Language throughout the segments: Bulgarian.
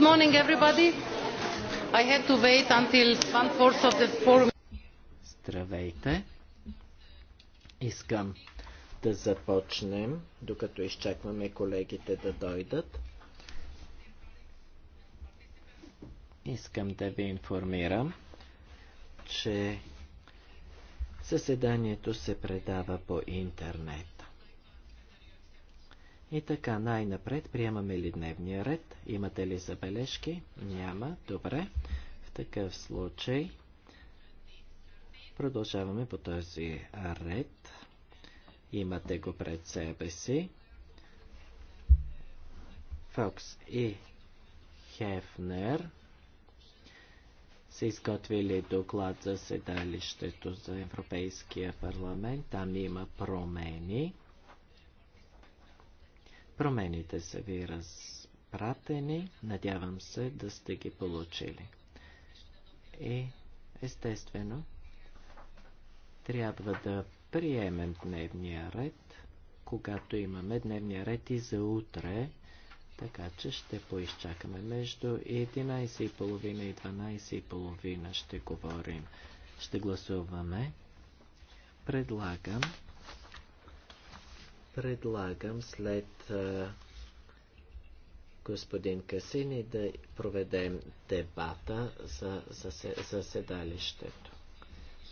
Good morning, everybody. I had to wait until one fourth of the Здравейте. Искам да започнем, докато изчакваме колегите да дойдат. Искам да ви информирам, че съседанието се предава по интернет. И така, най-напред приемаме ли дневния ред? Имате ли забележки? Няма. Добре. В такъв случай продължаваме по този ред. Имате го пред себе си. Фокс и Хефнер са изготвили доклад за седалището за Европейския парламент. Там има промени. Промените са ви разпратени. Надявам се да сте ги получили. И естествено, трябва да приемем дневния ред, когато имаме дневния ред и за утре, така че ще поизчакаме между 11.30 и 12.30 ще говорим. Ще гласуваме. Предлагам предлагам след господин Касини да проведем дебата за, заседалището седалището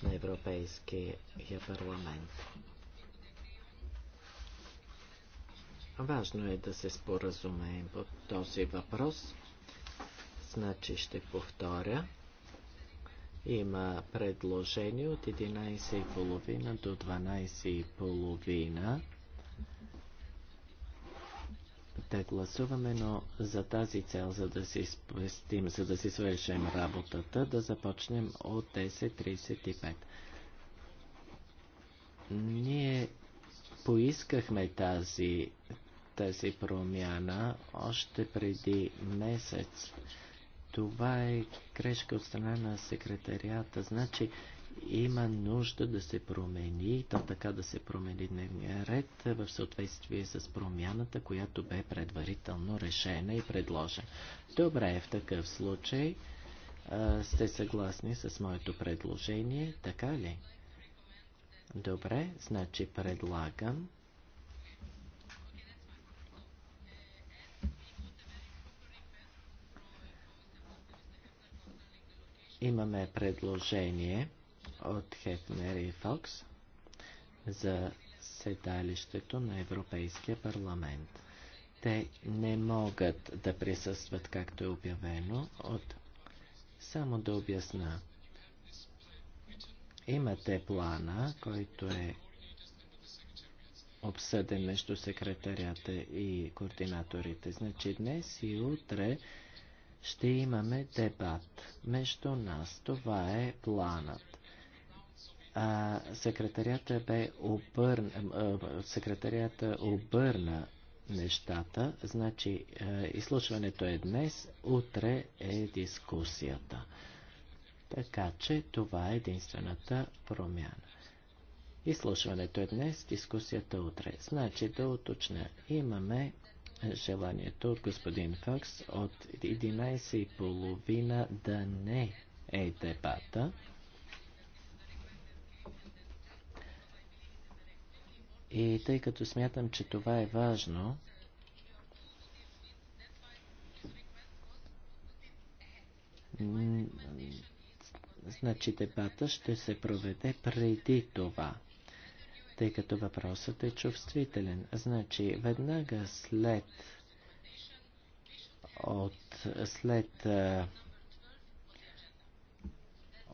на Европейския парламент. Важно е да се споразумеем по този въпрос. Значи ще повторя. Има предложение от 11.30 до 12.30 да гласуваме, но за тази цел, за да си спестим, за да си свършим работата, да започнем от 10.35. Ние поискахме тази, тази промяна още преди месец. Това е грешка от страна на секретарията. Значи, има нужда да се промени, то така да се промени дневния ред е, в съответствие с промяната, която бе предварително решена и предложена. Добре, в такъв случай а, сте съгласни с моето предложение, така ли? Добре, значи предлагам имаме предложение от Хефнер и Фокс за седалището на Европейския парламент. Те не могат да присъстват, както е обявено, от... Само да обясна. Имате плана, който е обсъден между секретарята и координаторите. Значи днес и утре ще имаме дебат между нас. Това е планът а, секретарията бе обърна, а, секретарията обърна нещата, значи а, изслушването е днес, утре е дискусията. Така че това е единствената промяна. Изслушването е днес, дискусията е утре. Значи да уточня, имаме желанието от господин Фокс от 11.30 да не е дебата. И тъй като смятам, че това е важно, значи дебата ще се проведе преди това, тъй като въпросът е чувствителен. Значи веднага след от след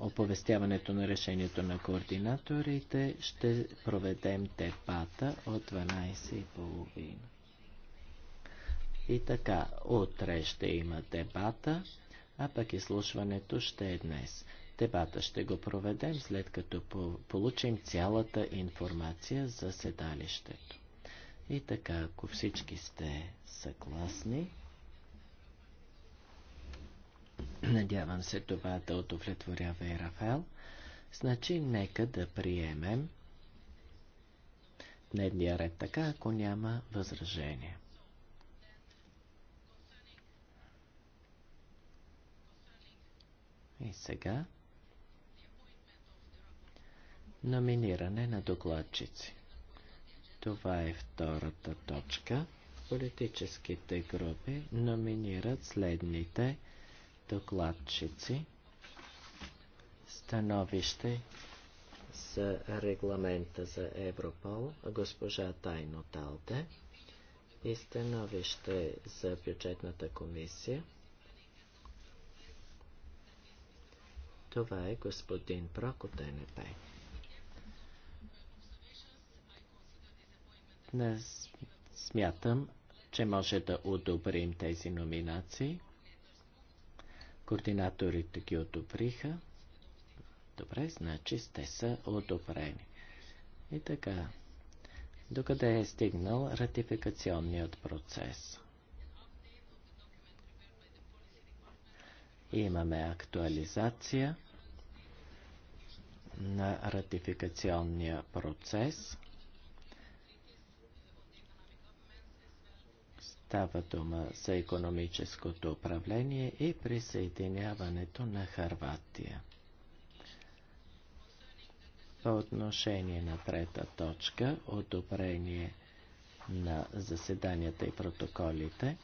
оповестяването на решението на координаторите ще проведем дебата от 12.30. И така, утре ще има дебата, а пък изслушването ще е днес. Дебата ще го проведем след като получим цялата информация за седалището. И така, ако всички сте съгласни, Надявам се това да удовлетворява и Рафаел. Значи, нека да приемем дневния ред така, ако няма възражение. И сега номиниране на докладчици. Това е втората точка. Политическите групи номинират следните докладчици становище за регламента за Европол, госпожа Тайно Талте и становище за бюджетната комисия. Това е господин Прокот НП. смятам, че може да одобрим тези номинации. Координаторите ги одобриха. Добре, значи сте са одобрени. И така, докъде е стигнал ратификационният процес? Имаме актуализация на ратификационния процес. Става дума за економическото управление и присъединяването на Харватия. По отношение на трета точка, одобрение на заседанията и протоколите,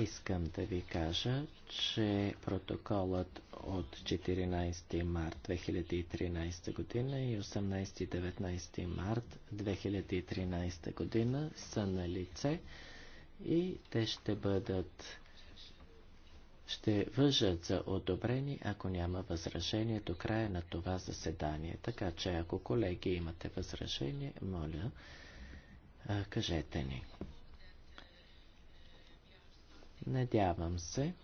искам да ви кажа, че протоколът от 14 март 2013 година и 18-19 март 2013 година са на лице и те ще бъдат ще въжат за одобрени, ако няма възражение до края на това заседание. Така че, ако колеги имате възражение, моля, кажете ни. Надявам се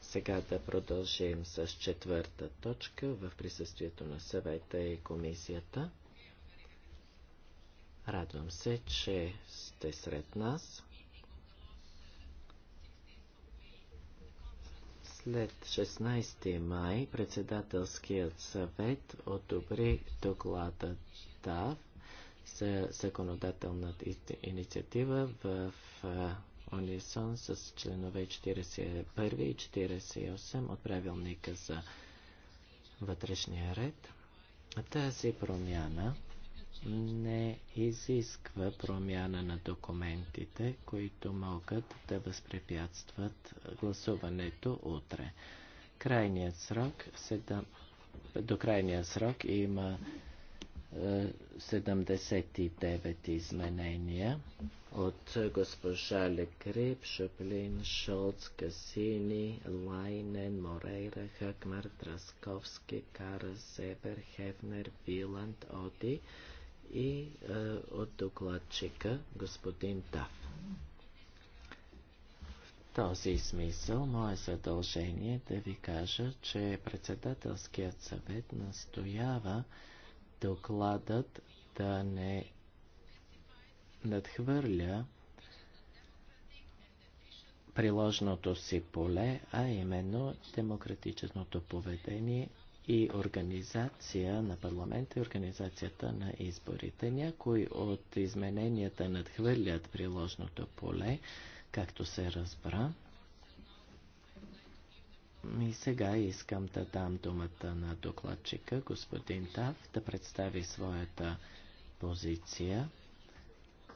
сега да продължим с четвърта точка в присъствието на съвета и комисията. Радвам се, че сте сред нас. След 16 май председателският съвет одобри доклада ТАВ за законодателната инициатива в унисон с членове 41 и 48 от правилника за вътрешния ред. Тази промяна не изисква промяна на документите, които могат да възпрепятстват гласуването утре. Крайният срок, седъм... до крайния срок има 79 е, изменения от госпожа Лекрип, Шоплин, Шолц, Касини, Лайнен, Морейра, Хакмар, Трасковски, Кара, Себер, Хевнер, Виланд, Оди и е, от докладчика господин Тав. В този смисъл мое задължение е да ви кажа, че председателският съвет настоява докладът да не надхвърля приложното си поле, а именно демократичното поведение и организация на парламента и организацията на изборите. Някои от измененията надхвърлят приложното поле, както се разбра. И сега искам да дам думата на докладчика, господин Тав, да представи своята позиция,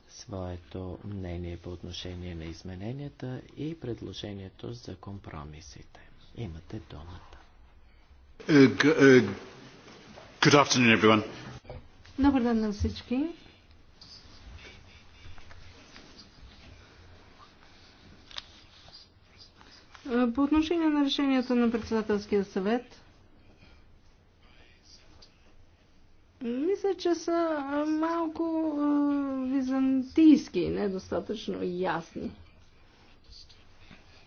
своето мнение по отношение на измененията и предложението за компромисите. Имате думата. Uh, uh, Добър ден на всички. Е, по отношение на решението на председателския съвет, мисля, че са малко е, византийски, недостатъчно ясни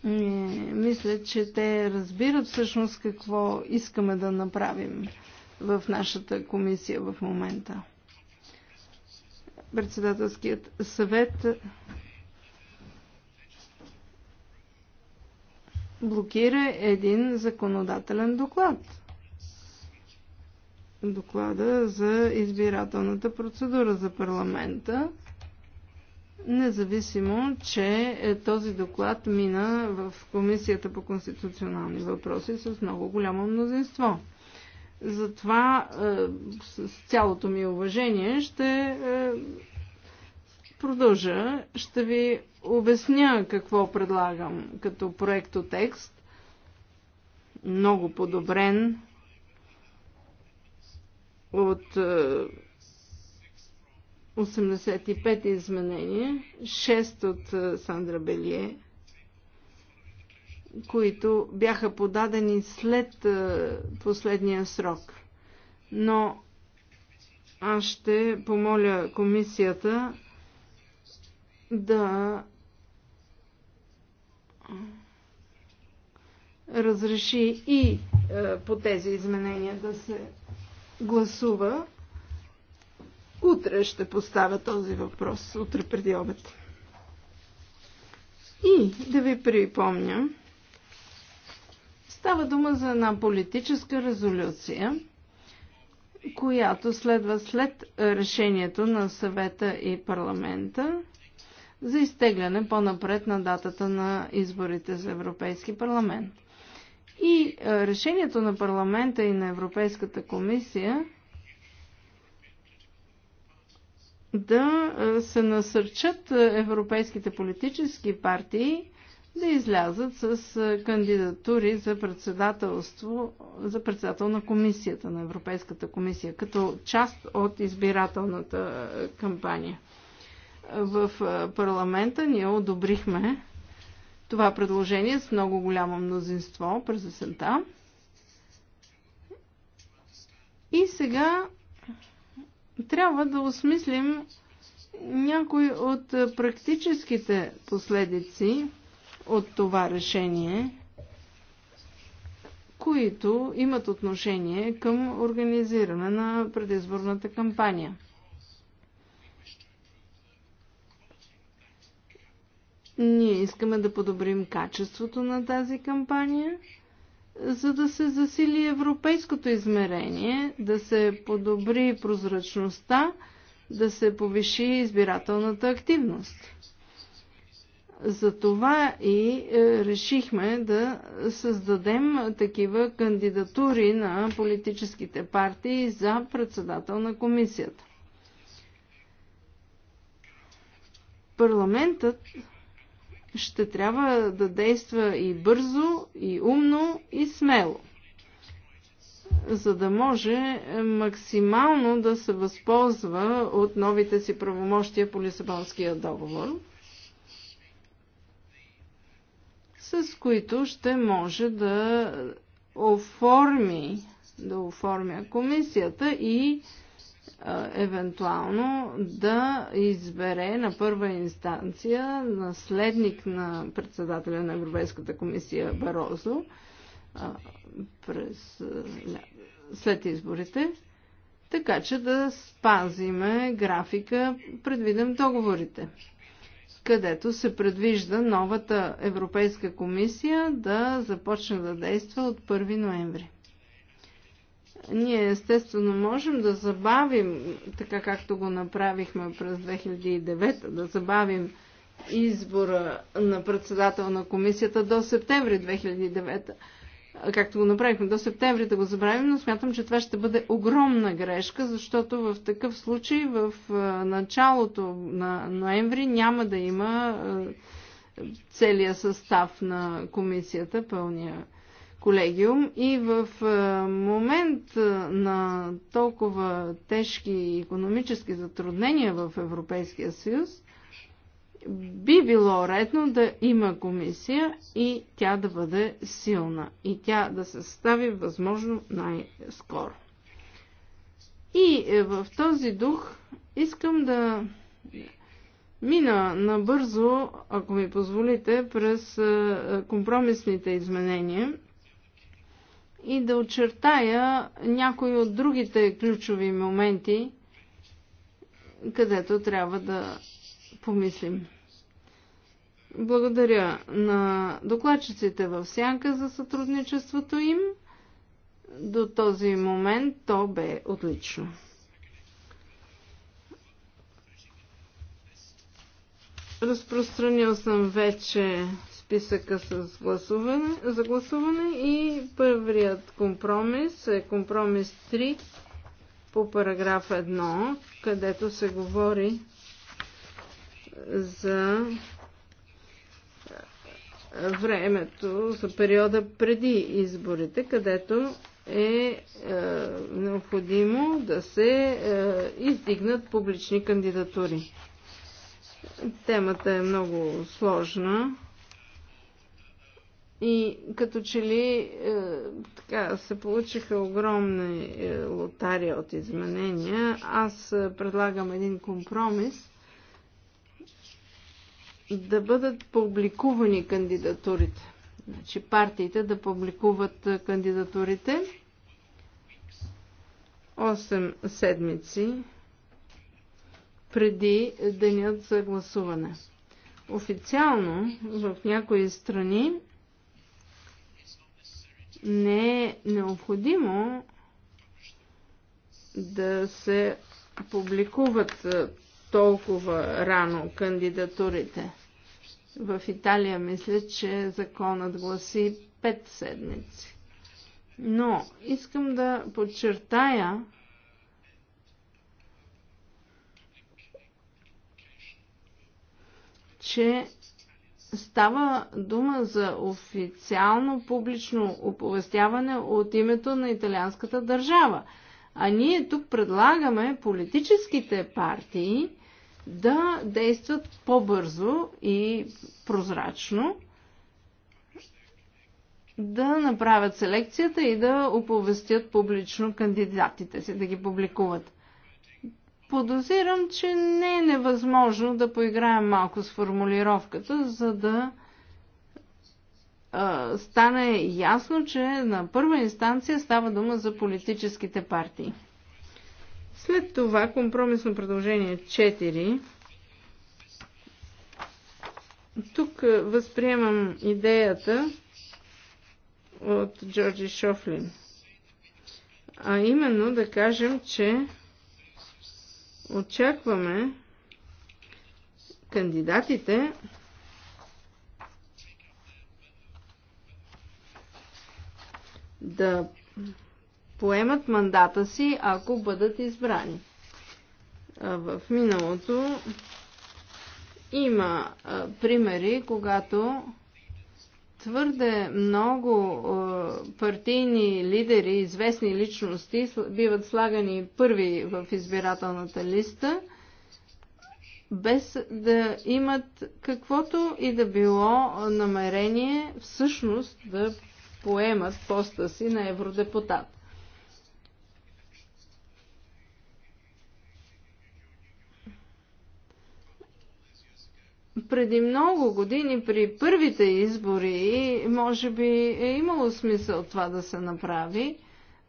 мисля, че те разбират всъщност какво искаме да направим в нашата комисия в момента. Председателският съвет блокира един законодателен доклад. Доклада за избирателната процедура за парламента независимо, че е, този доклад мина в Комисията по конституционални въпроси с много голямо мнозинство. Затова е, с цялото ми уважение ще е, продължа, ще ви обясня какво предлагам като проектотекст. Много подобрен от 85 изменения, 6 от е, Сандра Белие, които бяха подадени след е, последния срок. Но аз ще помоля комисията да разреши и е, по тези изменения да се гласува Утре ще поставя този въпрос, утре преди обед. И да ви припомня, става дума за една политическа резолюция, която следва след решението на съвета и парламента за изтегляне по-напред на датата на изборите за Европейски парламент. И решението на парламента и на Европейската комисия да се насърчат европейските политически партии да излязат с кандидатури за председателство, за председател на комисията, на Европейската комисия, като част от избирателната кампания. В парламента ние одобрихме това предложение с много голямо мнозинство през есента. И сега трябва да осмислим някои от практическите последици от това решение, които имат отношение към организиране на предизборната кампания. Ние искаме да подобрим качеството на тази кампания – за да се засили европейското измерение, да се подобри прозрачността, да се повиши избирателната активност. Затова и е, решихме да създадем такива кандидатури на политическите партии за председател на комисията. Парламентът ще трябва да действа и бързо, и умно, и смело, за да може максимално да се възползва от новите си правомощия по Лисабонския договор, с които ще може да оформи, да оформя комисията и евентуално да избере на първа инстанция наследник на председателя на Европейската комисия Барозо през, след изборите, така че да спазиме графика, предвиден договорите, където се предвижда новата Европейска комисия да започне да действа от 1 ноември. Ние естествено можем да забавим, така както го направихме през 2009, да забавим избора на председател на комисията до септември 2009, както го направихме до септември да го забравим, но смятам, че това ще бъде огромна грешка, защото в такъв случай в началото на ноември няма да има целия състав на комисията, пълния колегиум и в е, момент е, на толкова тежки економически затруднения в Европейския съюз, би било редно да има комисия и тя да бъде силна и тя да се състави възможно най-скоро. И е, в този дух искам да мина набързо, ако ми позволите, през компромисните изменения, и да очертая някои от другите ключови моменти, където трябва да помислим. Благодаря на докладчиците в Сянка за сътрудничеството им. До този момент то бе отлично. Разпространил съм вече списъка с гласуване, за гласуване и първият компромис е компромис 3 по параграф 1, където се говори за е, времето, за периода преди изборите, където е, е необходимо да се е, издигнат публични кандидатури. Темата е много сложна. И като че ли е, така, се получиха огромни е, лотария от изменения, аз е, предлагам един компромис да бъдат публикувани кандидатурите. Значи партиите да публикуват е, кандидатурите 8 седмици преди денят за гласуване. Официално в някои страни не е необходимо да се публикуват е, толкова рано кандидатурите. В Италия мисля, че законът гласи 5 седмици. Но искам да подчертая, че Става дума за официално публично оповестяване от името на италианската държава. А ние тук предлагаме политическите партии да действат по-бързо и прозрачно, да направят селекцията и да оповестят публично кандидатите си, да ги публикуват подозирам, че не е невъзможно да поиграем малко с формулировката, за да а, стане ясно, че на първа инстанция става дума за политическите партии. След това компромисно предложение 4. Тук възприемам идеята от Джорджи Шофлин. А именно да кажем, че очакваме кандидатите да поемат мандата си, ако бъдат избрани. В миналото има примери, когато твърде много партийни лидери, известни личности биват слагани първи в избирателната листа, без да имат каквото и да било намерение всъщност да поемат поста си на евродепутат. преди много години при първите избори може би е имало смисъл това да се направи,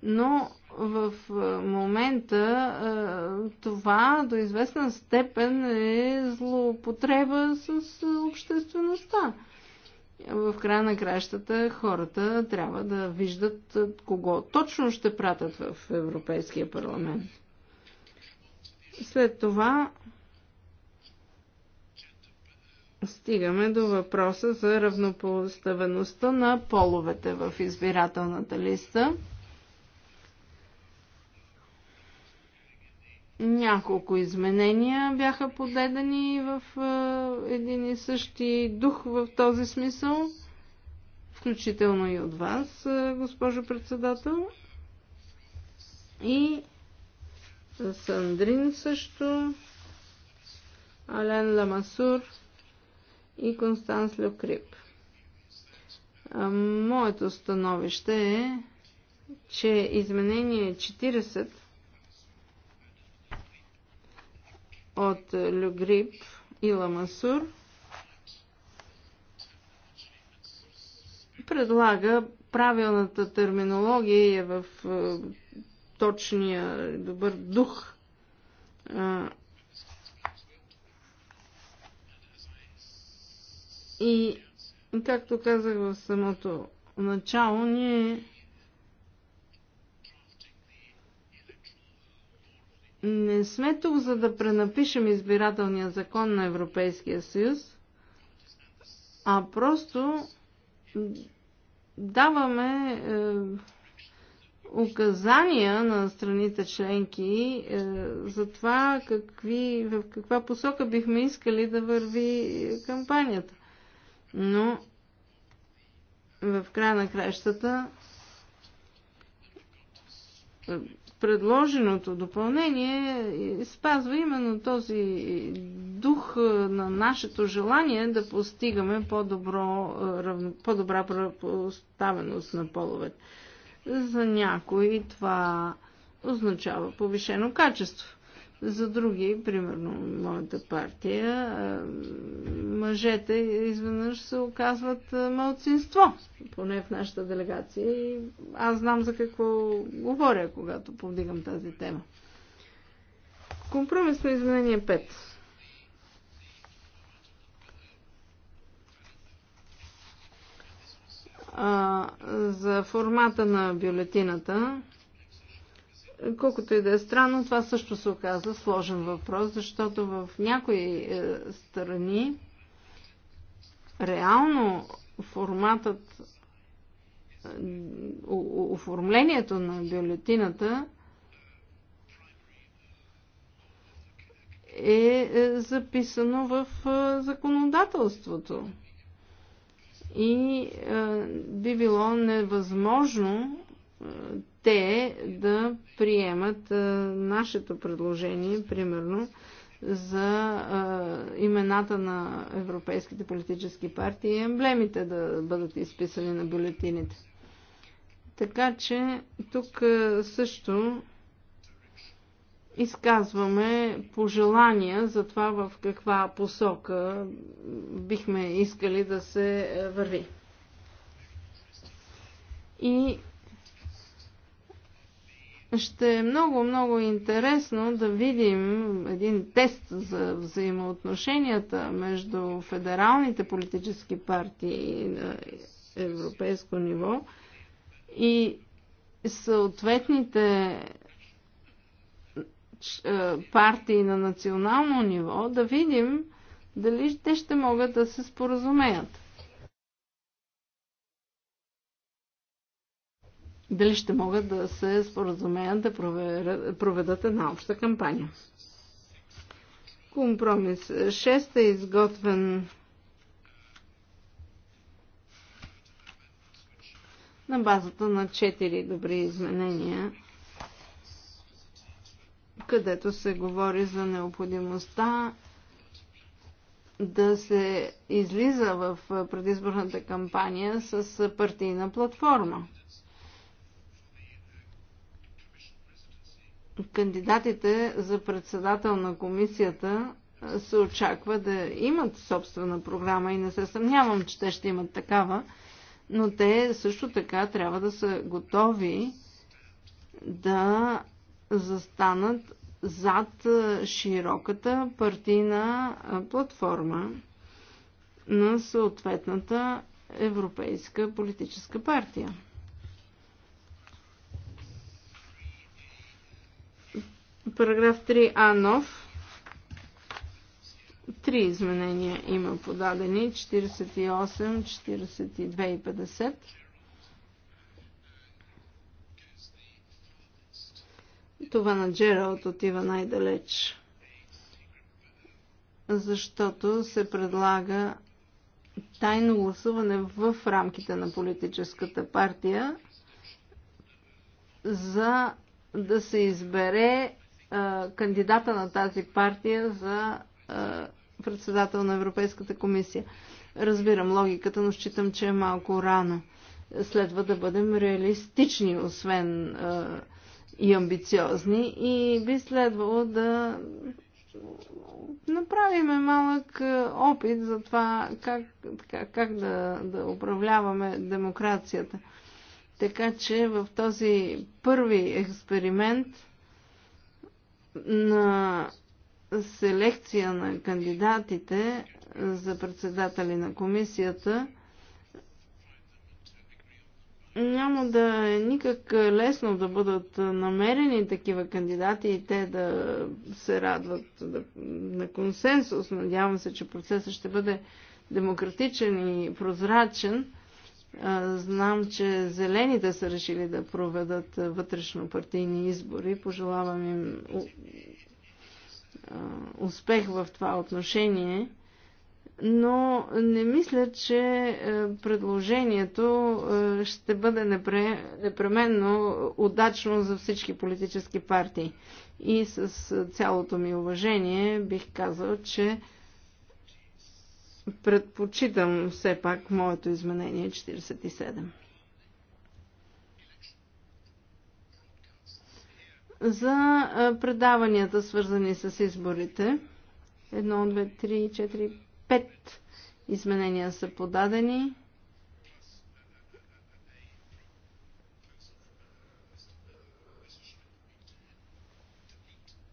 но в е, момента е, това до известна степен е злоупотреба с е, обществеността. В края на кращата хората трябва да виждат кого точно ще пратят в Европейския парламент. След това стигаме до въпроса за равнопоставеността на половете в избирателната листа. Няколко изменения бяха подедени в е, един и същи дух в този смисъл, включително и от вас, е, госпожо председател. И Сандрин също, Ален Ламасур, и Констанс Люкрип. Моето становище е, че изменение 40 от Люгрип и Ламасур предлага правилната терминология е в е, точния добър дух И, както казах в самото начало, ние не сме тук, за да пренапишем избирателния закон на Европейския съюз, а просто даваме е, указания на страните членки е, за това какви, в каква посока бихме искали да върви кампанията но в края на кращата е, предложеното допълнение спазва именно този дух е, на нашето желание да постигаме по-добро, е, по-добра поставеност на половете. За някои това означава повишено качество. За други, примерно моята партия, мъжете изведнъж се оказват малцинство, поне в нашата делегация. И аз знам за какво говоря, когато повдигам тази тема. Компромис на изменение 5. А, за формата на бюлетината Колкото и да е странно, това също се оказа сложен въпрос, защото в някои е, страни реално форматът, е, оформлението на бюлетината е, е записано в законодателството. И би било невъзможно те да приемат нашето предложение, примерно, за имената на европейските политически партии и емблемите да бъдат изписани на бюлетините. Така че тук също изказваме пожелания за това в каква посока бихме искали да се върви. И ще е много, много интересно да видим един тест за взаимоотношенията между федералните политически партии на европейско ниво и съответните партии на национално ниво, да видим дали те ще могат да се споразумеят. дали ще могат да се споразумеят да проведат една обща кампания. Компромис 6 е изготвен на базата на 4 добри изменения, където се говори за необходимостта да се излиза в предизборната кампания с партийна платформа. кандидатите за председател на комисията се очаква да имат собствена програма и не се съмнявам, че те ще имат такава, но те също така трябва да са готови да застанат зад широката партийна платформа на съответната европейска политическа партия. Параграф 3а нов. Три изменения има подадени. 48, 42 и 50. Това на Джералд отива най-далеч. Защото се предлага тайно гласуване в рамките на политическата партия за да се избере кандидата на тази партия за председател на Европейската комисия. Разбирам логиката, но считам, че е малко рано. Следва да бъдем реалистични, освен и амбициозни и би следвало да направим малък опит за това как, как, как да, да управляваме демокрацията. Така че в този първи експеримент на селекция на кандидатите за председатели на комисията няма да е никак лесно да бъдат намерени такива кандидати и те да се радват на консенсус. Надявам се, че процесът ще бъде демократичен и прозрачен. Знам, че зелените са решили да проведат вътрешно партийни избори. Пожелавам им успех в това отношение, но не мисля, че предложението ще бъде непременно удачно за всички политически партии. И с цялото ми уважение бих казал, че предпочитам все пак моето изменение 47. За предаванията, свързани с изборите, 1, 2, 3, 4, 5 изменения са подадени.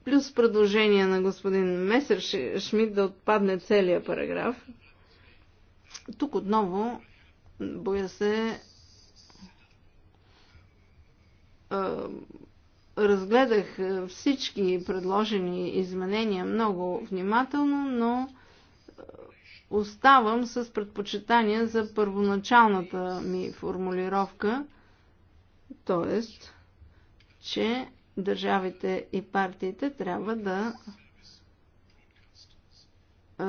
Плюс предложение на господин Месер Шмидт да отпадне целия параграф. Тук отново, боя се, разгледах всички предложени изменения много внимателно, но оставам с предпочитание за първоначалната ми формулировка, т.е. че държавите и партиите трябва да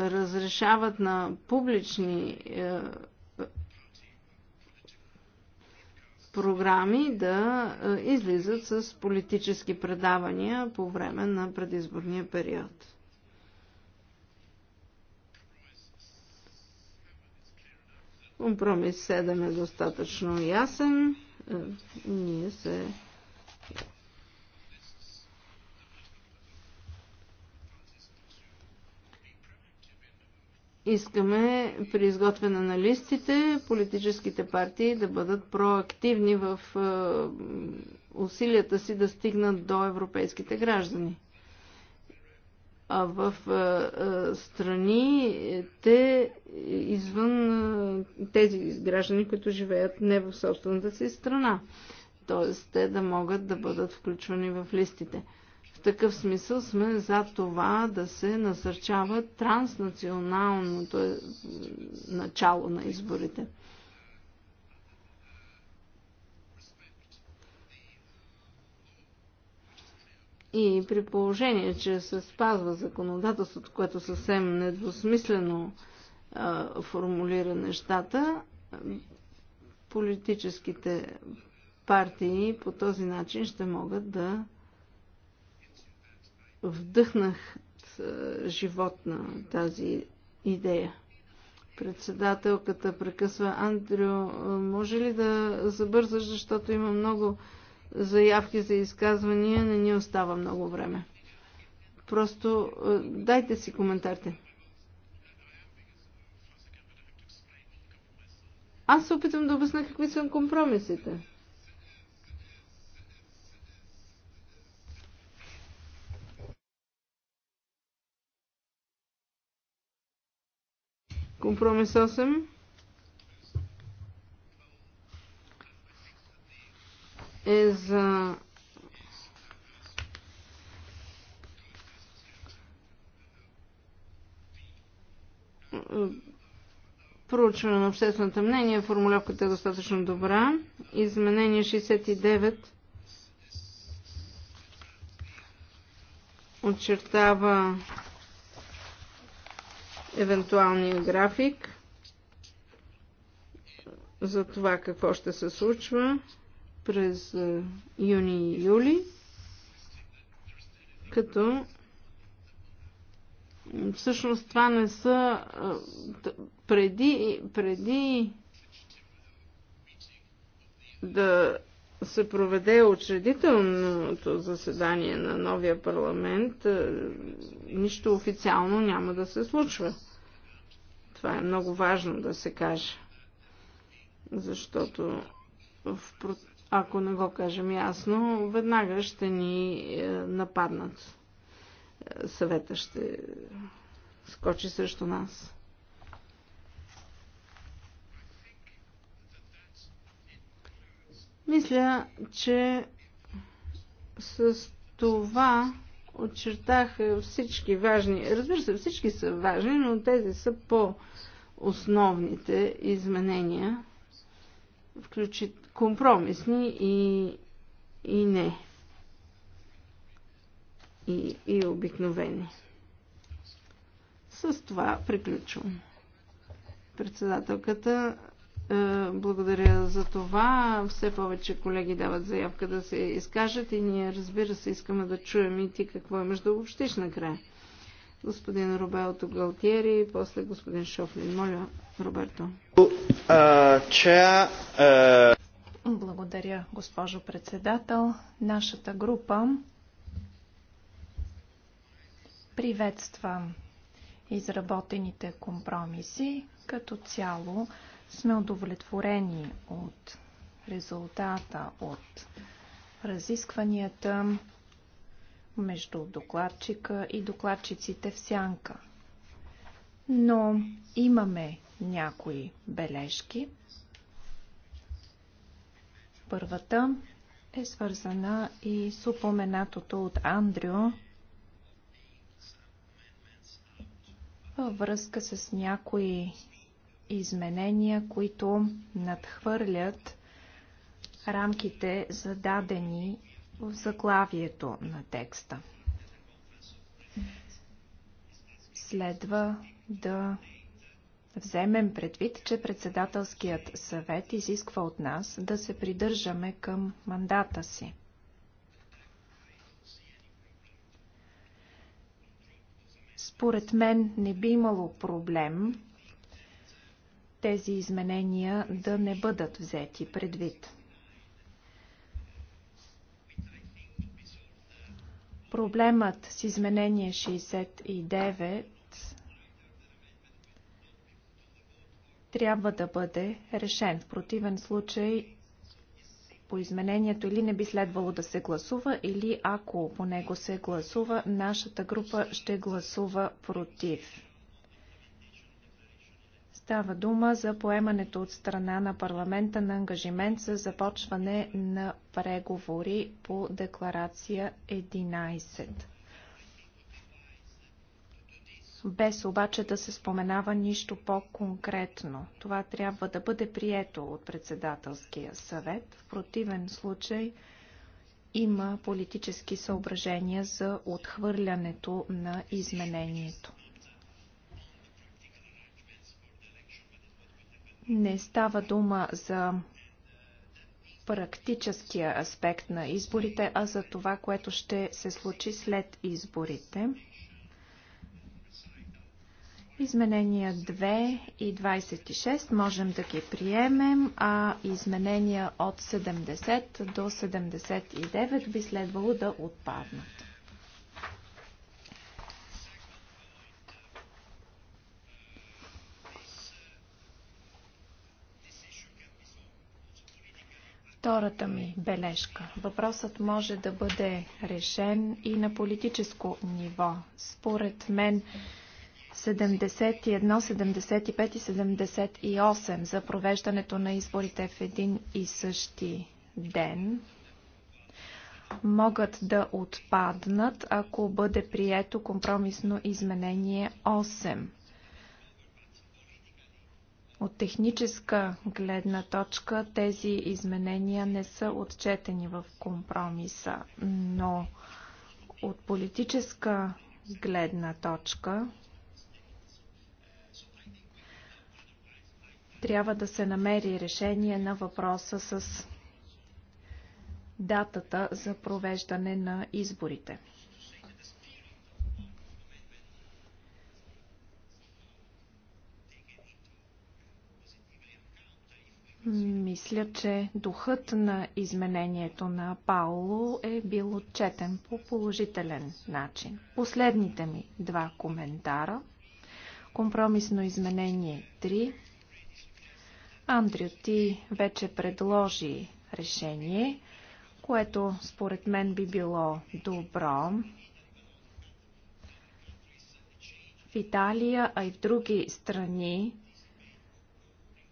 разрешават на публични е, програми да е, излизат с политически предавания по време на предизборния период. Компромис 7 е достатъчно ясен. Е, ние се Искаме при изготвяне на листите политическите партии да бъдат проактивни в е, усилията си да стигнат до европейските граждани. А в е, е, страните извън тези граждани, които живеят не в собствената си страна. Тоест те да могат да бъдат включвани в листите такъв смисъл сме за това да се насърчава транснационалното е, начало на изборите. И при положение, че се спазва законодателството, което съвсем недвусмислено а, формулира нещата, политическите партии по този начин ще могат да вдъхнах е, живот на тази идея. Председателката прекъсва Андрю, може ли да забързаш, защото има много заявки за изказвания, не ни остава много време. Просто е, дайте си коментарите. Аз се опитвам да обясня какви са компромисите. Компромис 8. е за проучване на обществената мнение. Формулявката е достатъчно добра. Изменение 69 очертава евентуалния график за това какво ще се случва през е, юни и юли, като всъщност това не са е, преди, преди да се проведе учредителното заседание на новия парламент, е, нищо официално няма да се случва. Това е много важно да се каже. Защото в, ако не го кажем ясно, веднага ще ни е, нападнат. Е, съвета ще скочи срещу нас. Мисля, че с това очертах всички важни. Разбира се, всички са важни, но тези са по-основните изменения, включително компромисни и, и не. И, и обикновени. С това приключвам. Председателката е, благодаря за това. Все повече колеги дават заявка да се изкажат и ние, разбира се, искаме да чуем и ти какво имаш да обобщиш накрая. Господин Роберто Галтиери после господин Шофлин. Моля, Роберто. Е, е, благодаря, госпожо председател. Нашата група приветства изработените компромиси. Като цяло сме удовлетворени от резултата от разискванията между докладчика и докладчиците в сянка. Но имаме някои бележки. Първата е свързана и с упоменатото от Андрю във връзка с някои изменения, които надхвърлят рамките зададени в заглавието на текста. Следва да вземем предвид, че председателският съвет изисква от нас да се придържаме към мандата си. Според мен не би имало проблем тези изменения да не бъдат взети предвид. Проблемът с изменение 69 трябва да бъде решен. В противен случай по изменението или не би следвало да се гласува, или ако по него се гласува, нашата група ще гласува против. Става дума за поемането от страна на парламента на ангажимент за започване на преговори по декларация 11. Без обаче да се споменава нищо по-конкретно. Това трябва да бъде прието от председателския съвет. В противен случай има политически съображения за отхвърлянето на изменението. Не става дума за практическия аспект на изборите, а за това, което ще се случи след изборите. Изменения 2 и 26 можем да ги приемем, а изменения от 70 до 79 би следвало да отпаднат. Втората ми бележка. Въпросът може да бъде решен и на политическо ниво. Според мен 71, 75 и 78 за провеждането на изборите в един и същи ден могат да отпаднат, ако бъде прието компромисно изменение 8. От техническа гледна точка тези изменения не са отчетени в компромиса, но от политическа гледна точка трябва да се намери решение на въпроса с датата за провеждане на изборите. Мисля, че духът на изменението на Пауло е бил отчетен по положителен начин. Последните ми два коментара. Компромисно изменение 3. Андрю, ти вече предложи решение, което според мен би било добро. В Италия, а и в други страни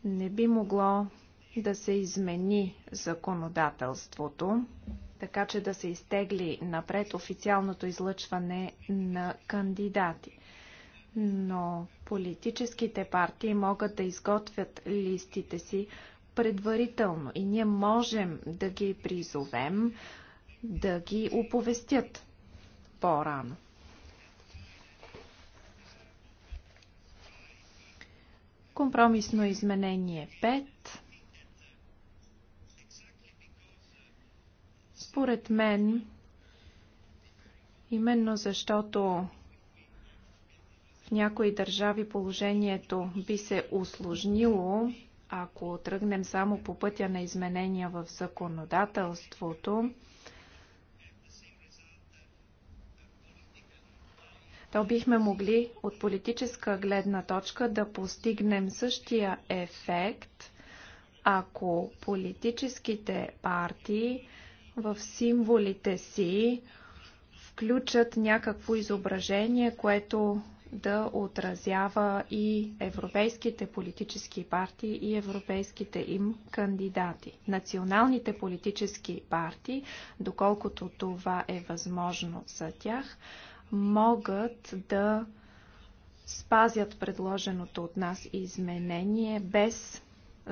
не би могло да се измени законодателството, така че да се изтегли напред официалното излъчване на кандидати. Но политическите партии могат да изготвят листите си предварително и ние можем да ги призовем да ги оповестят по-рано. Компромисно изменение 5 Според мен, именно защото в някои държави положението би се усложнило, ако тръгнем само по пътя на изменения в законодателството, то бихме могли от политическа гледна точка да постигнем същия ефект, ако политическите партии в символите си включат някакво изображение, което да отразява и европейските политически партии и европейските им кандидати. Националните политически партии, доколкото това е възможно за тях, могат да спазят предложеното от нас изменение без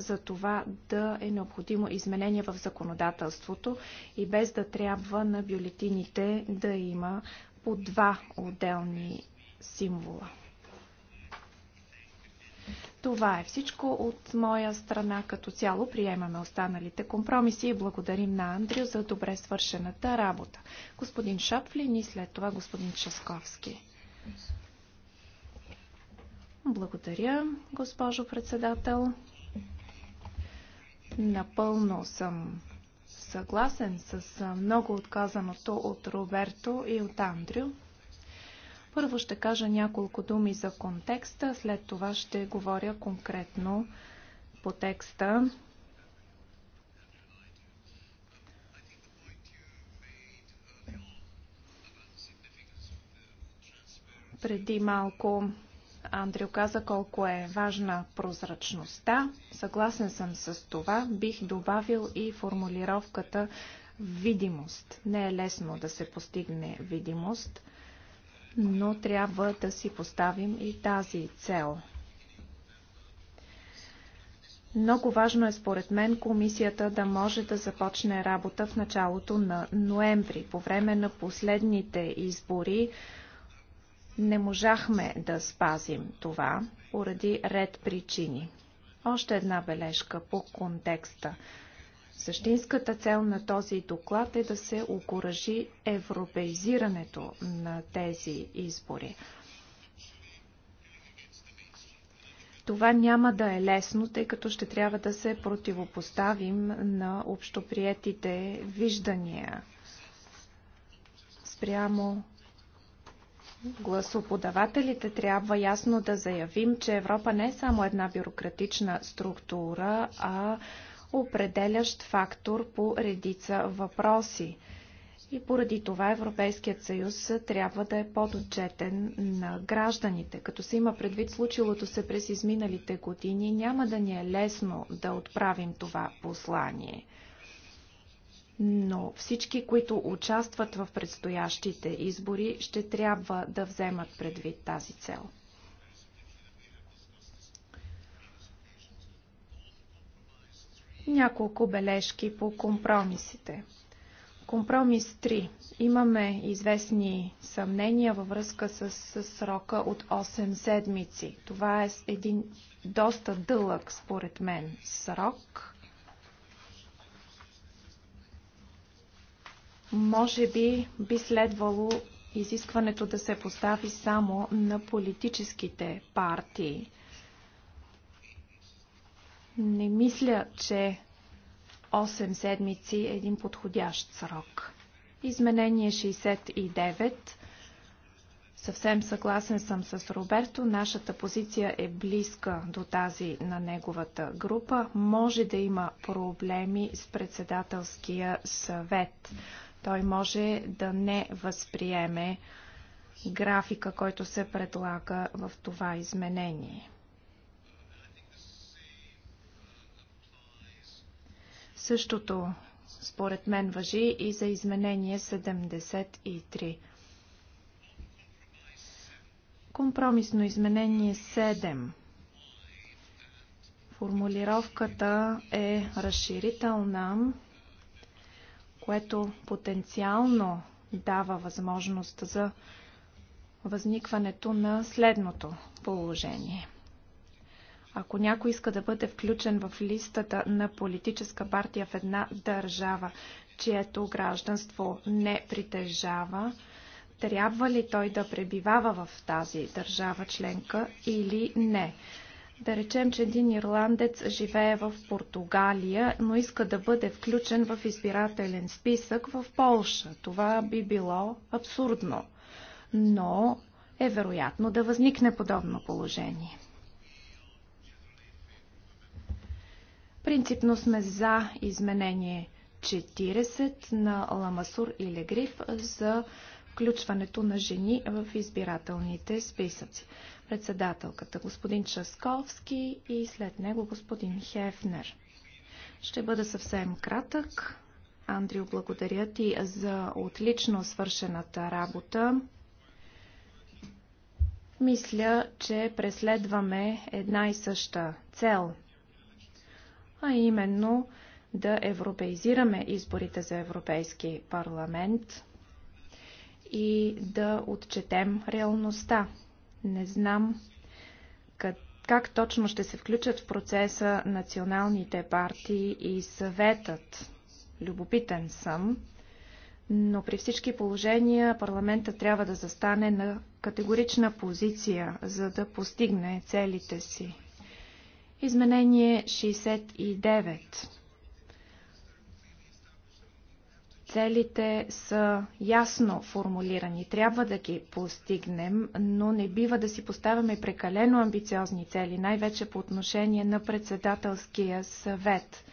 за това да е необходимо изменение в законодателството и без да трябва на бюлетините да има по два отделни символа. Това е всичко от моя страна като цяло. Приемаме останалите компромиси и благодарим на Андрю за добре свършената работа. Господин Шапфлин и след това господин Часковски. Благодаря, госпожо председател. Напълно съм съгласен с много отказаното от Роберто и от Андрю. Първо ще кажа няколко думи за контекста, след това ще говоря конкретно по текста. Преди малко Андрю каза колко е важна прозрачността. Съгласен съм с това. Бих добавил и формулировката видимост. Не е лесно да се постигне видимост, но трябва да си поставим и тази цел. Много важно е според мен комисията да може да започне работа в началото на ноември, по време на последните избори не можахме да спазим това поради ред причини. Още една бележка по контекста. Същинската цел на този доклад е да се окоръжи европеизирането на тези избори. Това няма да е лесно, тъй като ще трябва да се противопоставим на общоприетите виждания спрямо гласоподавателите трябва ясно да заявим, че Европа не е само една бюрократична структура, а определящ фактор по редица въпроси. И поради това Европейският съюз трябва да е подотчетен на гражданите. Като се има предвид случилото се през изминалите години, няма да ни е лесно да отправим това послание но всички, които участват в предстоящите избори, ще трябва да вземат предвид тази цел. Няколко бележки по компромисите. Компромис 3. Имаме известни съмнения във връзка с, срока от 8 седмици. Това е един доста дълъг, според мен, срок Може би би следвало изискването да се постави само на политическите партии. Не мисля, че 8 седмици е един подходящ срок. Изменение 69. Съвсем съгласен съм с Роберто. Нашата позиция е близка до тази на неговата група. Може да има проблеми с председателския съвет. Той може да не възприеме графика, който се предлага в това изменение. Същото, според мен, въжи и за изменение 73. Компромисно изменение 7. Формулировката е разширителна което потенциално дава възможност за възникването на следното положение. Ако някой иска да бъде включен в листата на политическа партия в една държава, чието гражданство не притежава, трябва ли той да пребивава в тази държава членка или не? Да речем, че един ирландец живее в Португалия, но иска да бъде включен в избирателен списък в Полша. Това би било абсурдно, но е вероятно да възникне подобно положение. Принципно сме за изменение 40 на Ламасур и Легриф за включването на жени в избирателните списъци. Председателката господин Часковски и след него господин Хефнер. Ще бъда съвсем кратък. Андрио, благодаря ти за отлично свършената работа. Мисля, че преследваме една и съща цел, а именно да европеизираме изборите за Европейски парламент и да отчетем реалността. Не знам как, как точно ще се включат в процеса националните партии и съветът. Любопитен съм, но при всички положения парламента трябва да застане на категорична позиция, за да постигне целите си. Изменение 69 Целите са ясно формулирани. Трябва да ги постигнем, но не бива да си поставяме прекалено амбициозни цели, най-вече по отношение на председателския съвет.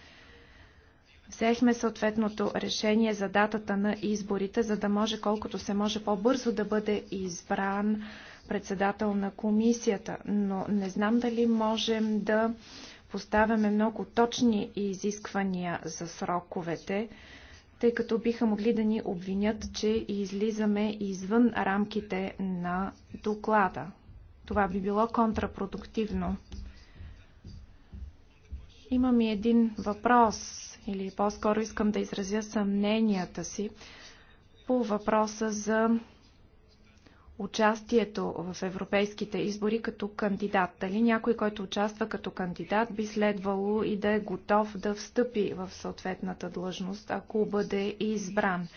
Взехме съответното решение за датата на изборите, за да може колкото се може по-бързо да бъде избран председател на комисията, но не знам дали можем да поставяме много точни изисквания за сроковете тъй като биха могли да ни обвинят, че излизаме извън рамките на доклада. Това би било контрапродуктивно. Имам и един въпрос, или по-скоро искам да изразя съмненията си по въпроса за участието в европейските избори като кандидат. Дали някой, който участва като кандидат, би следвало и да е готов да встъпи в съответната длъжност, ако бъде избран.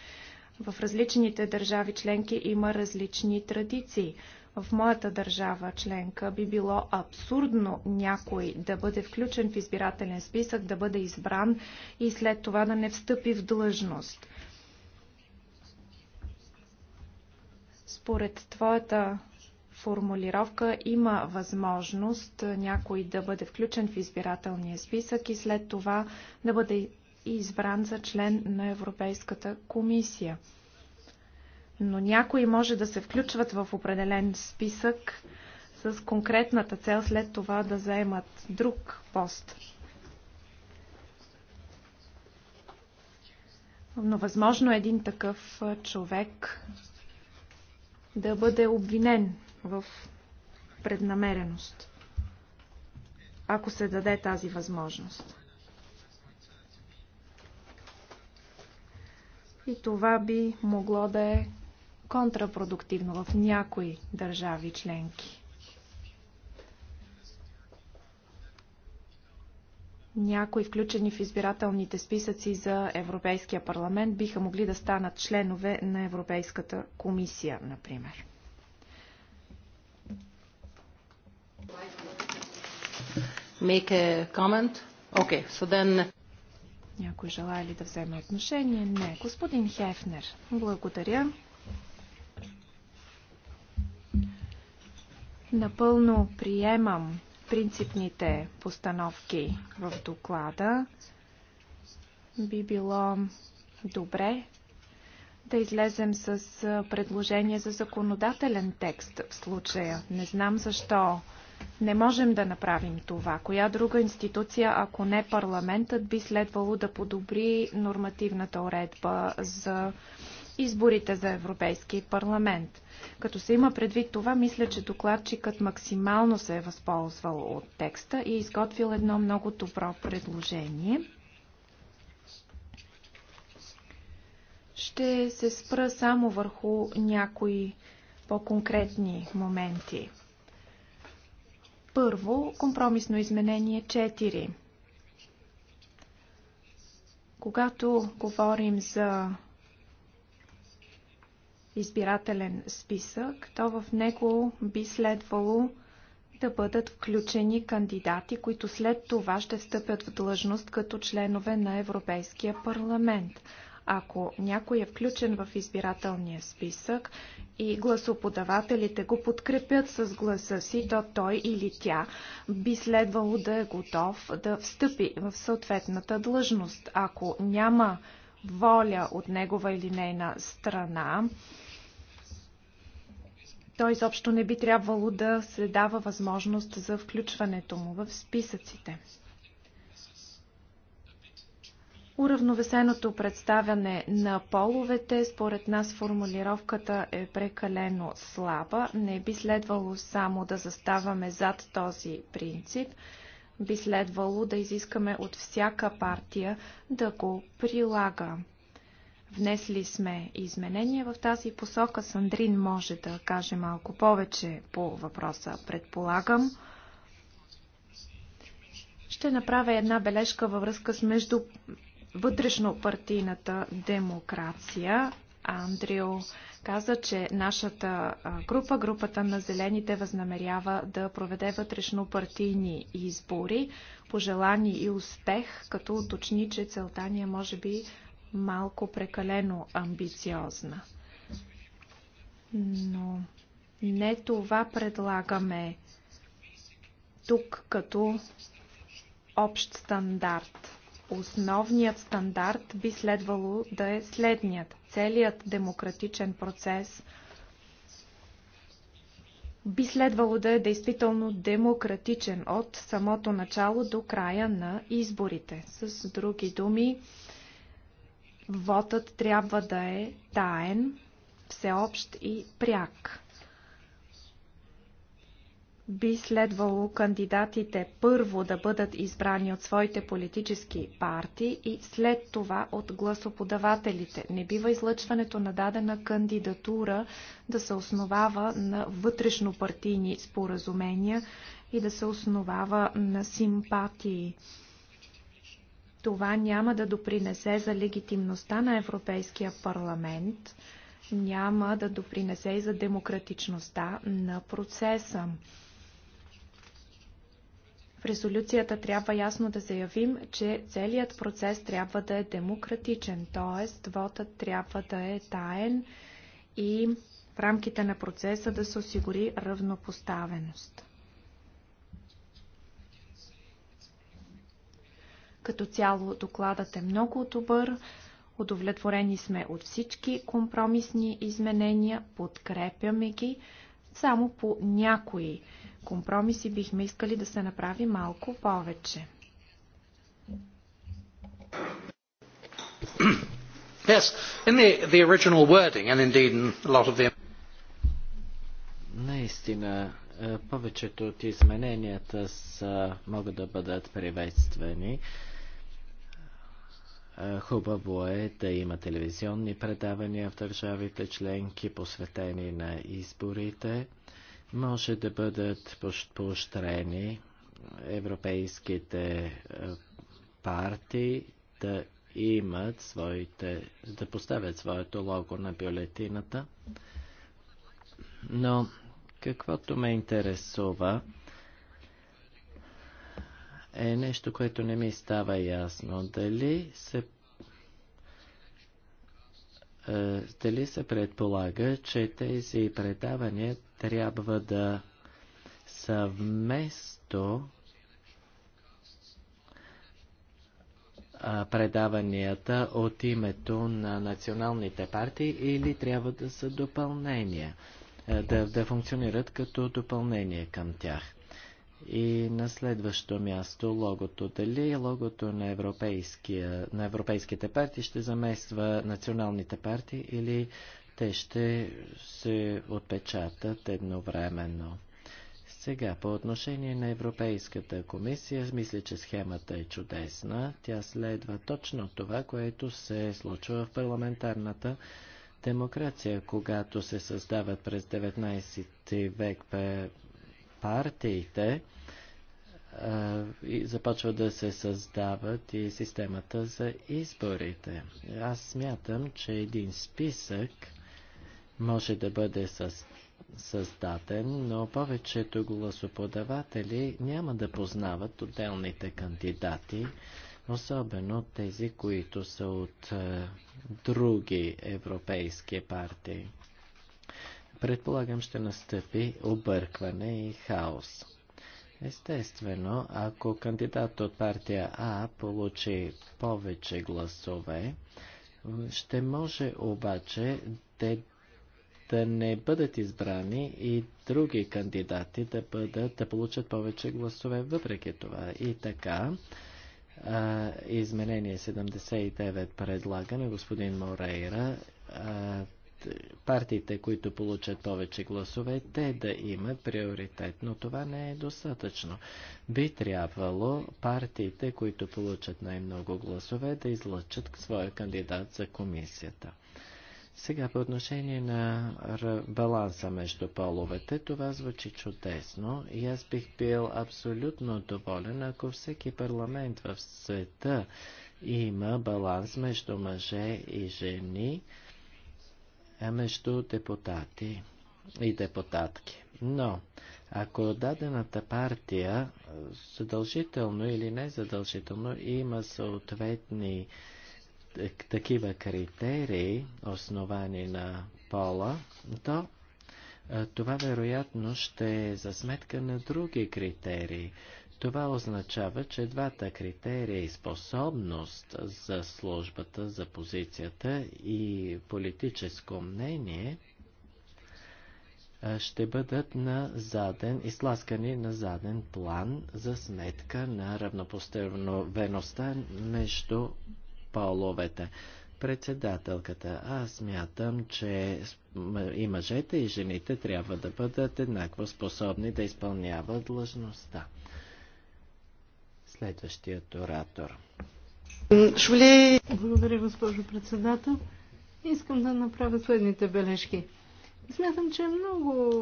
В различните държави членки има различни традиции. В моята държава членка би било абсурдно някой да бъде включен в избирателен списък, да бъде избран и след това да не встъпи в длъжност. Според твоята формулировка има възможност някой да бъде включен в избирателния списък и след това да бъде избран за член на Европейската комисия. Но някои може да се включват в определен списък с конкретната цел след това да заемат друг пост. Но възможно е един такъв човек да бъде обвинен в преднамереност, ако се даде тази възможност. И това би могло да е контрапродуктивно в някои държави членки. някои включени в избирателните списъци за Европейския парламент биха могли да станат членове на Европейската комисия, например. Make a comment? Okay, so then... Някой желая ли да вземе отношение? Не. Господин Хефнер, благодаря. Напълно приемам принципните постановки в доклада, би било добре да излезем с предложение за законодателен текст в случая. Не знам защо не можем да направим това. Коя друга институция, ако не парламентът, би следвало да подобри нормативната уредба за изборите за Европейски парламент. Като се има предвид това, мисля, че докладчикът максимално се е възползвал от текста и е изготвил едно много добро предложение. Ще се спра само върху някои по-конкретни моменти. Първо, компромисно изменение 4. Когато говорим за избирателен списък, то в него би следвало да бъдат включени кандидати, които след това ще встъпят в длъжност като членове на Европейския парламент. Ако някой е включен в избирателния списък и гласоподавателите го подкрепят с гласа си, то той или тя би следвало да е готов да встъпи в съответната длъжност. Ако няма воля от негова или нейна страна, то изобщо не би трябвало да се дава възможност за включването му в списъците. Уравновесеното представяне на половете, според нас формулировката е прекалено слаба. Не би следвало само да заставаме зад този принцип. Би следвало да изискаме от всяка партия да го прилага. Внесли сме изменения в тази посока. Сандрин може да каже малко повече по въпроса, предполагам. Ще направя една бележка във връзка с между вътрешно-партийната демокрация. Андрио каза, че нашата група, групата на зелените, възнамерява да проведе вътрешно-партийни избори. Пожелани и успех, като уточни, че целта ни е може би малко прекалено амбициозна. Но не това предлагаме тук като общ стандарт. Основният стандарт би следвало да е следният. Целият демократичен процес би следвало да е действително демократичен от самото начало до края на изборите. С други думи, Вотът трябва да е таен, всеобщ и пряк. Би следвало кандидатите първо да бъдат избрани от своите политически партии и след това от гласоподавателите. Не бива излъчването на дадена кандидатура да се основава на вътрешно партийни споразумения и да се основава на симпатии това няма да допринесе за легитимността на Европейския парламент, няма да допринесе и за демократичността на процеса. В резолюцията трябва ясно да заявим, че целият процес трябва да е демократичен, т.е. вотът трябва да е таен и в рамките на процеса да се осигури равнопоставеност. Като цяло докладът е много добър. Удовлетворени сме от всички компромисни изменения, подкрепяме ги. Само по някои компромиси бихме искали да се направи малко повече. Yes, in the, the original wording and indeed in a lot of the... Наистина, е, повечето от измененията са, могат да бъдат приветствени. Е, хубаво е да има телевизионни предавания в държавите членки, посветени на изборите. Може да бъдат поощрени европейските е, партии да имат своите, да поставят своето лого на бюлетината. Но каквото ме интересува е нещо, което не ми става ясно. Дали се е, дали се предполага, че тези предавания трябва да са вместо предаванията от името на националните партии или трябва да са допълнения, е, да, да функционират като допълнение към тях. И на следващо място логото. Дали логото на, на европейските партии ще замества националните партии или те ще се отпечатат едновременно. Сега, по отношение на Европейската комисия, мисля, че схемата е чудесна. Тя следва точно това, което се случва в парламентарната демокрация, когато се създават през 19 век партиите е, и започва да се създават и системата за изборите. Аз смятам, че един списък може да бъде създаден, но повечето гласоподаватели няма да познават отделните кандидати, особено тези, които са от е, други европейски партии предполагам ще настъпи объркване и хаос. Естествено, ако кандидат от партия А получи повече гласове, ще може обаче те да не бъдат избрани и други кандидати да, бъдат, да получат повече гласове въпреки това. И така, изменение 79 предлага на господин Морейра а, партиите, които получат повече гласове, те да имат приоритет, но това не е достатъчно. Би трябвало партиите, които получат най-много гласове, да излъчат своя кандидат за комисията. Сега по отношение на баланса между половете, това звучи чудесно и аз бих бил абсолютно доволен, ако всеки парламент в света има баланс между мъже и жени, е между депутати и депутатки. Но, ако дадената партия задължително или незадължително има съответни е, такива критерии, основани на пола, то това вероятно ще е за сметка на други критерии. Това означава, че двата критерия и способност за службата, за позицията и политическо мнение ще бъдат на заден, изласкани на заден план за сметка на равнопоставеността между половете. Председателката, аз мятам, че и мъжете и жените трябва да бъдат еднакво способни да изпълняват длъжността. Следващият оратор. Шули. Благодаря, госпожо председател. Искам да направя следните бележки. Смятам, че е много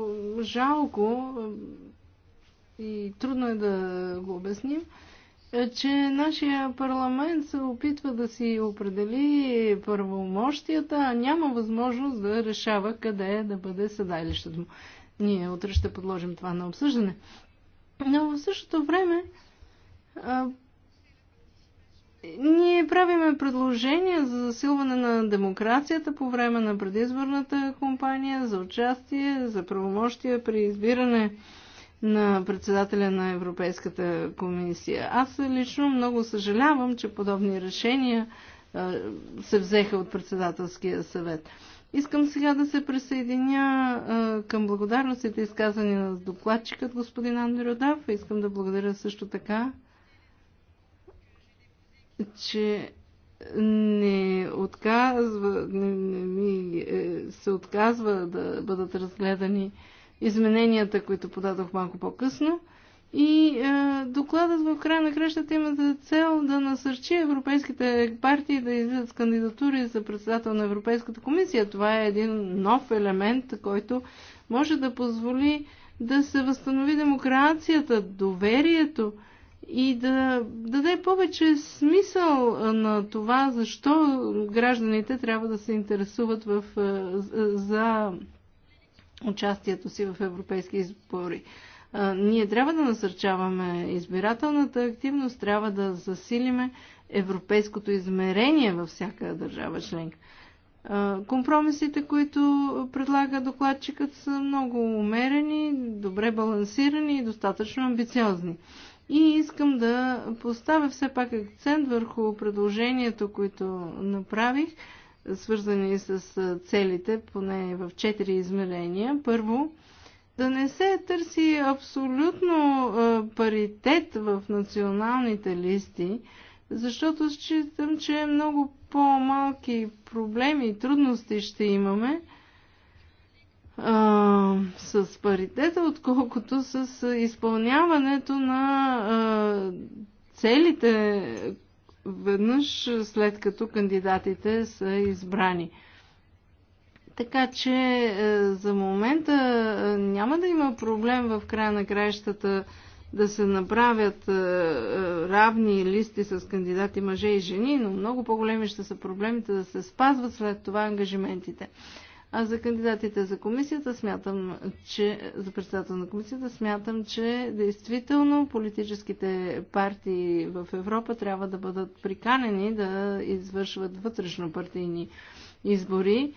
жалко и трудно е да го обясним, е, че нашия парламент се опитва да си определи първомощията, а няма възможност да решава къде е да бъде седалището му. Ние утре ще подложим това на обсъждане. Но в същото време ние правиме предложения за засилване на демокрацията по време на предизборната кампания, за участие, за правомощия при избиране на председателя на Европейската комисия. Аз лично много съжалявам, че подобни решения се взеха от председателския съвет. Искам сега да се присъединя към благодарностите изказани на докладчикът господин Андрю Дав. Искам да благодаря също така че не отказва, не, не ми е, се отказва да бъдат разгледани измененията, които подадох малко по-късно. И е, докладът в края на кръщата има за цел да насърчи европейските партии да излизат с кандидатури за председател на Европейската комисия. Това е един нов елемент, който може да позволи да се възстанови демокрацията, доверието и да даде повече смисъл на това, защо гражданите трябва да се интересуват в, за участието си в европейски избори. Ние трябва да насърчаваме избирателната активност, трябва да засилиме европейското измерение във всяка държава членка. Компромисите, които предлага докладчикът, са много умерени, добре балансирани и достатъчно амбициозни. И искам да поставя все пак акцент върху предложението, което направих, свързани с целите, поне в четири измерения. Първо, да не се търси абсолютно паритет в националните листи, защото считам, че много по-малки проблеми и трудности ще имаме, а, с паритета, отколкото с изпълняването на а, целите веднъж след като кандидатите са избрани. Така че за момента няма да има проблем в края на краищата да се направят равни листи с кандидати мъже и жени, но много по-големи ще са проблемите да се спазват след това ангажиментите. А за кандидатите за комисията смятам, че за председател на комисията смятам, че действително политическите партии в Европа трябва да бъдат приканени да извършват вътрешно партийни избори.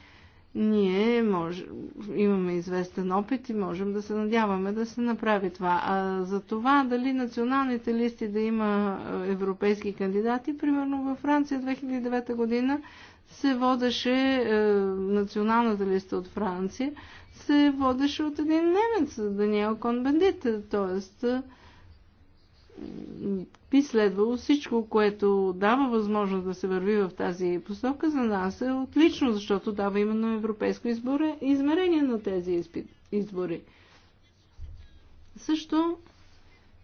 Ние може, имаме известен опит и можем да се надяваме да се направи това. А за това дали националните листи да има европейски кандидати, примерно във Франция 2009 година се водеше е, националната листа от Франция, се водеше от един немец, Даниел Конбендит. Тоест, е, би следвало всичко, което дава възможност да се върви в тази посока, за нас е отлично, защото дава именно европейско изборе, измерение на тези избори. Също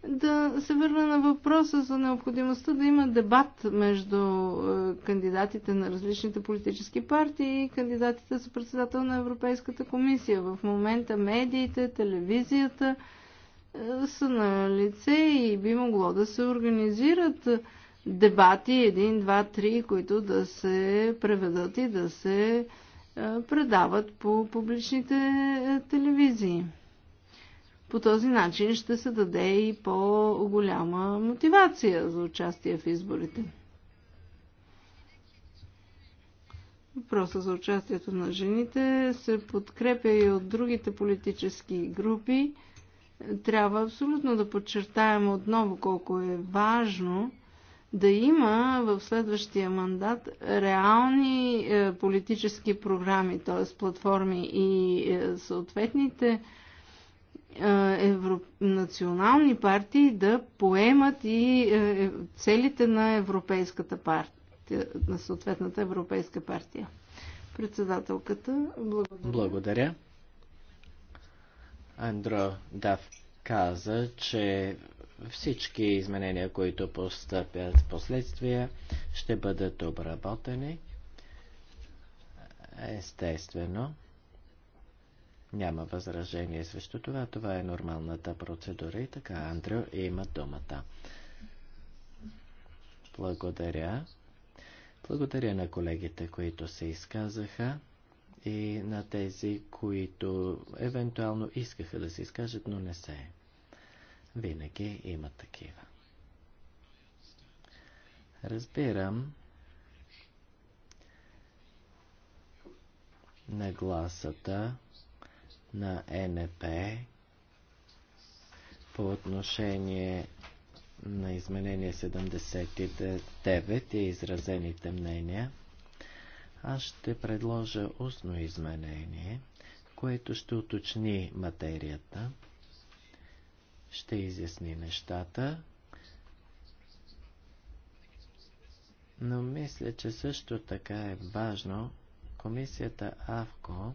да се върна на въпроса за необходимостта да има дебат между е, кандидатите на различните политически партии и кандидатите за председател на Европейската комисия. В момента медиите, телевизията е, са на лице и би могло да се организират дебати, един, два, три, които да се преведат и да се е, предават по публичните телевизии. По този начин ще се даде и по-голяма мотивация за участие в изборите. Въпросът за участието на жените се подкрепя и от другите политически групи. Трябва абсолютно да подчертаем отново колко е важно да има в следващия мандат реални е, политически програми, т.е. платформи и е, съответните евро... национални партии да поемат и е, е, целите на Европейската партия, на съответната Европейска партия. Председателката, благодаря. Благодаря. Андро Дав каза, че всички изменения, които постъпят в последствия, ще бъдат обработени. Естествено. Няма възражение срещу това. Това е нормалната процедура и така Андрю има думата. Благодаря. Благодаря на колегите, които се изказаха и на тези, които евентуално искаха да се изкажат, но не се. Винаги има такива. Разбирам нагласата на НП по отношение на изменение 79 и изразените мнения, аз ще предложа устно изменение, което ще уточни материята, ще изясни нещата, но мисля, че също така е важно комисията АВКО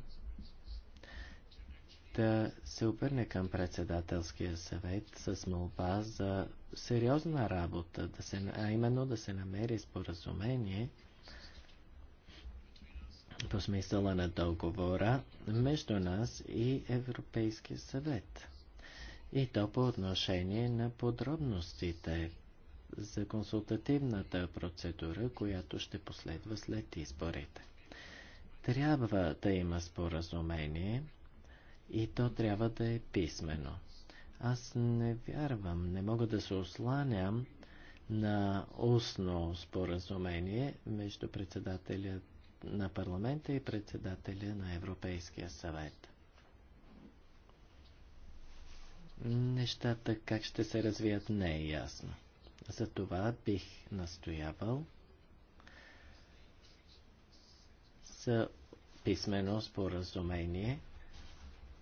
да се обърне към председателския съвет с молба за сериозна работа, да се, а именно да се намери споразумение по смисъла на договора между нас и Европейския съвет. И то по отношение на подробностите за консултативната процедура, която ще последва след изборите. Трябва да има споразумение, и то трябва да е писмено. Аз не вярвам, не мога да се осланям на устно споразумение между председателя на парламента и председателя на Европейския съвет. Нещата как ще се развият не е ясно. Затова бих настоявал за писмено споразумение –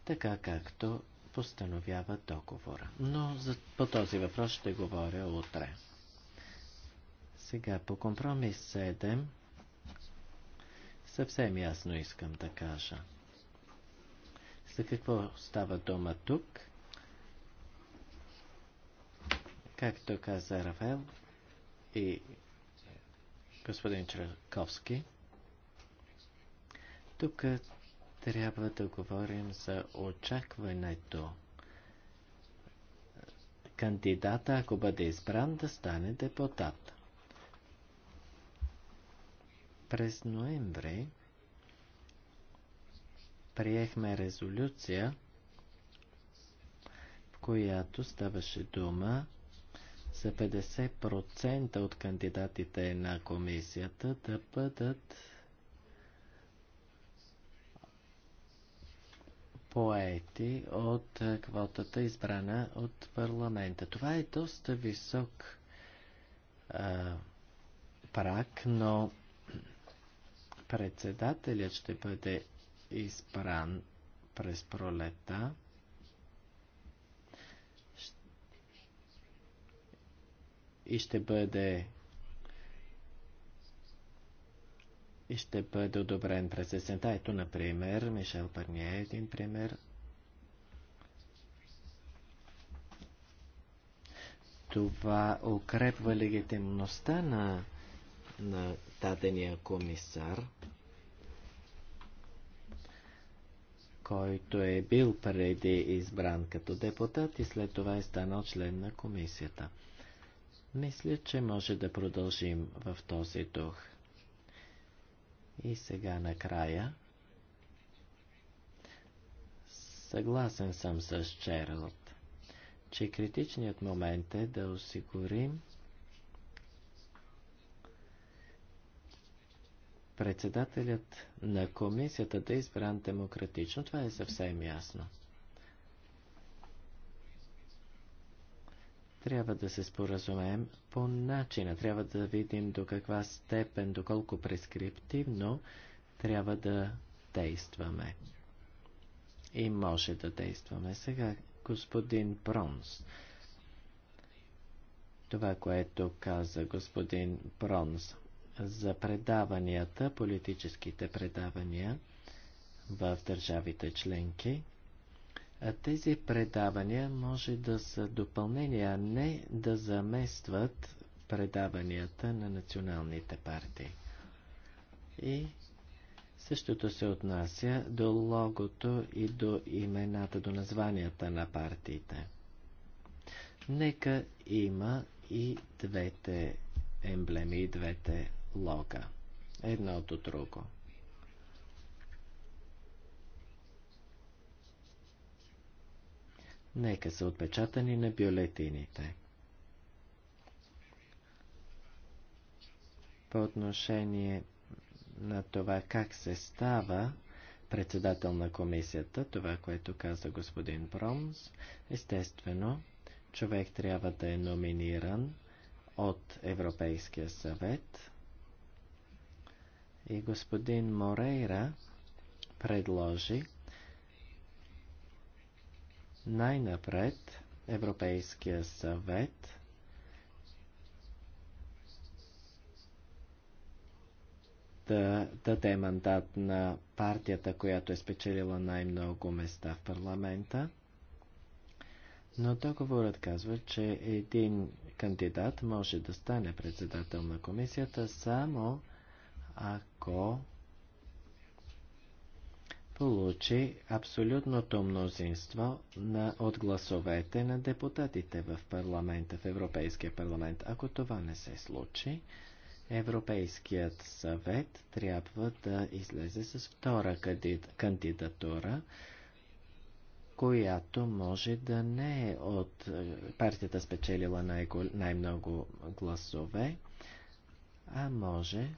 така както постановява договора. Но за, по този въпрос ще говоря утре. Сега по компромис 7 съвсем ясно искам да кажа. За какво става дума тук? Както каза Рафел и господин Чраковски, тук трябва да говорим за очакването кандидата, ако бъде избран, да стане депутат. През ноември приехме резолюция, в която ставаше дума за 50% от кандидатите на комисията да бъдат поети от е, квотата, избрана от парламента. Това е доста висок а, е, прак, но председателят ще бъде избран през пролета. И ще бъде и ще бъде одобрен през есента. Ето, например, Мишел Парния е един пример. Това укрепва легитимността на, на дадения комисар, който е бил преди избран като депутат и след това е станал член на комисията. Мисля, че може да продължим в този дух. И сега накрая. Съгласен съм с Чералд, че критичният момент е да осигурим председателят на комисията да е избран демократично. Това е съвсем ясно. Трябва да се споразумеем по начина. Трябва да видим до каква степен, доколко прескриптивно трябва да действаме. И може да действаме. Сега господин Бронс. Това, което каза господин Бронс за предаванията, политическите предавания в държавите членки – тези предавания може да са допълнения, а не да заместват предаванията на националните партии. И същото се отнася до логото и до имената, до названията на партиите. Нека има и двете емблеми, и двете лога. Едно от друго. Нека са отпечатани на бюлетините. По отношение на това как се става председател на комисията, това, което каза господин Бромс, естествено, човек трябва да е номиниран от Европейския съвет и господин Морейра предложи най-напред Европейския съвет да даде мандат на партията, която е спечелила най-много места в парламента. Но договорът казва, че един кандидат може да стане председател на комисията само ако получи абсолютното мнозинство на, от гласовете на депутатите в парламента, в Европейския парламент. Ако това не се случи, Европейският съвет трябва да излезе с втора кандидатура, която може да не е от партията спечелила най-много гласове, а може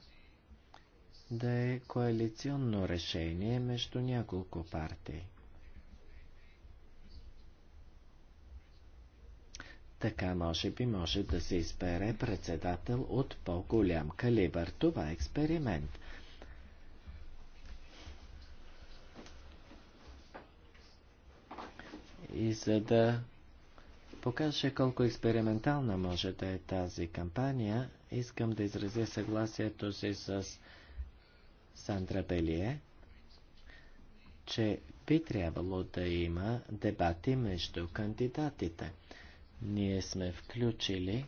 да е коалиционно решение между няколко партии. Така може би може да се избере председател от по-голям калибър. Това е експеримент. И за да покаже колко експериментална може да е тази кампания, искам да изразя съгласието си с Сандра Белие, че би трябвало да има дебати между кандидатите. Ние сме включили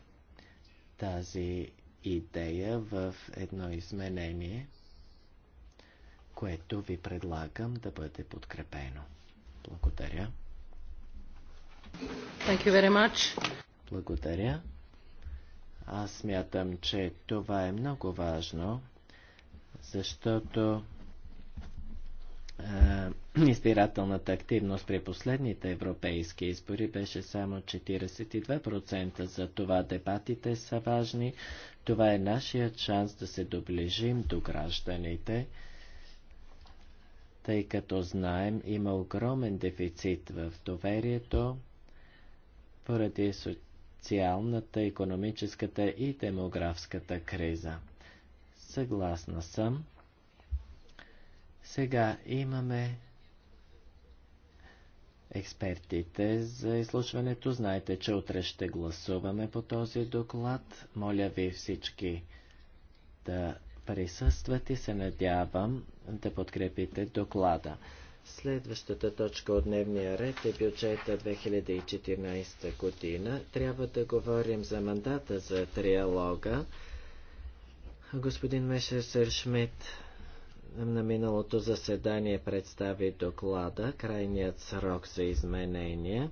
тази идея в едно изменение, което ви предлагам да бъде подкрепено. Благодаря. Thank you very much. Благодаря. Аз смятам, че това е много важно защото избирателната активност при последните европейски избори беше само 42%. За това дебатите са важни. Това е нашият шанс да се доближим до гражданите, тъй като знаем, има огромен дефицит в доверието поради социалната, економическата и демографската криза. Съгласна съм. Сега имаме експертите за изслушването. Знаете, че утре ще гласуваме по този доклад. Моля ви всички да присъстват и се надявам да подкрепите доклада. Следващата точка от дневния ред е бюджета 2014 година. Трябва да говорим за мандата за триалога. Господин Мешесер Шмидт на миналото заседание представи доклада. Крайният срок за изменение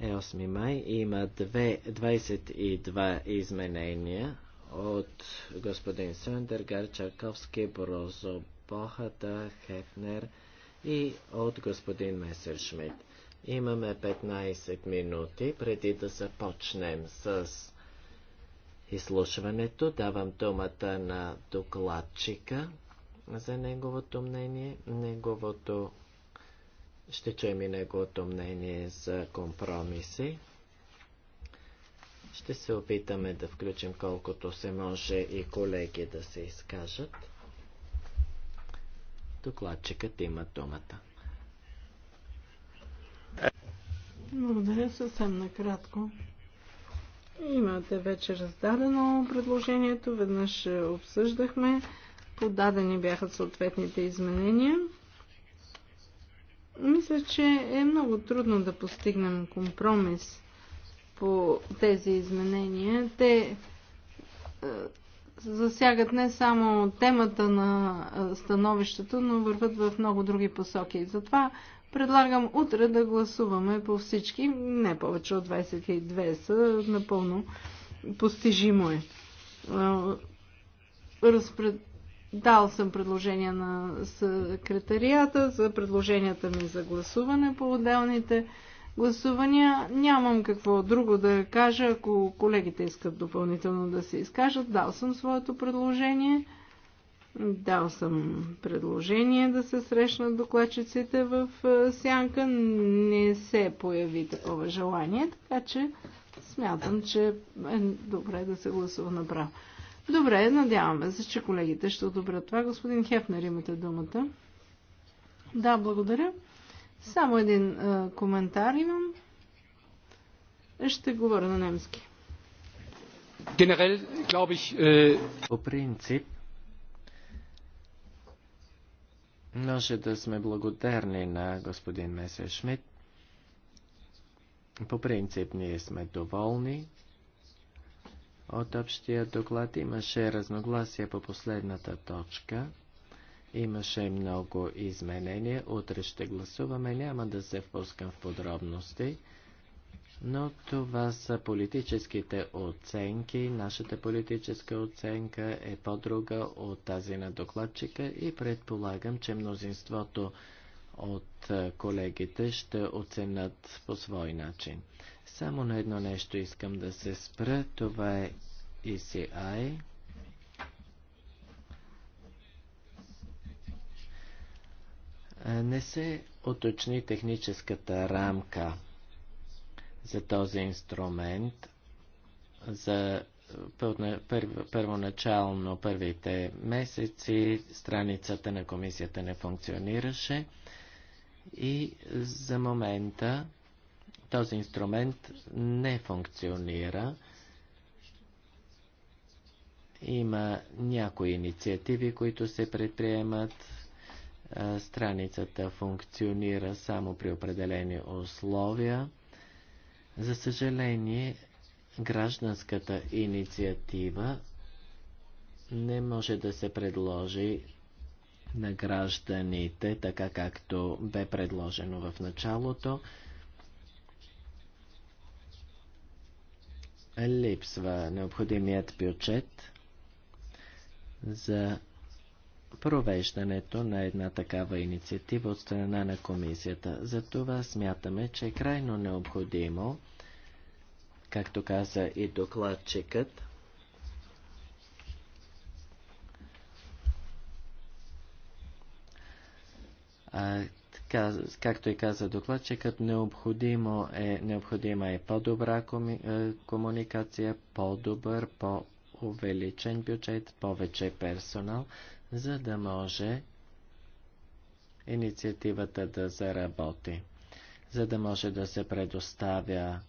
е 8 май. и Има 2, 22 изменения от господин Сендергар, Чарковски, Борозо, Бохата, Хефнер и от господин Месершмит. Имаме 15 минути преди да започнем с изслушването. Давам думата на докладчика за неговото мнение. Неговото... Ще чуем и неговото мнение за компромиси. Ще се опитаме да включим колкото се може и колеги да се изкажат. Докладчикът има думата. Благодаря съвсем накратко. Имате вече раздадено предложението, веднъж е обсъждахме, подадени бяха съответните изменения. Мисля, че е много трудно да постигнем компромис по тези изменения. Те е, засягат не само темата на е, становището, но върват в много други посоки. Затова Предлагам утре да гласуваме по всички, не повече от 22 са, напълно постижимо е. Разпред... Дал съм предложения на секретарията за предложенията ми за гласуване по отделните гласувания. Нямам какво друго да кажа, ако колегите искат допълнително да се изкажат. Дал съм своето предложение. Дал съм предложение да се срещнат докладчиците в сянка. Не се появи такова желание, така че смятам, че е добре да се гласува направо. Добре, надяваме се, че колегите ще одобрят това. Господин Хефнер, имате думата. Да, благодаря. Само един е, коментар имам. Ще говоря на немски. Генерал, glaube ich, äh, По принцип, Може да сме благодарни на господин Месер Шмидт. По принцип ние сме доволни от общия доклад. Имаше разногласия по последната точка. Имаше много изменения. Утре ще гласуваме. Няма да се впускам в подробности. Но това са политическите оценки. Нашата политическа оценка е по-друга от тази на докладчика и предполагам, че мнозинството от е, колегите ще оценят по свой начин. Само на едно нещо искам да се спра. Това е ECI. Е, не се уточни техническата рамка за този инструмент за първоначално първите месеци страницата на комисията не функционираше и за момента този инструмент не функционира. Има някои инициативи, които се предприемат. Страницата функционира само при определени условия. За съжаление, гражданската инициатива не може да се предложи на гражданите, така както бе предложено в началото. Липсва необходимият бюджет за провеждането на една такава инициатива от страна на комисията. Затова смятаме, че е крайно необходимо, както каза и докладчикът, а, каз, както и каза докладчикът, необходимо е, необходима е по-добра коми, е, комуникация, по-добър, по-увеличен бюджет, повече персонал, за да може инициативата да заработи, за да може да се предоставя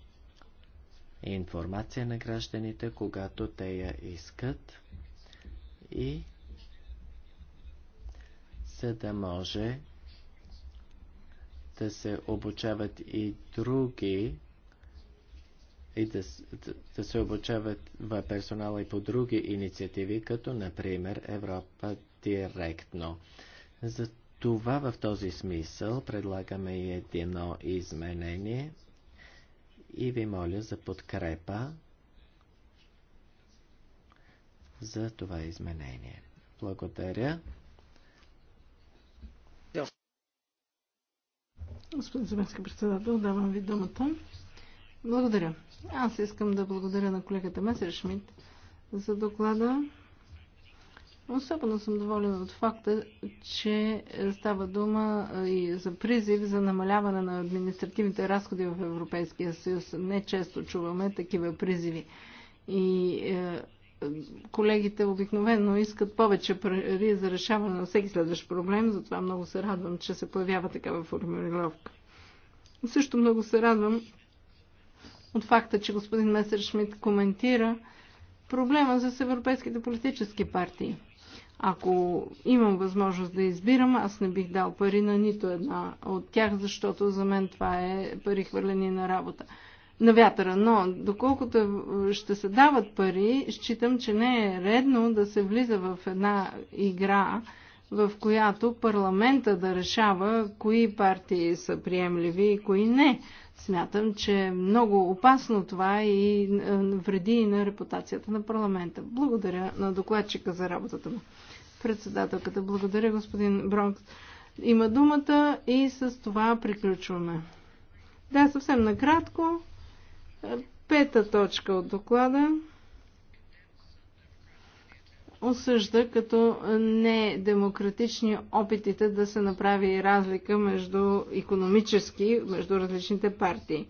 информация на гражданите, когато те я искат и за да може да се обучават и други и да, да, се обучават в персонала и по други инициативи, като например Европа директно. За това в този смисъл предлагаме и едно изменение и ви моля за подкрепа за това изменение. Благодаря. Господин заместник председател, давам ви думата. Благодаря. Аз искам да благодаря на колегата Месер Шмидт за доклада. Особено съм доволен от факта, че става дума и за призив за намаляване на административните разходи в Европейския съюз. Не често чуваме такива призиви. И е, колегите обикновено искат повече пари за решаване на всеки следващ проблем, затова много се радвам, че се появява такава формулировка. Също много се радвам от факта, че господин месер Шмидт коментира проблема с европейските политически партии. Ако имам възможност да избирам, аз не бих дал пари на нито една от тях, защото за мен това е пари хвърлени на работа на вятъра. Но доколкото ще се дават пари, считам, че не е редно да се влиза в една игра, в която парламента да решава кои партии са приемливи и кои не. Смятам, че е много опасно това и е, вреди и на репутацията на парламента. Благодаря на докладчика за работата му. Председателката, благодаря господин Бронкс. Има думата и с това приключваме. Да, съвсем накратко. Пета точка от доклада осъжда като недемократични опитите да се направи разлика между економически, между различните партии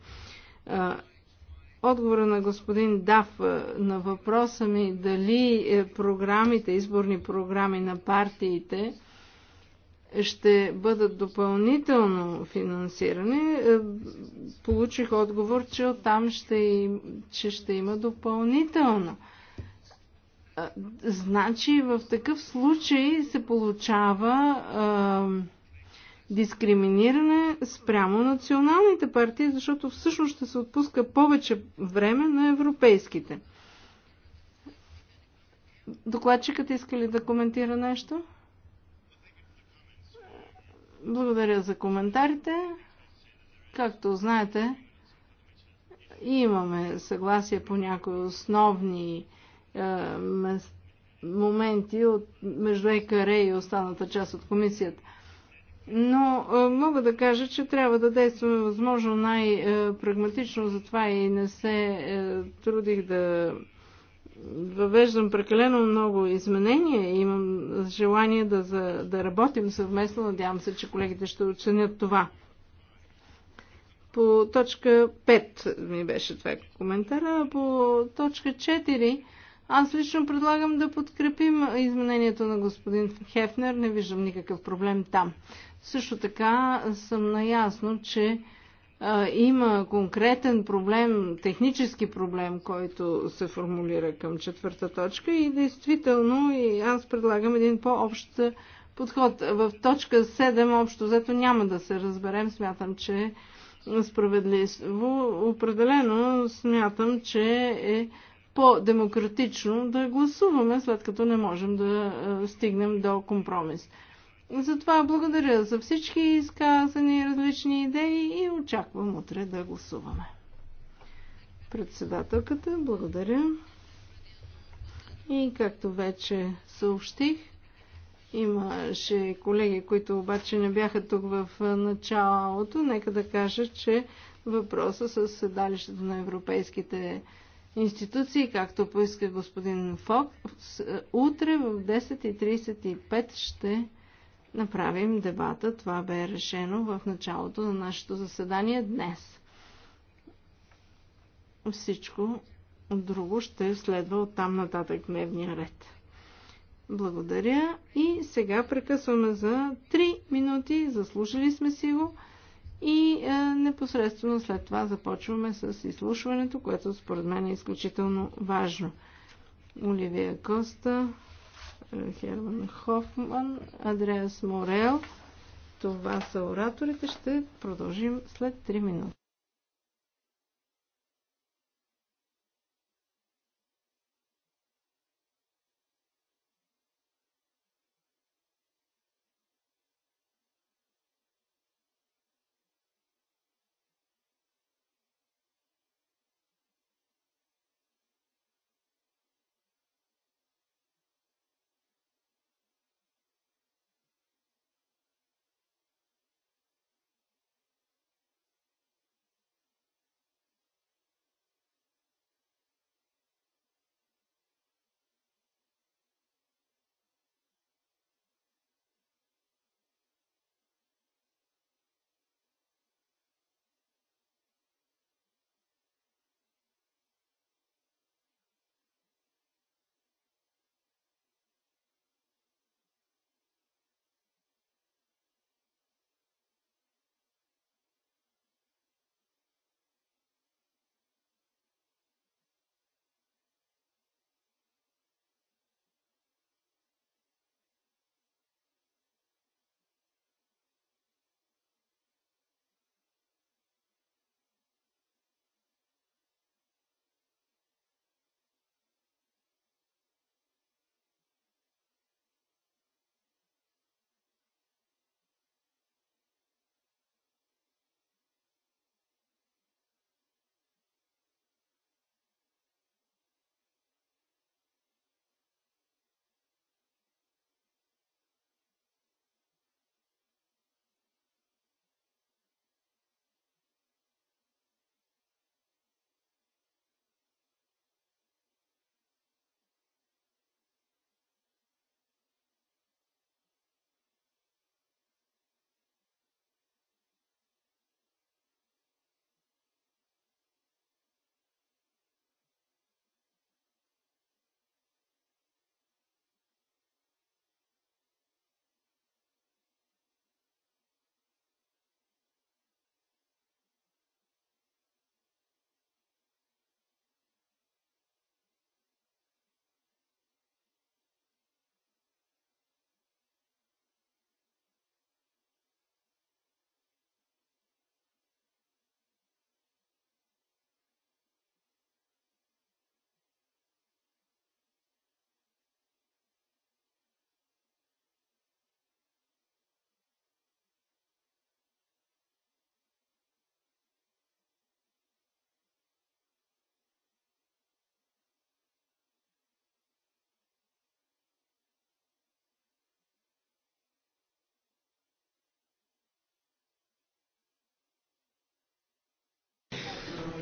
отговора на господин Дав е, на въпроса ми дали е, програмите, изборни програми на партиите ще бъдат допълнително финансирани, е, получих отговор, че оттам ще, им, че ще има допълнително. Значи в такъв случай се получава дискриминиране спрямо националните партии, защото всъщност ще се отпуска повече време на европейските. Докладчикът иска ли да коментира нещо? Благодаря за коментарите. Както знаете, имаме съгласие по някои основни е, моменти от, между ЕКР и останата част от комисията. Но мога да кажа, че трябва да действаме възможно най-прагматично, затова и не се е, трудих да въвеждам прекалено много изменения. Имам желание да, за, да работим съвместно. Надявам се, че колегите ще оценят това. По точка 5 ми беше това коментара. По точка 4 аз лично предлагам да подкрепим изменението на господин Хефнер. Не виждам никакъв проблем там. Също така съм наясно, че а, има конкретен проблем, технически проблем, който се формулира към четвърта точка и действително и аз предлагам един по-общ подход. В точка 7 общо взето няма да се разберем, смятам, че е справедливо. Определено смятам, че е по-демократично да гласуваме, след като не можем да стигнем до компромис. Затова благодаря за всички изказани различни идеи и очаквам утре да гласуваме. Председателката, благодаря. И както вече съобщих, имаше колеги, които обаче не бяха тук в началото. Нека да кажа, че въпроса с седалището на европейските институции, както поиска господин Фок, утре в 10.35 ще направим дебата. Това бе решено в началото на нашето заседание днес. Всичко друго ще следва от там нататък дневния ред. Благодаря и сега прекъсваме за 3 минути, заслужили сме си го и е, непосредствено след това започваме с изслушването, което според мен е изключително важно. Оливия Коста, Херман Хофман, Андреас Морел. Това са ораторите. Ще продължим след 3 минути.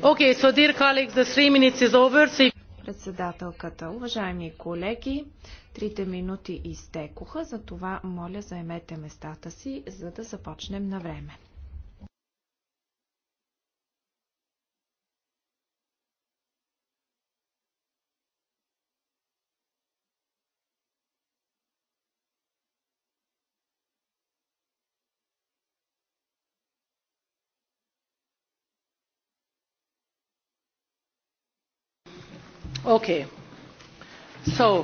Okay, so dear colleagues, the three minutes is over. So... Председателката, уважаеми колеги, трите минути изтекоха, затова моля заемете местата си, за да започнем на време. Okay. So,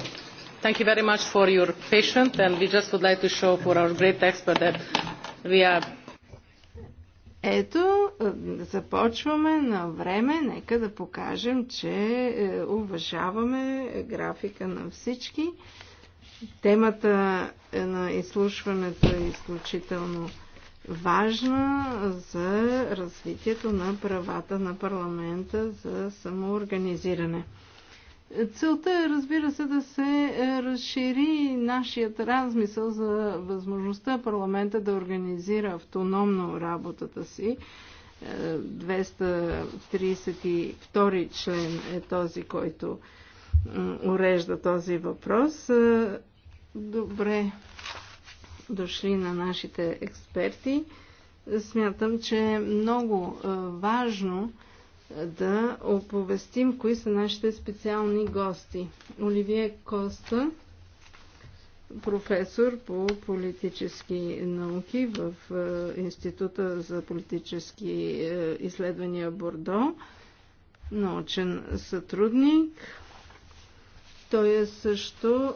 thank you very much for your patience, and we just would like to show for our great expert that we are. Ето, започваме на време. Нека да покажем, че е, уважаваме графика на всички. Темата на изслушването е изключително важна за развитието на правата на парламента за самоорганизиране. Целта е, разбира се, да се е, разшири нашият размисъл за възможността парламента да организира автономно работата си. 232 е, член е този, който урежда този въпрос. Е, добре дошли на нашите експерти. Смятам, че е много важно да оповестим кои са нашите специални гости. Оливие Коста, професор по политически науки в е, Института за политически е, изследвания Бордо, научен сътрудник. Той е също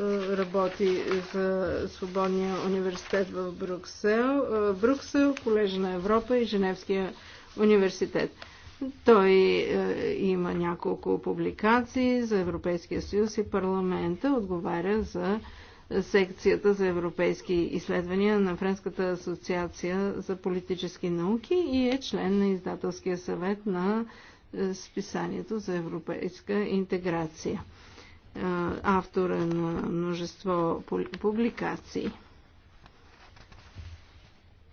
е, работи за Свободния университет в Брюксел, Брюксел, Колежа на Европа и Женевския университет. Той е, има няколко публикации за Европейския съюз и парламента, отговаря за секцията за европейски изследвания на Френската асоциация за политически науки и е член на издателския съвет на е, списанието за европейска интеграция. Е, автора на множество публикации.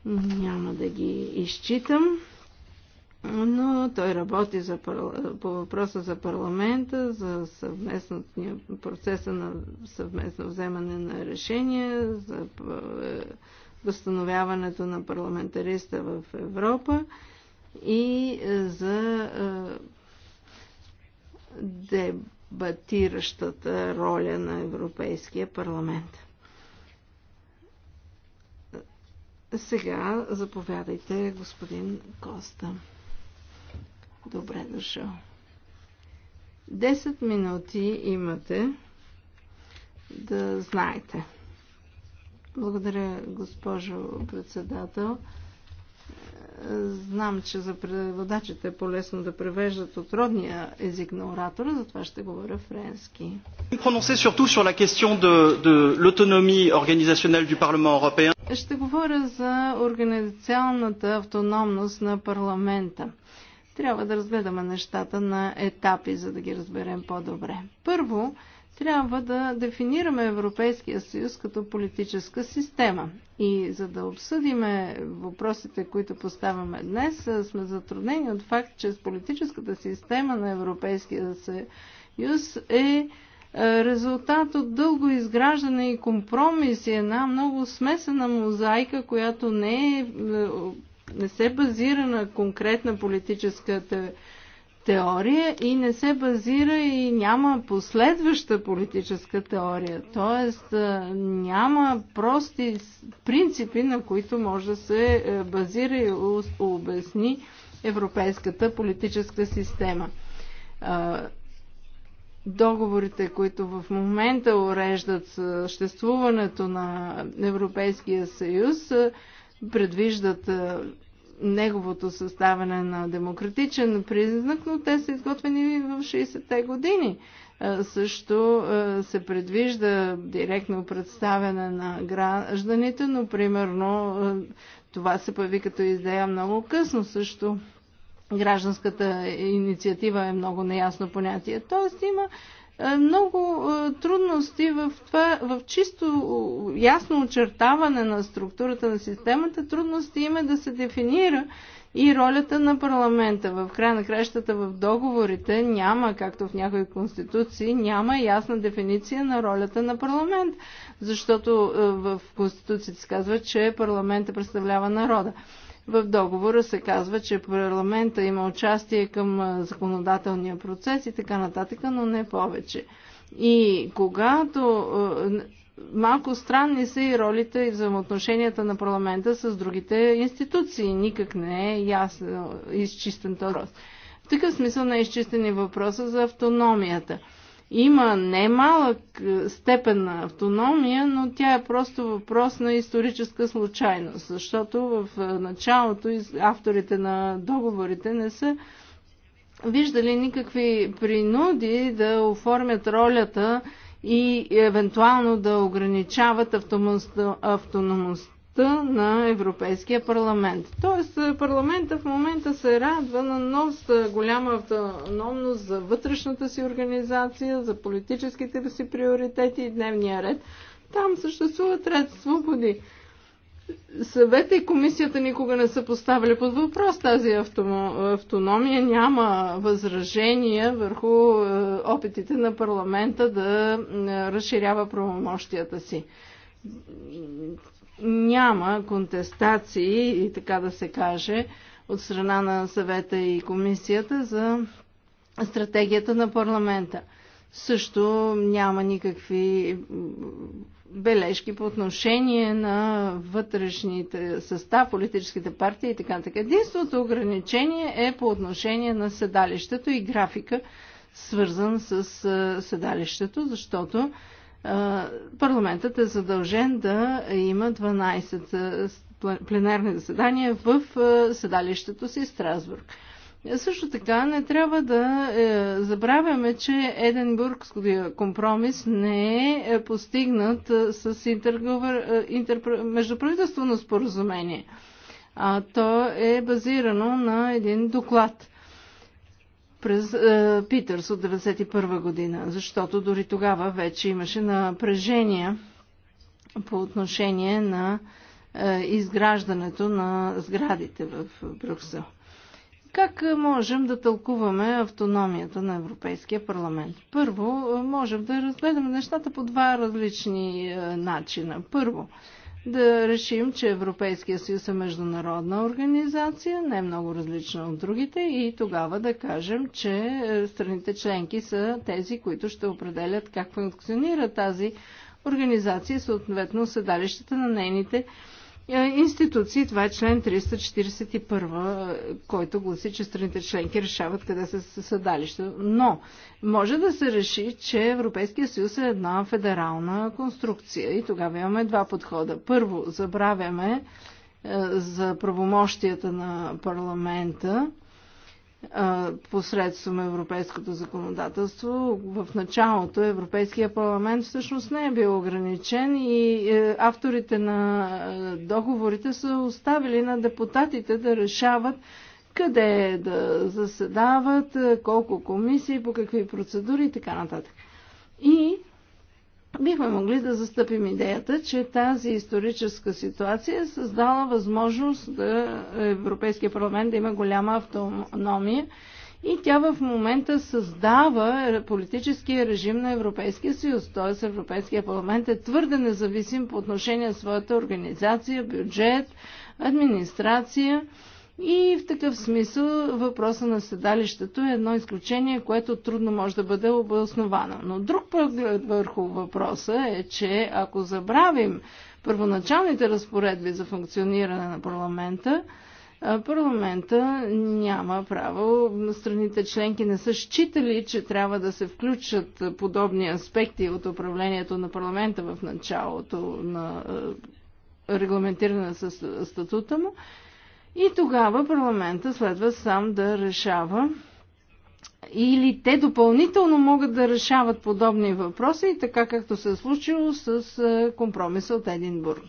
Няма да ги изчитам но той работи за, по въпроса за парламента, за процеса на съвместно вземане на решения, за е, възстановяването на парламентариста в Европа и е, за е, дебатиращата роля на Европейския парламент. Сега заповядайте, господин Коста. Добре дошъл. 10 минути имате да знаете. Благодаря, госпожо председател. Знам, че за преводачите е по-лесно да превеждат от родния език на оратора, затова ще говоря френски. Ще говоря за организационната автономност на парламента. Трябва да разгледаме нещата на етапи, за да ги разберем по-добре. Първо, трябва да дефинираме Европейския съюз като политическа система. И за да обсъдиме въпросите, които поставяме днес, сме затруднени от факт, че с политическата система на Европейския съюз е, е резултат от дълго изграждане и компромис и една много смесена мозайка, която не е, е не се базира на конкретна политическата теория и не се базира и няма последваща политическа теория. Тоест няма прости принципи, на които може да се е, базира и обясни европейската политическа система. Договорите, които в момента уреждат съществуването на Европейския съюз, предвиждат неговото съставяне на демократичен признак, но те са изготвени в 60-те години. Също се предвижда директно представяне на гражданите, но примерно това се появи като идея много късно също. Гражданската инициатива е много неясно понятие. Тоест има е, много е, трудности в това, в чисто е, ясно очертаване на структурата на системата, трудности има да се дефинира и ролята на парламента. В края на кращата в договорите няма, както в някои конституции, няма ясна дефиниция на ролята на парламент, защото в конституцията се казва, че парламента представлява народа. В договора се казва, че парламента има участие към законодателния процес и така нататък, но не повече. И когато малко странни са и ролите и взаимоотношенията на парламента с другите институции. Никак не е ясно изчистен този въпрос. В такъв смисъл не е изчистен и въпроса за автономията има немалък е, степен на автономия, но тя е просто въпрос на историческа случайност, защото в е, началото авторите на договорите не са виждали никакви принуди да оформят ролята и евентуално да ограничават автономността дейността на Европейския парламент. Тоест, парламента в момента се радва на нов голяма автономност за вътрешната си организация, за политическите си приоритети и дневния ред. Там съществуват ред свободи. Съвета и комисията никога не са поставили под въпрос тази автономия. Няма възражения върху е, опитите на парламента да е, разширява правомощията си няма контестации, и така да се каже, от страна на съвета и комисията за стратегията на парламента. Също няма никакви бележки по отношение на вътрешните състав, политическите партии и така така. Единството ограничение е по отношение на седалището и графика, свързан с седалището, защото парламентът е задължен да има 12 пленарни заседания в седалището си Страсбург. Също така не трябва да е, забравяме, че Единбургския компромис не е, е постигнат с интерговър, интер, междуправителствено споразумение. А то е базирано на един доклад през е, Питърс от 1991 година, защото дори тогава вече имаше напрежение по отношение на е, изграждането на сградите в Брюксел. Как можем да тълкуваме автономията на Европейския парламент? Първо, е, можем да разгледаме нещата по два различни е, начина. Първо, е, да решим, че Европейския съюз е международна организация, не е много различна от другите и тогава да кажем, че е, страните членки са тези, които ще определят как функционира тази организация, съответно седалищата на нейните е, институции. Това е член 341, който гласи, че страните членки решават къде са съдалища, Но може да се реши, че Европейския съюз е една федерална конструкция и тогава имаме два подхода. Първо, забравяме е, за правомощията на парламента посредством европейското законодателство. В началото Европейския парламент всъщност не е бил ограничен и е, авторите на е, договорите са оставили на депутатите да решават къде да заседават, е, колко комисии, по какви процедури и така нататък. И бихме могли да застъпим идеята, че тази историческа ситуация е създала възможност да Европейския парламент да има голяма автономия и тя в момента създава политическия режим на Европейския съюз. Т.е. Европейския парламент е твърде независим по отношение на своята организация, бюджет, администрация и в такъв смисъл въпроса на седалището е едно изключение, което трудно може да бъде обосновано. Но друг поглед върху въпроса е, че ако забравим първоначалните разпоредби за функциониране на парламента, парламента няма право. Страните членки не са считали, че трябва да се включат подобни аспекти от управлението на парламента в началото на регламентиране с статута му. И тогава парламента следва сам да решава или те допълнително могат да решават подобни въпроси, така както се е случило с е, компромиса от Единбург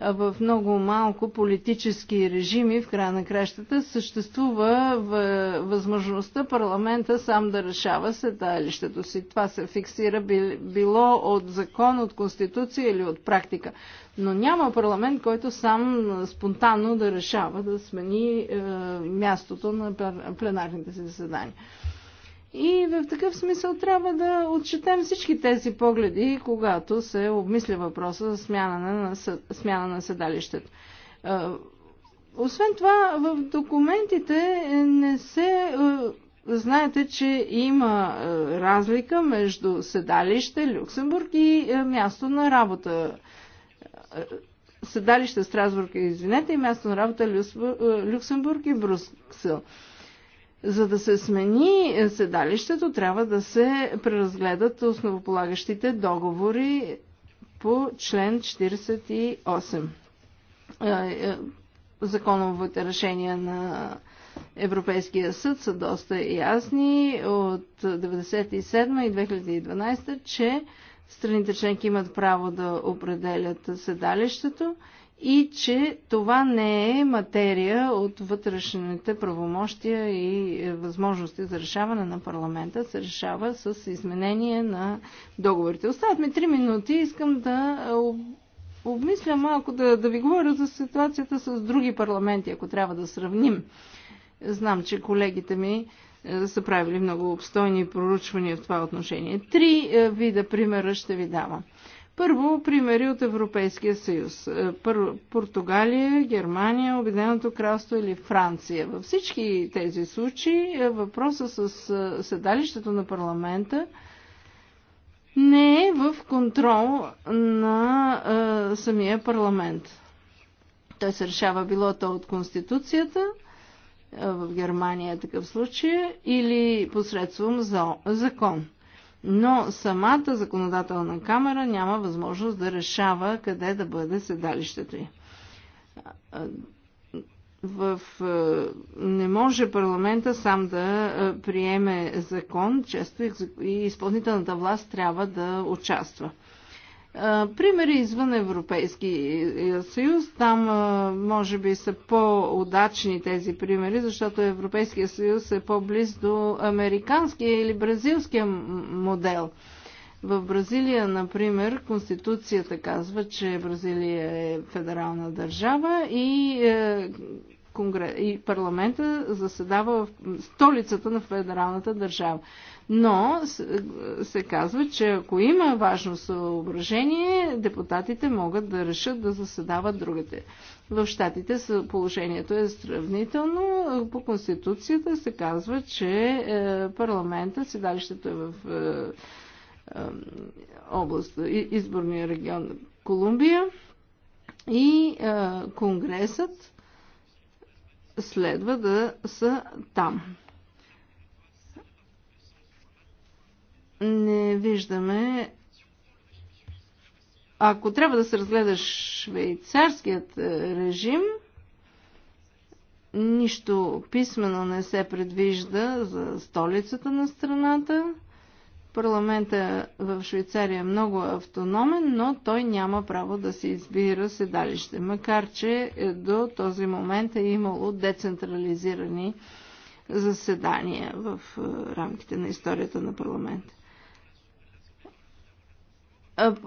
в много малко политически режими в края на кращата съществува възможността парламента сам да решава седалището си. Това се фиксира било от закон, от конституция или от практика. Но няма парламент, който сам спонтанно да решава да смени е, мястото на пленарните си заседания. И в такъв смисъл трябва да отчетем всички тези погледи, когато се обмисля въпроса за смяна на, смяна на седалището. Освен това, в документите не се. Знаете, че има разлика между седалище Люксембург и място на работа. Седалище Страсбург, извинете, и място на работа Люксембург и Брюксел. За да се смени седалището, трябва да се преразгледат основополагащите договори по член 48. Е, е, законовите решения на Европейския съд са доста ясни от 1997 и 2012, че страните членки имат право да определят седалището и че това не е материя от вътрешните правомощия и е, възможности за решаване на парламента, се решава с изменение на договорите. Остават ми 3 минути, искам да е, обмисля малко, да, да ви говоря за ситуацията с други парламенти, ако трябва да сравним. Знам, че колегите ми е, са правили много обстойни проучвания в това отношение. Три вида примера ще ви давам. Първо, примери от Европейския съюз. Е, Първо, Португалия, Германия, Обединеното кралство или Франция. Във всички тези случаи е, въпроса с е, седалището на парламента не е в контрол на а, самия парламент. Той се решава било то от Конституцията, а, в Германия е такъв случай, или посредством за, закон но самата законодателна камера няма възможност да решава къде да бъде седалището й. В, е, не може парламента сам да е, приеме закон, често и изпълнителната власт трябва да участва. Примери извън Европейски е, съюз, там може би са по-удачни тези примери, защото Европейския съюз е по-близ до американския или бразилския модел. В Бразилия, например, Конституцията казва, че Бразилия е федерална държава и, е, конгр... и парламента заседава в столицата на федералната държава но се казва, че ако има важно съображение, депутатите могат да решат да заседават другите. В щатите положението е сравнително. По Конституцията се казва, че е, парламента, седалището е в е, е, област, изборния регион Колумбия и Конгресът следва да са там. не виждаме. Ако трябва да се разгледа швейцарският е, режим, нищо писмено не се предвижда за столицата на страната. Парламента в Швейцария е много автономен, но той няма право да се избира седалище, макар че е, до този момент е имало децентрализирани заседания в е, рамките на историята на парламента.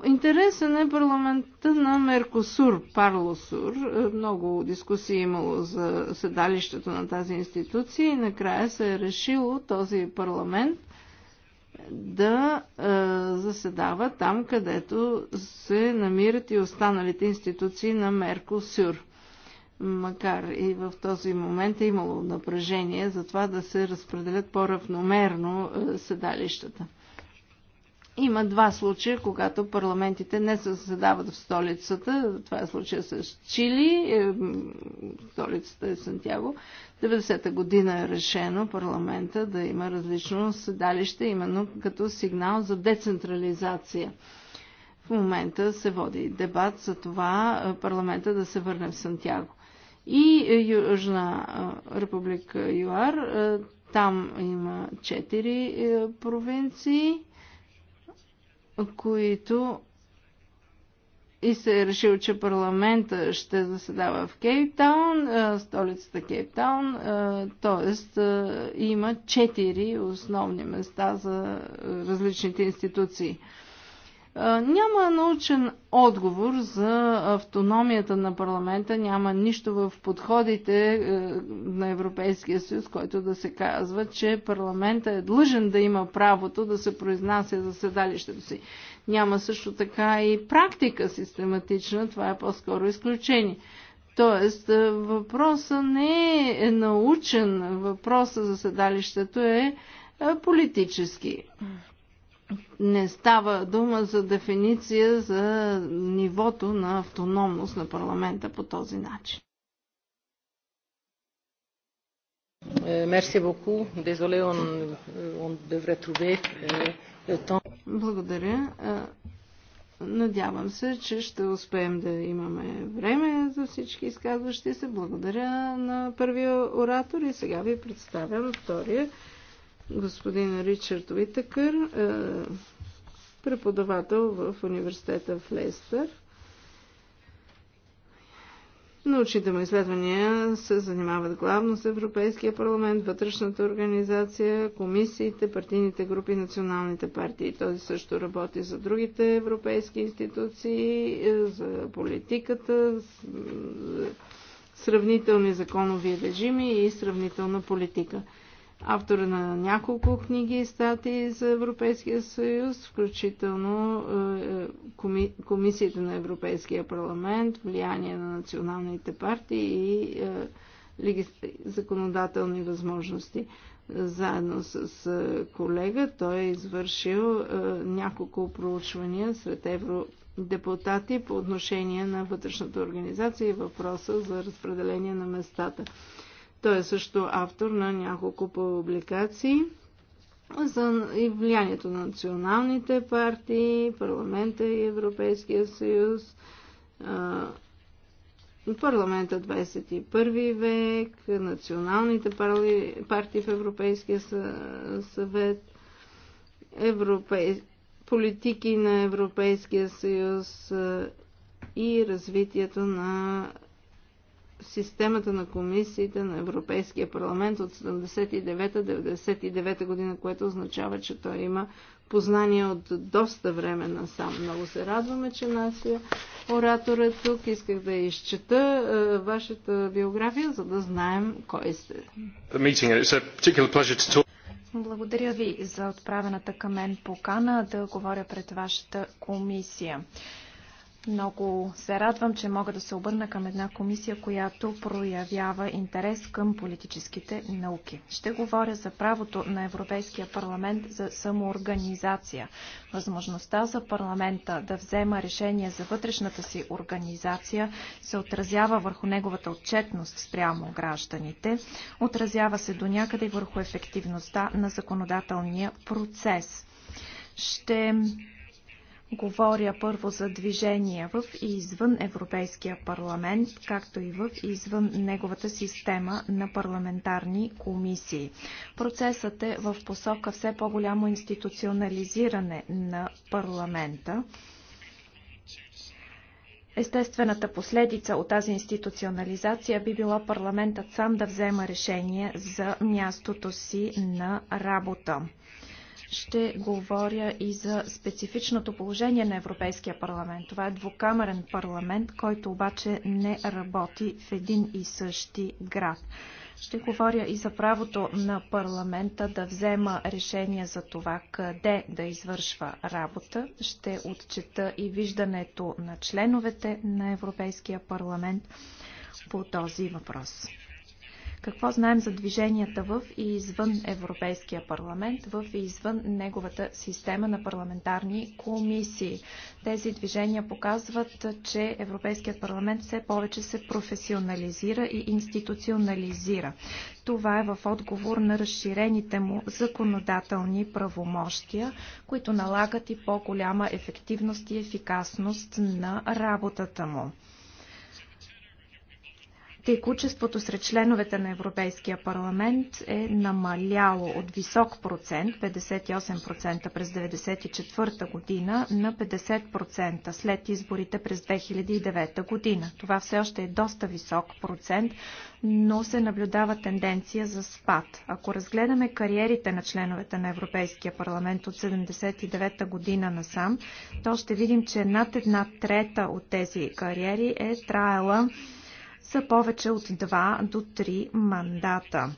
Интересен е парламента на Меркосур, Парлосур. Много дискусии е имало за седалището на тази институция и накрая се е решило този парламент да е, заседава там, където се намират и останалите институции на Меркосур. Макар и в този момент е имало напрежение за това да се разпределят по-равномерно е, седалищата. Има два случая, когато парламентите не се заседават в столицата. Това е случая с Чили. Е, столицата е Сантьяго. 90-та година е решено парламента да има различно седалище, именно като сигнал за децентрализация. В момента се води дебат за това е, парламента да се върне в Сантьяго. И е, Южна република ЮАР, там има четири провинции които и се е решил, че парламента ще заседава в Кейптаун, столицата Кейптаун, т.е. има четири основни места за различните институции. Няма научен отговор за автономията на парламента, няма нищо в подходите е, на Европейския съюз, който да се казва, че парламента е длъжен да има правото да се произнася за седалището си. Няма също така и практика систематична, това е по-скоро изключение. Тоест, е, въпросът не е научен, въпросът за седалището е, е политически не става дума за дефиниция за нивото на автономност на парламента по този начин. Е, мерси боку. Дезоле, он трубе. Е, е, Благодаря. Надявам се, че ще успеем да имаме време за всички изказващи се. Благодаря на първия оратор и сега ви представям втория господин Ричард Уитъкър, е, преподавател в университета в Лестър. Научните му изследвания се занимават главно с Европейския парламент, вътрешната организация, комисиите, партийните групи, националните партии. Той също работи за другите европейски институции, е, за политиката, е, сравнителни законови режими и сравнителна политика автор на няколко книги и статии за Европейския съюз, включително е, е, коми, Комисията на Европейския парламент, влияние на националните партии и е, леги... законодателни възможности. Заедно с колега той е извършил няколко проучвания сред евродепутати по отношение на вътрешната организация и въпроса за разпределение на местата. Той е също автор на няколко публикации за и влиянието на националните партии, парламента и Европейския съюз, парламента 21 век, националните партии в Европейския съвет, европей... политики на Европейския съюз и развитието на системата на комисиите на Европейския парламент от 79-99 година, което означава, че той има познания от доста време насам. Много се радваме, че нашия оратор е тук. Исках да изчета е, вашата биография, за да знаем кой сте. Благодаря ви за отправената към мен покана да говоря пред вашата комисия. Много се радвам, че мога да се обърна към една комисия, която проявява интерес към политическите науки. Ще говоря за правото на Европейския парламент за самоорганизация. Възможността за парламента да взема решение за вътрешната си организация се отразява върху неговата отчетност спрямо гражданите, отразява се до някъде и върху ефективността на законодателния процес. Ще Говоря първо за движения в и извън Европейския парламент, както и в и извън неговата система на парламентарни комисии. Процесът е в посока все по-голямо институционализиране на парламента. Естествената последица от тази институционализация би била парламентът сам да взема решение за мястото си на работа ще говоря и за специфичното положение на Европейския парламент. Това е двукамерен парламент, който обаче не работи в един и същи град. Ще говоря и за правото на парламента да взема решение за това къде да извършва работа. Ще отчета и виждането на членовете на Европейския парламент по този въпрос. Какво знаем за движенията в и извън Европейския парламент, в и извън неговата система на парламентарни комисии? Тези движения показват, че Европейският парламент все повече се професионализира и институционализира. Това е в отговор на разширените му законодателни правомощия, които налагат и по-голяма ефективност и ефикасност на работата му. Текучеството сред членовете на Европейския парламент е намаляло от висок процент, 58% през 1994 година, на 50% след изборите през 2009 година. Това все още е доста висок процент, но се наблюдава тенденция за спад. Ако разгледаме кариерите на членовете на Европейския парламент от 79 година насам, то ще видим, че над една трета от тези кариери е траела са повече от 2 до 3 мандата.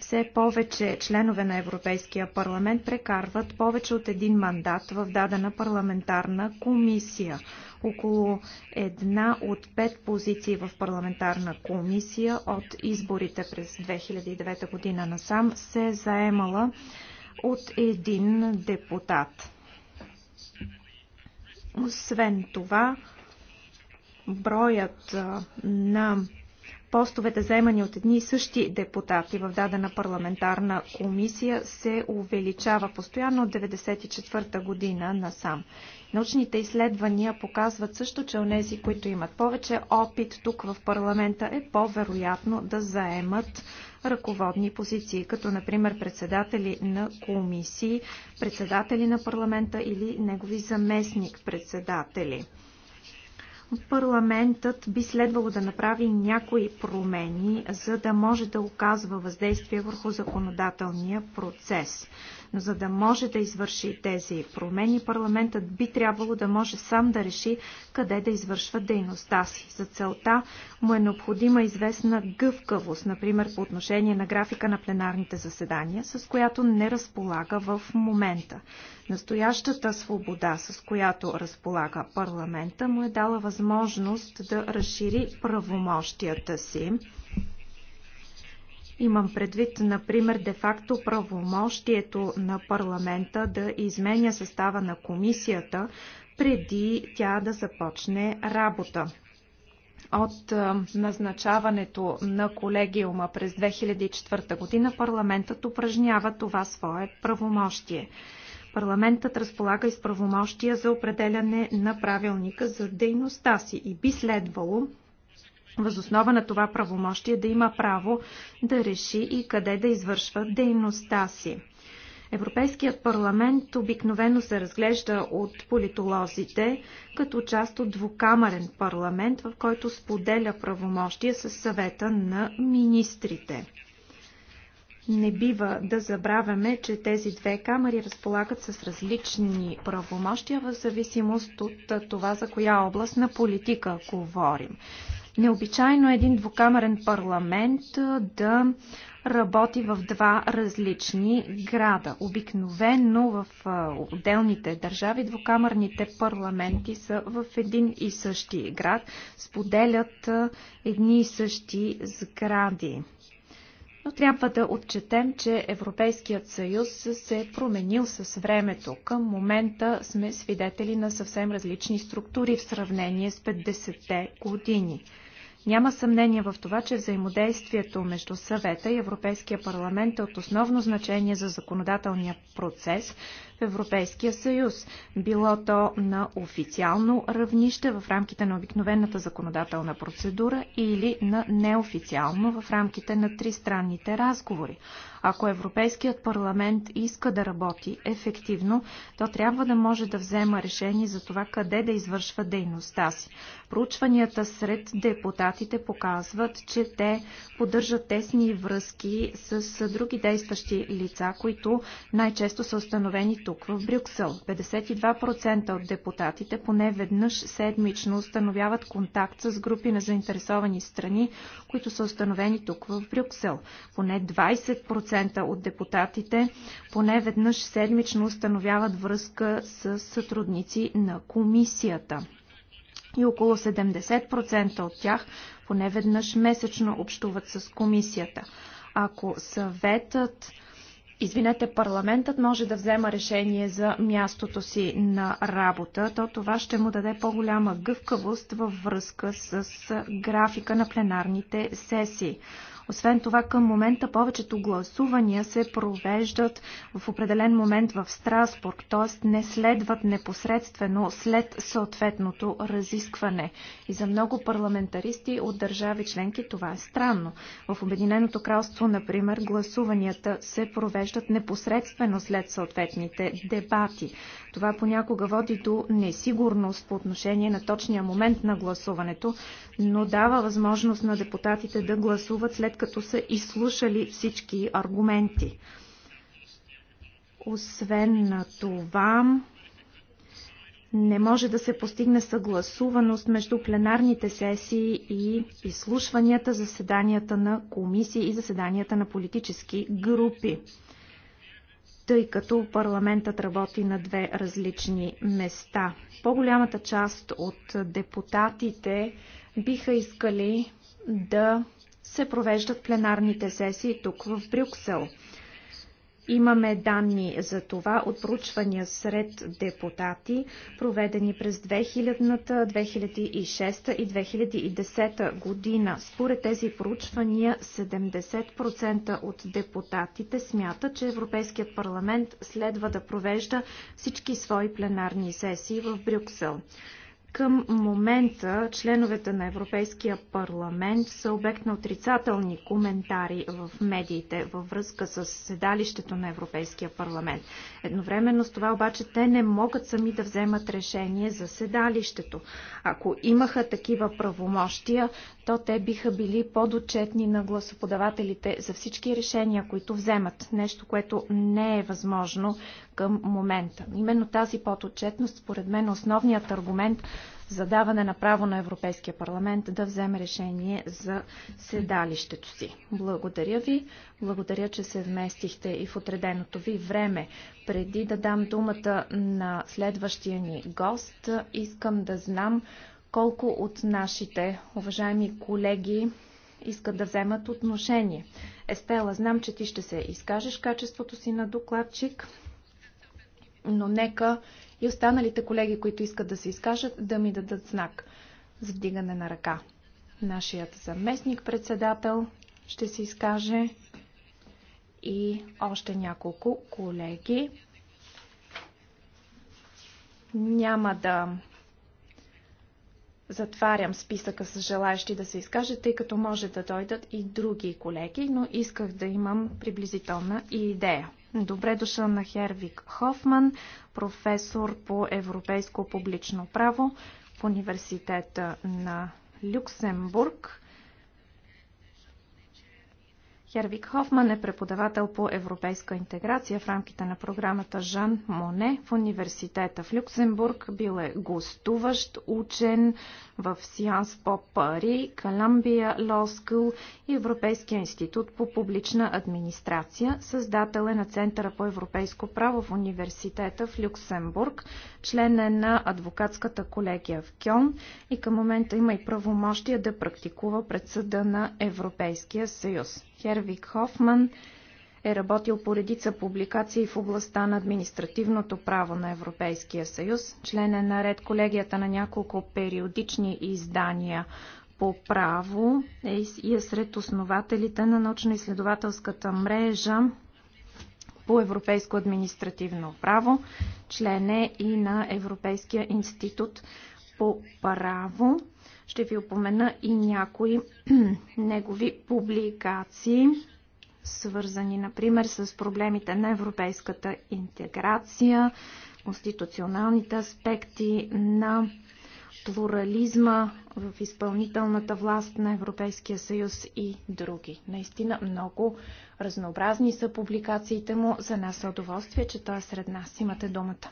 Все повече членове на Европейския парламент прекарват повече от един мандат в дадена парламентарна комисия. Около една от пет позиции в парламентарна комисия от изборите през 2009 година насам се е заемала от един депутат. Освен това, броят на постовете заемани от едни и същи депутати в дадена парламентарна комисия се увеличава постоянно от 1994 година насам. Научните изследвания показват също, че онези, които имат повече опит тук в парламента, е по-вероятно да заемат ръководни позиции, като например председатели на комисии, председатели на парламента или негови заместник председатели парламентът би следвало да направи някои промени, за да може да оказва въздействие върху законодателния процес. Но за да може да извърши тези промени, парламентът би трябвало да може сам да реши къде да извършва дейността си. За целта му е необходима известна гъвкавост, например по отношение на графика на пленарните заседания, с която не разполага в момента. Настоящата свобода, с която разполага парламента, му е дала възможност да разшири правомощията си Имам предвид, например, де-факто правомощието на парламента да изменя състава на комисията преди тя да започне работа от назначаването на колегиума през 2004 година парламентът упражнява това свое правомощие. Парламентът разполага и с правомощия за определяне на правилника за дейността си и би следвало възоснова на това правомощие да има право да реши и къде да извършва дейността си. Европейският парламент обикновено се разглежда от политолозите като част от двукамерен парламент, в който споделя правомощия с съвета на министрите. Не бива да забравяме, че тези две камери разполагат с различни правомощия в зависимост от това за коя област на политика говорим. Необичайно е един двукамерен парламент да работи в два различни града. Обикновено в отделните държави двукамерните парламенти са в един и същи град, споделят едни и същи сгради но трябва да отчетем, че Европейският съюз се е променил с времето. Към момента сме свидетели на съвсем различни структури в сравнение с 50-те години. Няма съмнение в това, че взаимодействието между съвета и Европейския парламент е от основно значение за законодателния процес в Европейския съюз, било то на официално равнище в рамките на обикновената законодателна процедура или на неофициално в рамките на тристранните разговори. Ако Европейският парламент иска да работи ефективно, то трябва да може да взема решение за това къде да извършва дейността си. Проучванията сред депутатите показват, че те поддържат тесни връзки с други действащи лица, които най-често са установени тук в Брюксел. 52% от депутатите поне веднъж седмично установяват контакт с групи на заинтересовани страни, които са установени тук в Брюксел. Поне 20% 5% от депутатите поне веднъж седмично установяват връзка с сътрудници на комисията и около 70% от тях поне веднъж месечно общуват с комисията. Ако съветът Извинете, парламентът може да взема решение за мястото си на работа, то това ще му даде по-голяма гъвкавост във връзка с графика на пленарните сесии. Освен това, към момента повечето гласувания се провеждат в определен момент в Страсбург, т.е. не следват непосредствено след съответното разискване. И за много парламентаристи от държави членки това е странно. В Обединеното кралство, например, гласуванията се провеждат непосредствено след съответните дебати. Това понякога води до несигурност по отношение на точния момент на гласуването, но дава възможност на депутатите да гласуват след като са изслушали всички аргументи. Освен на това, не може да се постигне съгласуваност между пленарните сесии и изслушванията, заседанията на комисии и заседанията на политически групи, тъй като парламентът работи на две различни места. По-голямата част от депутатите биха искали да се провеждат пленарните сесии тук в Брюксел. Имаме данни за това от проучвания сред депутати, проведени през 2000-та, 2006 и 2010 година. Според тези проучвания 70% от депутатите смятат, че Европейският парламент следва да провежда всички свои пленарни сесии в Брюксел. Към момента членовете на Европейския парламент са обект на отрицателни коментари в медиите във връзка с седалището на Европейския парламент. Едновременно с това обаче те не могат сами да вземат решение за седалището. Ако имаха такива правомощия, то те биха били подотчетни на гласоподавателите за всички решения, които вземат. Нещо, което не е възможно към момента. Именно тази подотчетност, според мен, е основният аргумент за даване на право на Европейския парламент да вземе решение за седалището си. Благодаря ви. Благодаря, че се вместихте и в отреденото ви време. Преди да дам думата на следващия ни гост, искам да знам колко от нашите уважаеми колеги искат да вземат отношение. Естела, знам, че ти ще се изкажеш качеството си на докладчик но нека и останалите колеги, които искат да се изкажат, да ми дадат знак за вдигане на ръка. Нашият заместник председател ще се изкаже и още няколко колеги. Няма да затварям списъка с желаящи да се изкажат, тъй като може да дойдат и други колеги, но исках да имам приблизителна и идея. Добре дошъл на Хервик Хофман, професор по европейско публично право в университета на Люксембург. Хервик Хофман е преподавател по европейска интеграция в рамките на програмата Жан Моне в университета в Люксембург. Бил е гостуващ учен в Сианс по Пари, Каламбия Лоскъл и Европейския институт по публична администрация. Създател е на Центъра по европейско право в университета в Люксембург. Член е на адвокатската колегия в Кьон и към момента има и правомощия да практикува пред съда на Европейския съюз. Хервик Хофман е работил по редица публикации в областта на административното право на Европейския съюз. Член е наред колегията на няколко периодични издания по право е, и е сред основателите на научно-изследователската мрежа по европейско административно право. Член е и на Европейския институт по право. Ще ви опомена и някои негови публикации, свързани, например, с проблемите на европейската интеграция, конституционалните аспекти на плурализма в изпълнителната власт на Европейския съюз и други. Наистина много разнообразни са публикациите му. За нас е удоволствие, че той е сред нас. Имате думата.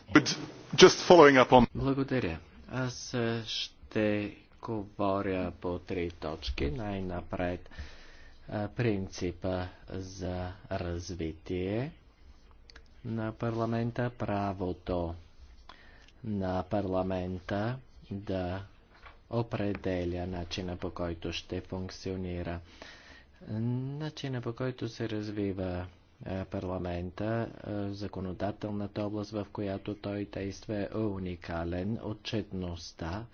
Благодаря. Аз ще говоря по три точки. Най-напред принципа за развитие на парламента, правото на парламента да определя начина по който ще функционира. Начина по който се развива парламента, законодателната област, в която той действа е уникален, отчетността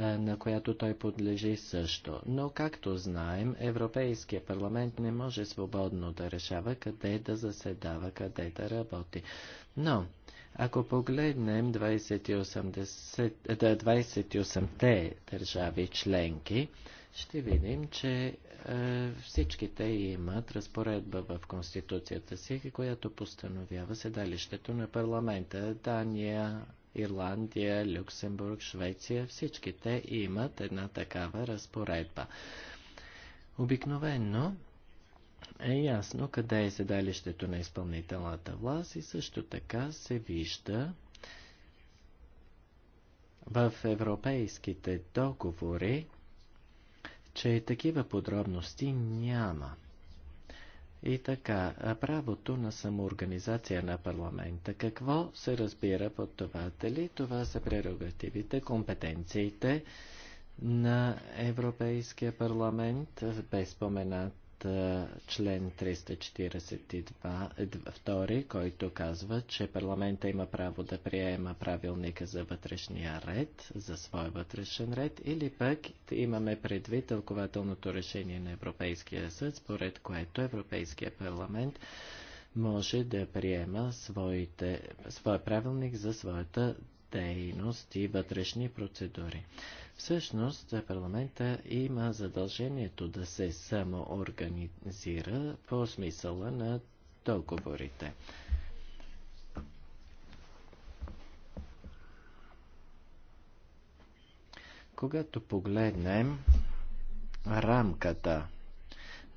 на която той подлежи също. Но, както знаем, Европейския парламент не може свободно да решава къде да заседава, къде да работи. Но, ако погледнем 28-те държави членки, ще видим, че е, всички те имат разпоредба в Конституцията си, която постановява седалището на парламента. Дания, Ирландия, Люксембург, Швеция, всички те имат една такава разпоредба. Обикновено е ясно къде е седалището на изпълнителната власт и също така се вижда в европейските договори, че такива подробности няма. И така, правото на самоорганизация на парламента. Какво се разбира под това? Дали това са прерогативите, компетенциите на Европейския парламент, без споменат от член 342, е, който казва, че парламента има право да приема правилника за вътрешния ред, за свой вътрешен ред, или пък имаме предвид тълкователното решение на Европейския съд, според което Европейския парламент може да приема своите, своя правилник за своята дейност и вътрешни процедури. Всъщност парламента има задължението да се самоорганизира по смисъла на договорите. Когато погледнем рамката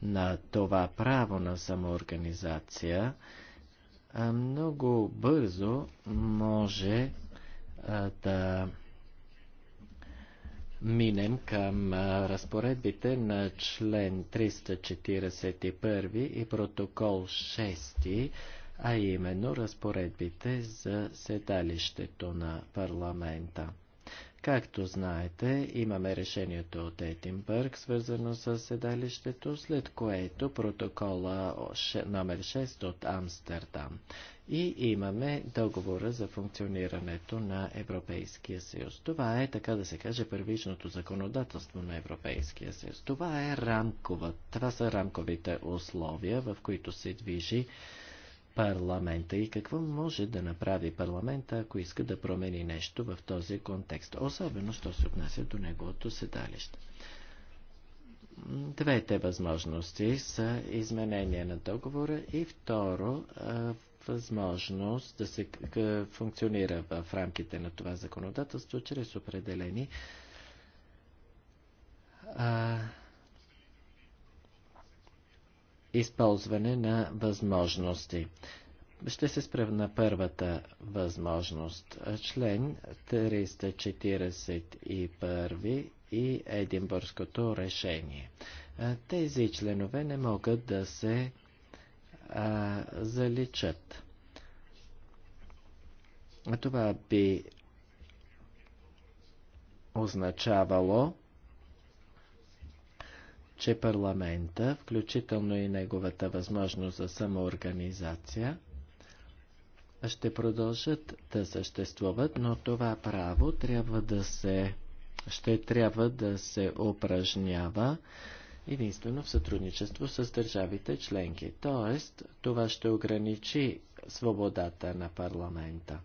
на това право на самоорганизация, много бързо може да минем към разпоредбите на член 341 и протокол 6, а именно разпоредбите за седалището на парламента. Както знаете, имаме решението от Етинбърг, свързано с седалището, след което протокола номер 6 от Амстердам и имаме договора за функционирането на Европейския съюз. Това е, така да се каже, първичното законодателство на Европейския съюз. Това е рамкова, това са рамковите условия, в които се движи парламента и какво може да направи парламента, ако иска да промени нещо в този контекст, особено, що се отнася до неговото седалище. Двете възможности са изменение на договора и второ възможност да се функционира в рамките на това законодателство чрез определени а, използване на възможности. Ще се спрем на първата възможност. Член 341 и Единбургското решение. Тези членове не могат да се а, заличат. Това би означавало, че парламента, включително и неговата възможност за самоорганизация, ще продължат да съществуват, но това право трябва да се, ще трябва да се упражнява единствено в сътрудничество с държавите членки. Тоест, това ще ограничи свободата на парламента.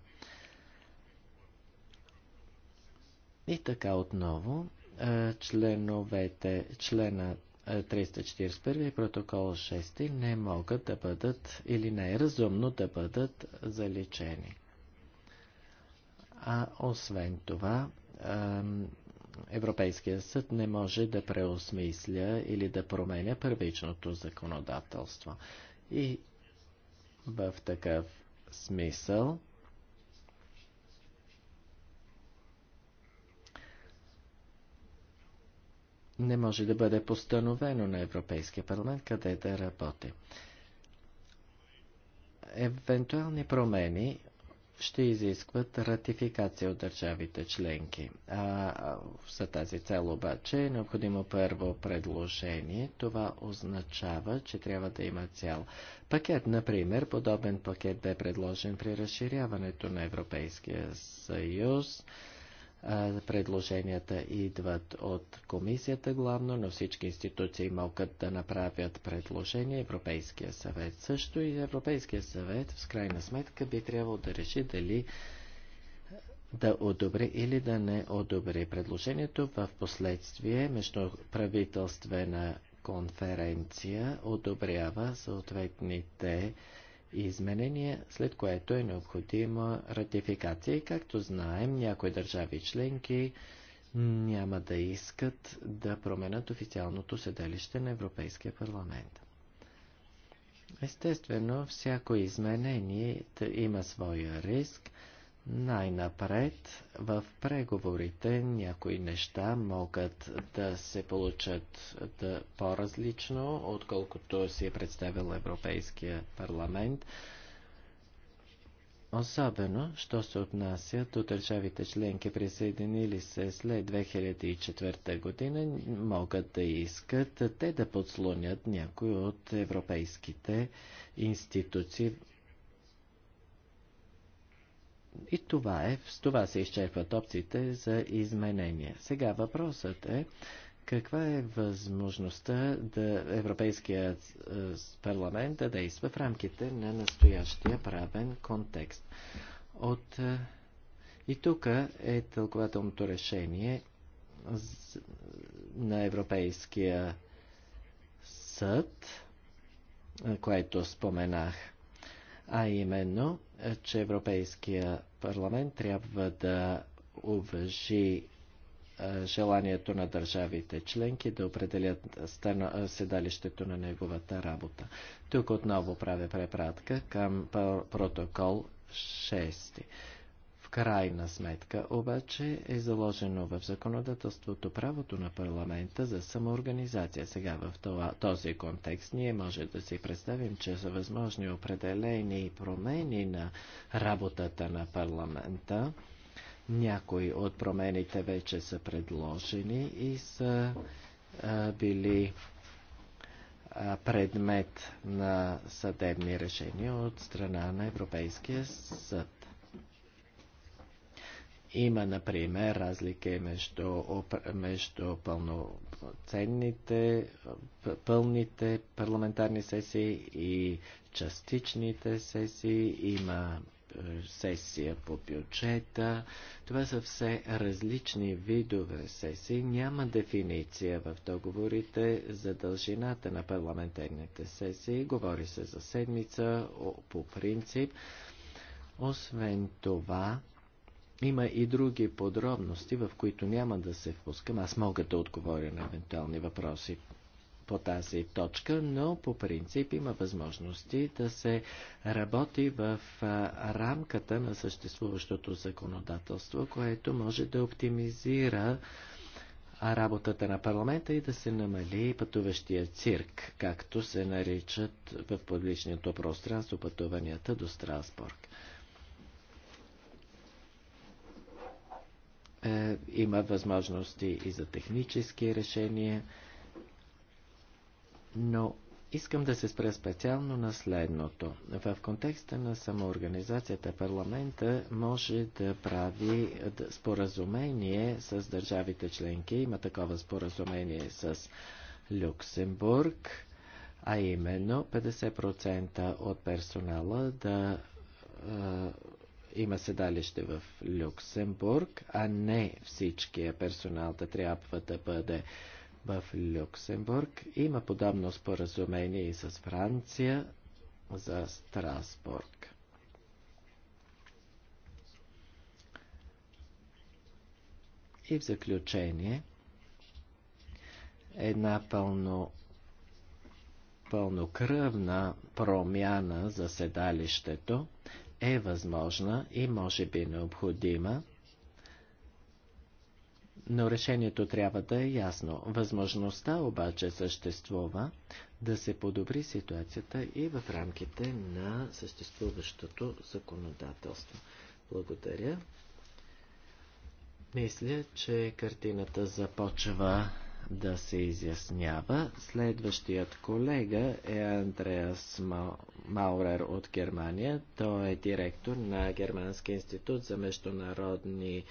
И така отново, е, членовете, члена 341 е, протокол 6 не могат да бъдат или не е разумно да бъдат заличени. А освен това, Европейският съд не може да преосмисля или да променя първичното законодателство. И в такъв смисъл не може да бъде постановено на Европейския парламент къде да работи евентуални промени ще изискват ратификация от държавите членки. А, за тази цел обаче е необходимо първо предложение. Това означава, че трябва да има цял пакет. Например, подобен пакет бе предложен при разширяването на Европейския съюз. Предложенията идват от комисията главно, но всички институции могат да направят предложения. Европейския съвет също и Европейския съвет в крайна сметка би трябвало да реши дали да одобри или да не одобри предложението в последствие между правителствена конференция одобрява съответните изменения, след което е необходима ратификация. И както знаем, някои държави членки няма да искат да променят официалното седалище на Европейския парламент. Естествено, всяко изменение има своя риск – най-напред в преговорите някои неща могат да се получат да по-различно, отколкото си е представил Европейския парламент. Особено, що се отнася до държавите членки, присъединили се след 2004 година, могат да искат те да подслонят някои от европейските институции и това е, с това се изчерпват опциите за изменения. Сега въпросът е, каква е възможността да Европейския е, парламент да действа в рамките на настоящия правен контекст? От... Е, и тук е тълкователното решение на Европейския съд, е, което споменах а именно, че Европейския парламент трябва да уважи желанието на държавите членки да определят седалището на неговата работа. Тук отново правя препратка към протокол 6. В крайна сметка обаче е заложено в законодателството правото на парламента за самоорганизация. Сега в това, този контекст ние може да си представим, че са възможни определени промени на работата на парламента. Някои от промените вече са предложени и са а, били а, предмет на съдебни решения от страна на Европейския съд. Има, например, разлики между, между пълноценните, пълните парламентарни сесии и частичните сесии. Има е, сесия по бюджета. Това са все различни видове сесии. Няма дефиниция в договорите за дължината на парламентарните сесии. Говори се за седмица по принцип. Освен това, има и други подробности, в които няма да се впускам. Аз мога да отговоря на евентуални въпроси по тази точка, но по принцип има възможности да се работи в рамката на съществуващото законодателство, което може да оптимизира работата на парламента и да се намали пътуващия цирк, както се наричат в публичното пространство пътуванията до Страсбург. Е, има възможности и за технически решения, но искам да се спра специално на следното. В контекста на самоорганизацията парламента може да прави споразумение с държавите членки. Има такова споразумение с Люксембург, а именно 50% от персонала да е, има седалище в Люксембург, а не всичкия персонал да трябва да бъде в Люксембург. Има подобно споразумение и с Франция за Страсбург. И в заключение, една пълно, пълнокръвна промяна за седалището е възможна и може би необходима, но решението трябва да е ясно. Възможността обаче съществува да се подобри ситуацията и в рамките на съществуващото законодателство. Благодаря. Мисля, че картината започва да се изяснява. Следващият колега е Андреас Маурер от Германия. Той е директор на Германския институт за международни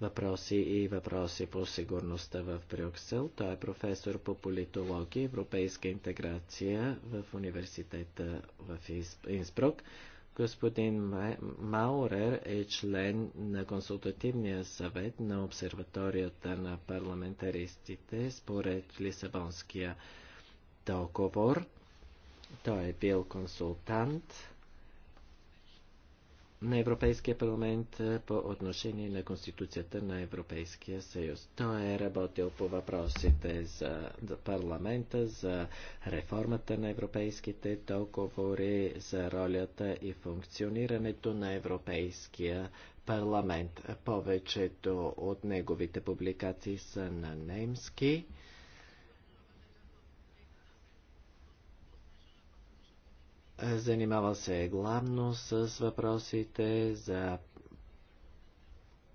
въпроси и въпроси по сигурността в Брюксел. Той е професор по политология и европейска интеграция в университета в Инсбрук. Господин Маурер е член на консултативния съвет на обсерваторията на парламентаристите според Лисабонския договор. Той е бил консултант на Европейския парламент по отношение на Конституцията на Европейския съюз. Той е работил по въпросите за парламента, за реформата на европейските договори, за ролята и функционирането на Европейския парламент. Повечето от неговите публикации са на немски. Е, Занимавал се главно с въпросите за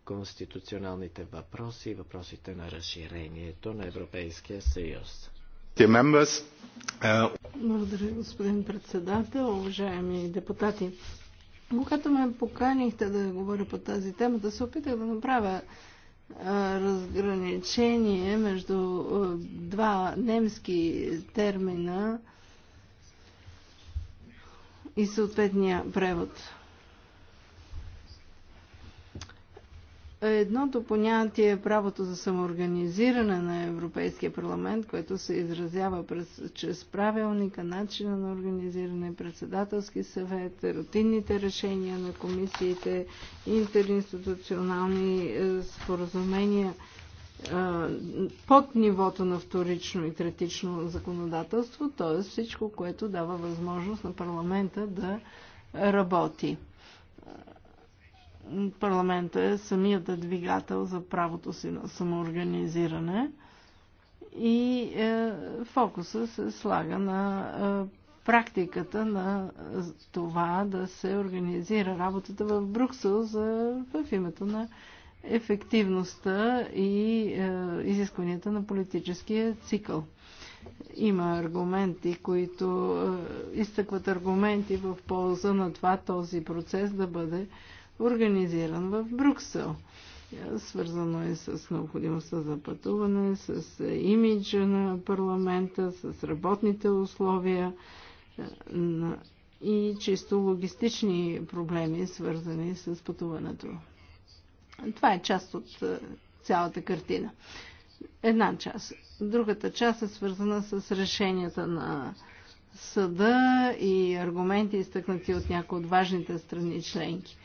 конституционалните въпроси и въпросите на разширението на Европейския съюз. Е, Благодаря, господин председател, уважаеми депутати. Когато ме поканихте да говоря по тази тема, да се опитах да направя е, разграничение между два немски термина – и съответния превод. Едното понятие е правото за самоорганизиране на Европейския парламент, което се изразява през, чрез правилника, начина на организиране, председателски съвет, рутинните решения на комисиите, интеринституционални е, споразумения – под нивото на вторично и третично законодателство, т.е. всичко, което дава възможност на парламента да работи. Парламента е самият двигател за правото си на самоорганизиране и е, фокуса се слага на е, практиката на това да се организира работата в Брюксел за, в името на ефективността и е, изискванията на политическия цикъл. Има аргументи, които е, изтъкват аргументи в полза на това този процес да бъде организиран в Брюксел. Свързано е с необходимостта за пътуване, с имиджа на парламента, с работните условия е, и чисто логистични проблеми, свързани с пътуването. Това е част от е, цялата картина. Една част. Другата част е свързана с решенията на съда и аргументи, изтъкнати от някои от важните страни членки.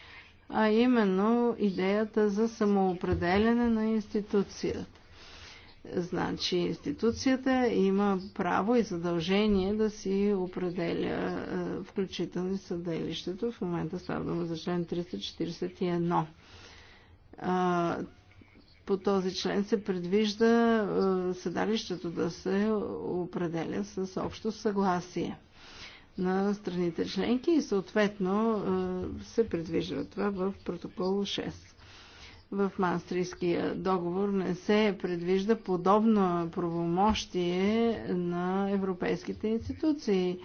А именно идеята за самоопределяне на институцията. Значи институцията има право и задължение да си определя е, включително и съделището В момента става дума за член 341 а, по този член се предвижда а, седалището да се определя с общо съгласие на страните членки и съответно а, се предвижда това в протокол 6 в Мастрийския договор не се предвижда подобно правомощие на европейските институции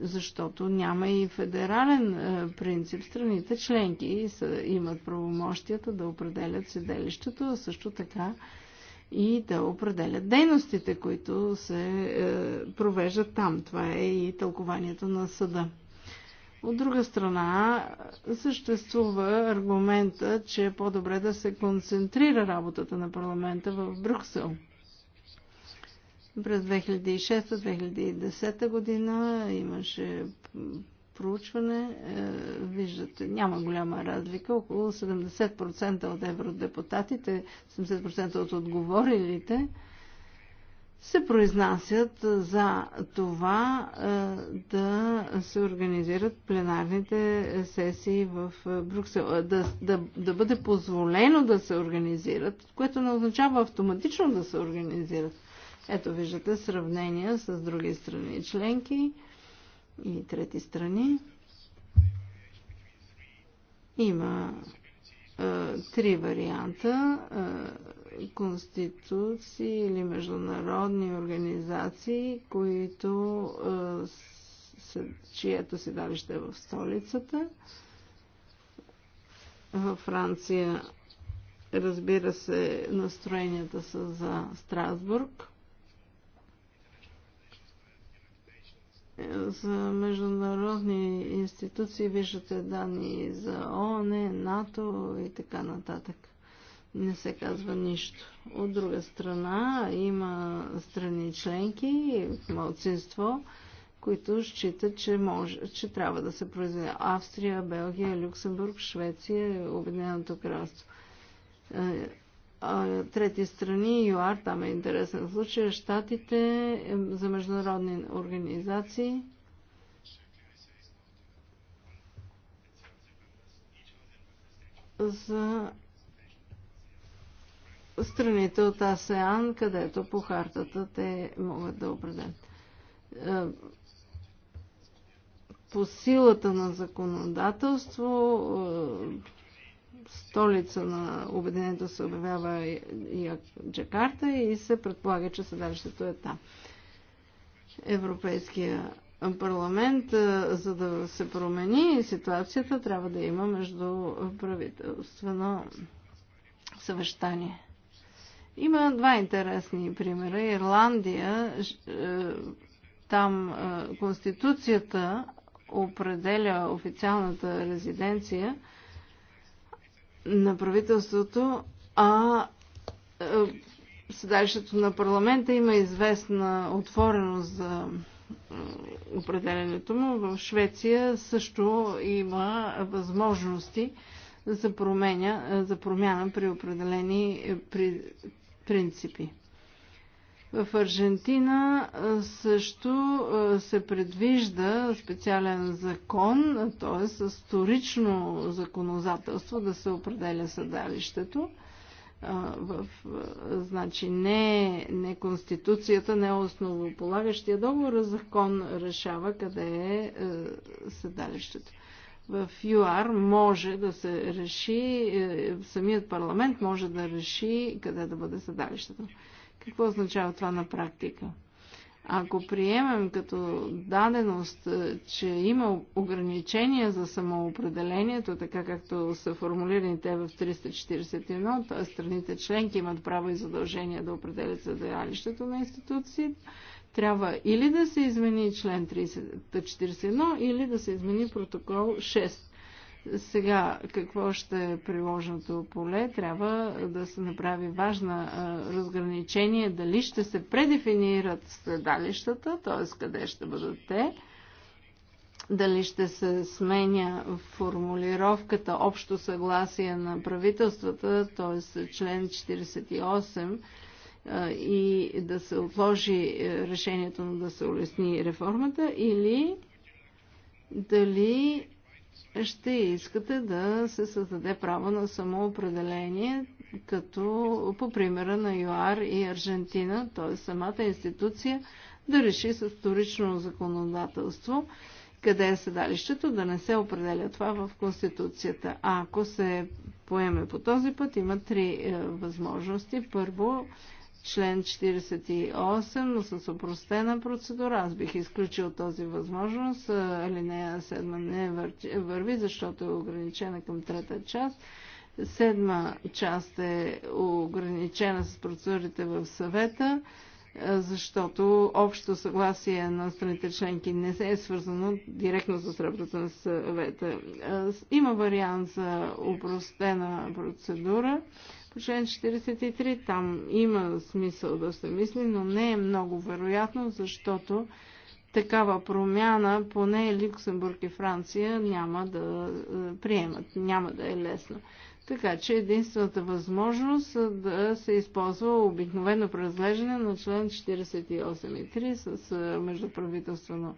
защото няма и федерален е, принцип. Страните членки имат правомощията да определят седелището, а също така и да определят дейностите, които се е, провеждат там. Това е и тълкованието на съда. От друга страна, съществува аргумента, че е по-добре да се концентрира работата на парламента в Брюксел – през 2006-2010 година имаше проучване. Е, виждате, няма голяма разлика. Около 70% от евродепутатите, 70% от отговорилите се произнасят за това е, да се организират пленарните сесии в е, Брюксел. Да, да, да бъде позволено да се организират, което не означава автоматично да се организират. Ето виждате сравнения с други страни членки и трети страни. Има е, три варианта. Е, конституции или международни организации, които е, с, чието седалище е в столицата. Във Франция, разбира се, настроенията са за Страсбург. за международни институции, виждате данни за ООН, НАТО и така нататък. Не се казва нищо. От друга страна има страни членки, малцинство, които считат, че, може, че трябва да се произведе Австрия, Белгия, Люксембург, Швеция, Обединеното кралство е, трети страни, ЮАР, там е интересен случай, Штатите за международни организации. за страните от АСЕАН, където по хартата те могат да определят. Е, по силата на законодателство е, столица на Обединението се обявява и Джакарта и се предполага, че съдържащето е там. Европейския парламент, за да се промени ситуацията, трябва да има между правителствено съвещание. Има два интересни примера. Ирландия, е, там е, Конституцията определя официалната резиденция на правителството, а е, седалището на парламента има известна отвореност за е, определенето му. В Швеция също има възможности за, променя, е, за промяна при определени е, при, принципи. В Аржентина също се предвижда специален закон, т.е. с вторично законодателство да се определя съдалището. В, значи не, не Конституцията, не основополагащия договор, а закон решава къде е, е съдалището. в ЮАР може да се реши, е, самият парламент може да реши къде да бъде съдалището. Какво означава това на практика? Ако приемем като даденост, е, че има ограничения за самоопределението, така както са формулирани те в 341, т.е. страните членки имат право и задължение да определят съдеялището на институции, трябва или да се измени член 341, или да се измени протокол 6. Сега, какво ще е приложното поле? Трябва да се направи важна разграничение дали ще се предефинират седалищата, т.е. къде ще бъдат те, дали ще се сменя формулировката общо съгласие на правителствата, т.е. член 48 и да се отложи е, решението на да се улесни реформата или дали ще искате да се създаде право на самоопределение, като по примера на ЮАР и Аржентина, т.е. самата институция да реши с вторично законодателство къде е седалището, да не се определя това в Конституцията. А ако се поеме по този път, има три е, възможности. Първо, член 48 с опростена процедура. Аз бих изключил този възможност. Алинея 7 не върви, защото е ограничена към трета част. Седма част е ограничена с процедурите в съвета, защото общо съгласие на страните членки не се е свързано директно с работата на съвета. Има вариант за упростена процедура по член 43 там има смисъл да се мисли, но не е много вероятно, защото такава промяна поне Люксембург и Франция няма да е, приемат, няма да е лесно. Така че единствената възможност е да се използва обикновено преразглеждане на член 48.3 с е, междуправителствено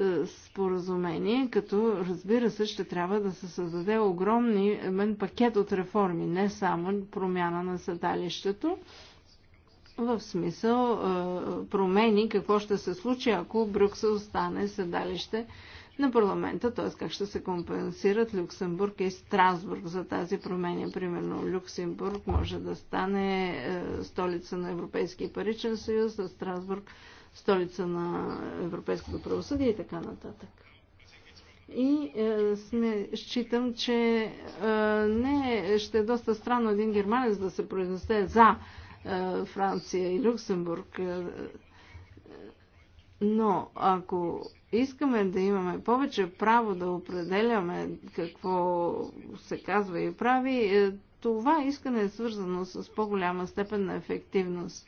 е, споразумение, като разбира се ще трябва да се създаде е, мен, пакет от реформи, не само промяна на седалището, в смисъл е, промени какво ще се случи, ако Брюксел стане седалище на парламента, т.е. как ще се компенсират Люксембург и Страсбург за тази промени. Примерно Люксембург може да стане столица на Европейския паричен съюз, а Страсбург столица на европейското правосъдие и така нататък. И е, сме, считам, че е, не ще е доста странно един германец да се произнесе за е, Франция и Люксембург. Е, но ако искаме да имаме повече право да определяме какво се казва и прави, е, това искане е свързано с по-голяма степен на ефективност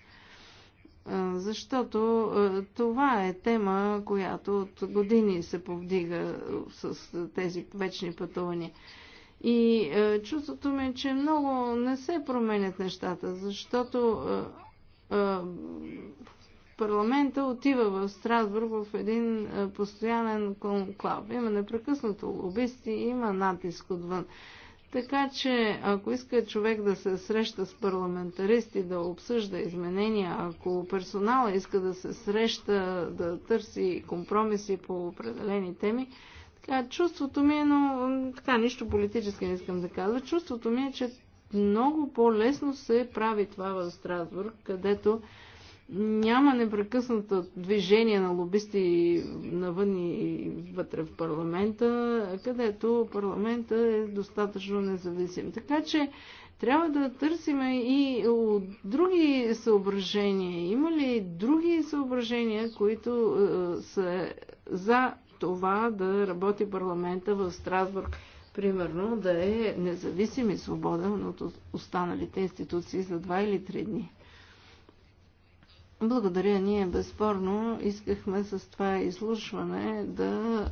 защото това е тема, която от години се повдига с тези вечни пътувания. И чувството ми е, че много не се променят нещата, защото парламента отива в Страсбург в един постоянен конклав. Има непрекъснато лобисти, има натиск отвън. Така че, ако иска човек да се среща с парламентаристи, да обсъжда изменения, ако персонала иска да се среща, да търси компромиси по определени теми, така, чувството ми е, но така, нищо политически не искам да казвам, чувството ми е, че много по-лесно се прави това в Страсбург, където няма непрекъснато движение на лобисти навън и вътре в парламента, където парламента е достатъчно независим. Така че трябва да търсиме и от други съображения. Има ли други съображения, които е, са за това да работи парламента в Страсбург, примерно да е независим и свободен от останалите институции за два или три дни? Благодаря. Ние безспорно искахме с това изслушване да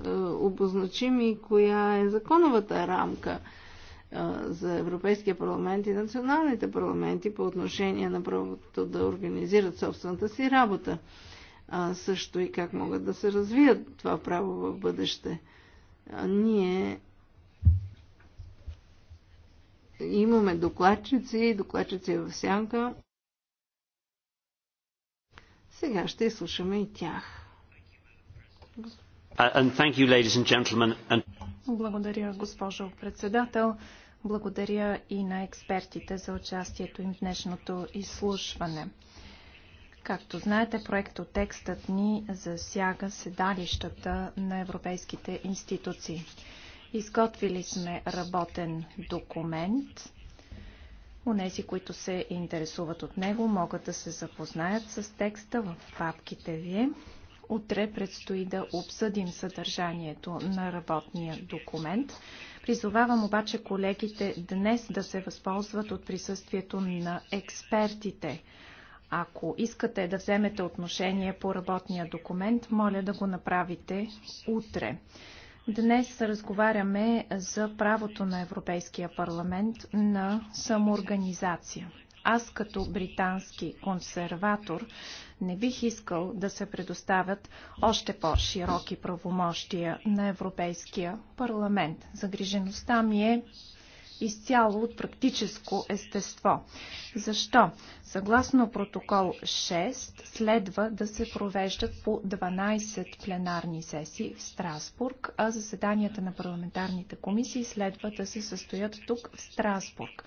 е, обозначим и коя е законовата рамка е, за Европейския парламент и националните парламенти по отношение на правото да организират собствената си работа. А също и как могат да се развият това право в бъдеще. А ние имаме докладчици, докладчици в сянка сега ще слушаме и тях. Uh, you, and... Благодаря, госпожо председател. Благодаря и на експертите за участието им в днешното изслушване. Както знаете, текстът ни засяга седалищата на европейските институции. Изготвили сме работен документ – Онези, които се интересуват от него, могат да се запознаят с текста в папките ви. Утре предстои да обсъдим съдържанието на работния документ. Призовавам обаче колегите днес да се възползват от присъствието на експертите. Ако искате да вземете отношение по работния документ, моля да го направите утре. Днес разговаряме за правото на Европейския парламент на самоорганизация. Аз като британски консерватор не бих искал да се предоставят още по-широки правомощия на Европейския парламент. Загрижеността ми е изцяло от практическо естество. Защо? Съгласно протокол 6 следва да се провеждат по 12 пленарни сесии в Страсбург, а заседанията на парламентарните комисии следва да се състоят тук в Страсбург.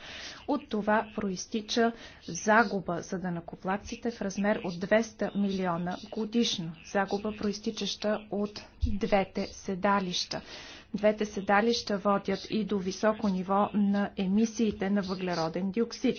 От това проистича загуба за данакоплатците в размер от 200 милиона годишно. Загуба проистичаща от двете седалища. Двете седалища водят и до високо ниво на емисиите на въглероден диоксид.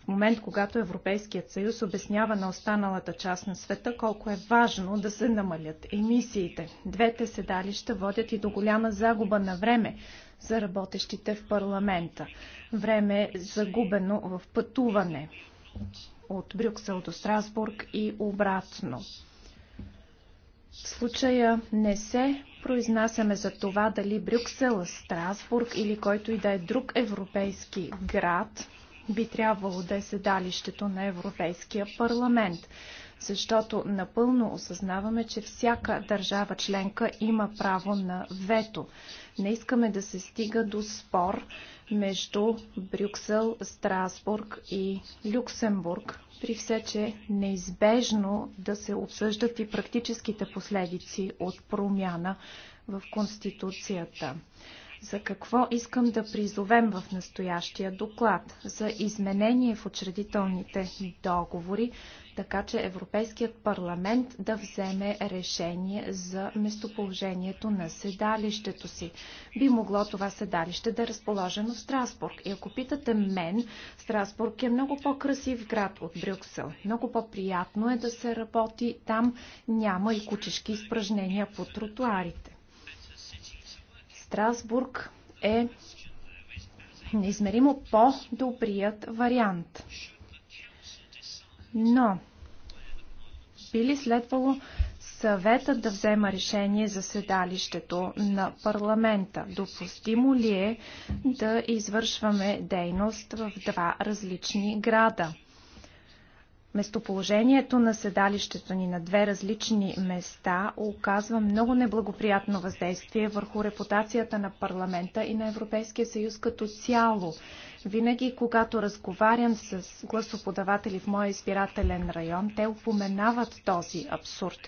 В момент, когато Европейският съюз обяснява на останалата част на света колко е важно да се намалят емисиите. Двете седалища водят и до голяма загуба на време за работещите в парламента. Време е загубено в пътуване от Брюксел до Страсбург и обратно. В случая не се произнасяме за това дали Брюксел, Страсбург или който и да е друг европейски град би трябвало да е седалището на Европейския парламент, защото напълно осъзнаваме, че всяка държава членка има право на вето. Не искаме да се стига до спор между Брюксел, Страсбург и Люксембург, при все, че неизбежно да се обсъждат и практическите последици от промяна в Конституцията. За какво искам да призовем в настоящия доклад? За изменение в учредителните договори, така че Европейският парламент да вземе решение за местоположението на седалището си. Би могло това седалище да е разположено в Страсбург. И ако питате мен, Страсбург е много по-красив град от Брюксел. Много по-приятно е да се работи там. Няма и кучешки изпражнения по тротуарите. Страсбург е неизмеримо по-добрият вариант. Но би ли следвало съветът да взема решение за седалището на парламента? Допустимо ли е да извършваме дейност в два различни града? Местоположението на седалището ни на две различни места оказва много неблагоприятно въздействие върху репутацията на парламента и на Европейския съюз като цяло. Винаги, когато разговарям с гласоподаватели в моя избирателен район, те упоменават този абсурд.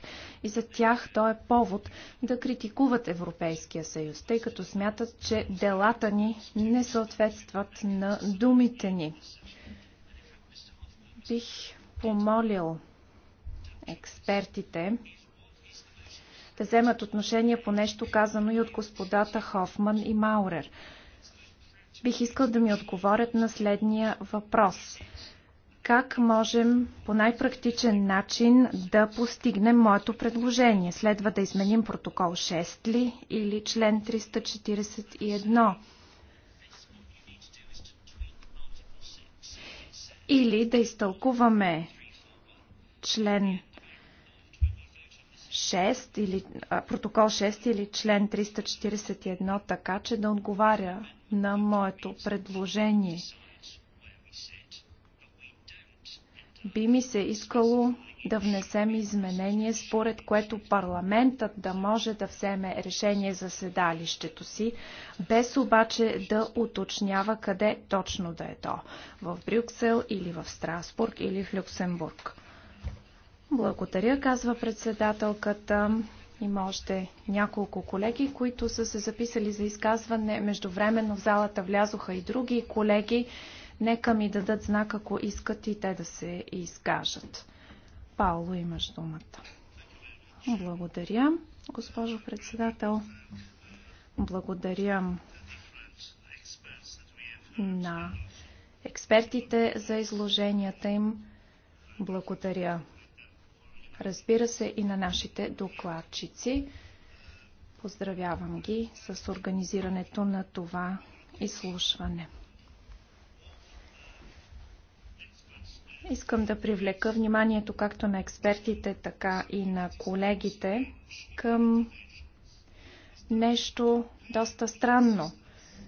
И за тях то е повод да критикуват Европейския съюз, тъй като смятат, че делата ни не съответстват на думите ни. Бих помолил експертите да вземат отношение по нещо казано и от господата Хофман и Маурер – бих искал да ми отговорят на следния въпрос. Как можем по най-практичен начин да постигнем моето предложение? Следва да изменим протокол 6 ли или член 341? Или да изтълкуваме член 6 или а, протокол 6 или член 341 така, че да отговаря на моето предложение. Би ми се искало да внесем изменение, според което парламентът да може да вземе решение за седалището си, без обаче да уточнява къде точно да е то – в Брюксел или в Страсбург или в Люксембург. Благодаря, казва председателката. Има още няколко колеги, които са се записали за изказване. Междувременно в залата влязоха и други колеги. Нека ми дадат знак, ако искат и те да се изкажат. Пауло, имаш думата. Благодаря, госпожо председател. Благодаря на експертите за изложенията им. Благодаря разбира се и на нашите докладчици. Поздравявам ги с организирането на това изслушване. Искам да привлека вниманието както на експертите, така и на колегите към нещо доста странно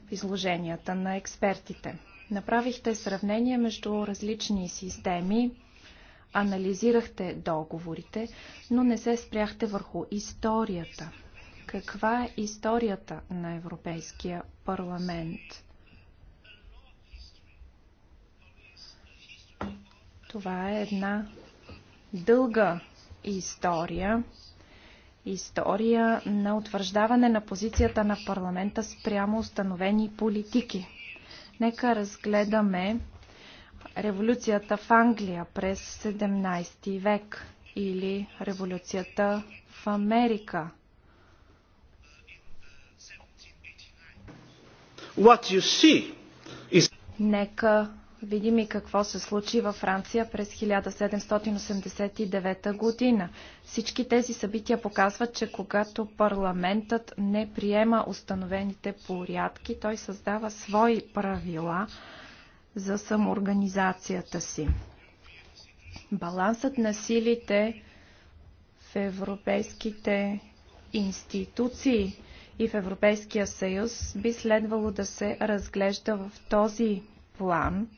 в изложенията на експертите. Направихте сравнение между различни системи, анализирахте договорите, но не се спряхте върху историята. Каква е историята на Европейския парламент? Това е една дълга история. История на утвърждаване на позицията на парламента спрямо установени политики. Нека разгледаме революцията в Англия през 17 век или революцията в Америка. What you see is... Нека видим и какво се случи във Франция през 1789 година. Всички тези събития показват, че когато парламентът не приема установените порядки, той създава свои правила, за самоорганизацията си. Балансът на силите в европейските институции и в Европейския съюз би следвало да се разглежда в този план.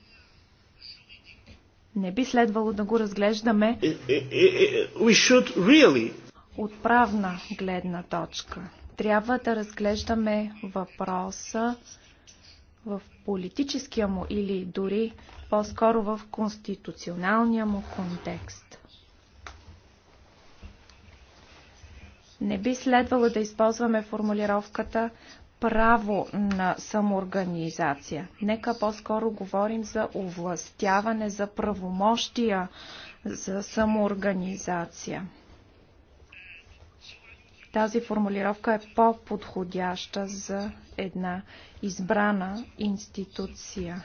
Не би следвало да го разглеждаме е, е, е, really... от правна гледна точка. Трябва да разглеждаме въпроса в политическия му или дори по-скоро в конституционалния му контекст. Не би следвало да използваме формулировката право на самоорганизация. Нека по-скоро говорим за овластяване, за правомощия за самоорганизация. Тази формулировка е по-подходяща за една избрана институция.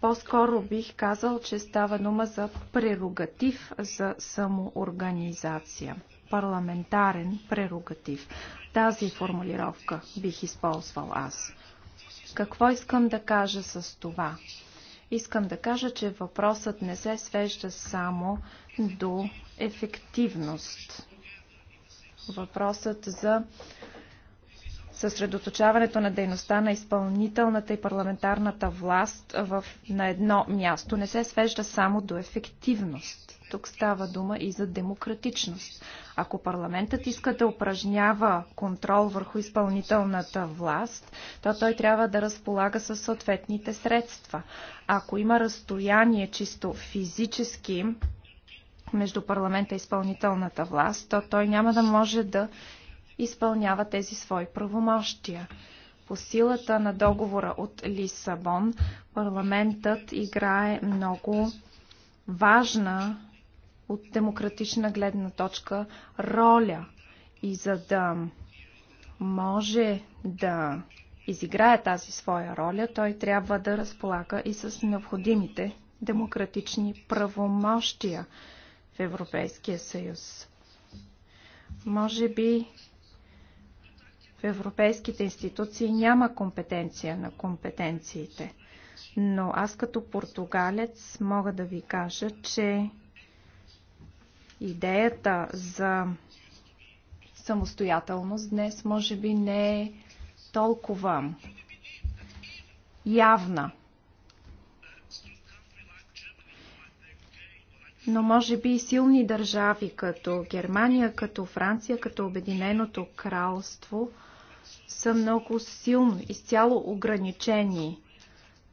По-скоро бих казал, че става дума за прерогатив за самоорганизация. Парламентарен прерогатив. Тази формулировка бих използвал аз. Какво искам да кажа с това? Искам да кажа, че въпросът не се свежда само до ефективност. Въпросът за съсредоточаването на дейността на изпълнителната и парламентарната власт в, на едно място не се свежда само до ефективност. Тук става дума и за демократичност. Ако парламентът иска да упражнява контрол върху изпълнителната власт, то той трябва да разполага със съответните средства. Ако има разстояние чисто физически между парламента и изпълнителната власт, то той няма да може да изпълнява тези свои правомощия. По силата на договора от Лисабон, парламентът играе много важна от демократична гледна точка роля. И за да може да изиграе тази своя роля, той трябва да разполага и с необходимите демократични правомощия. Европейския съюз. Може би в европейските институции няма компетенция на компетенциите, но аз като португалец мога да ви кажа, че идеята за самостоятелност днес може би не е толкова явна. но може би и силни държави, като Германия, като Франция, като Обединеното кралство, са много силно, изцяло ограничени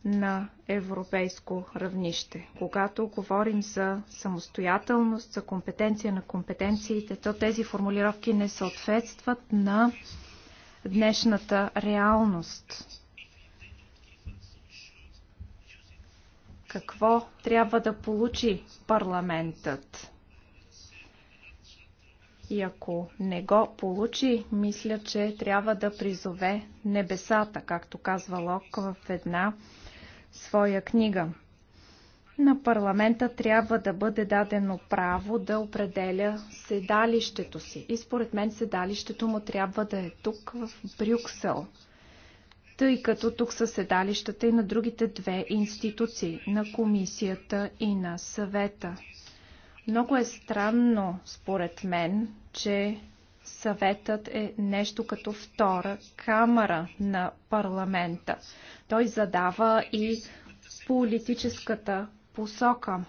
на европейско равнище. Когато говорим за самостоятелност, за компетенция на компетенциите, то тези формулировки не съответстват на днешната реалност. Какво трябва да получи парламентът? И ако не го получи, мисля, че трябва да призове небесата, както казва Лок в една своя книга. На парламента трябва да бъде дадено право да определя седалището си. И според мен седалището му трябва да е тук в Брюксел тъй като тук са седалищата и на другите две институции, на комисията и на съвета. Много е странно, според мен, че съветът е нещо като втора камера на парламента. Той задава и политическата посока.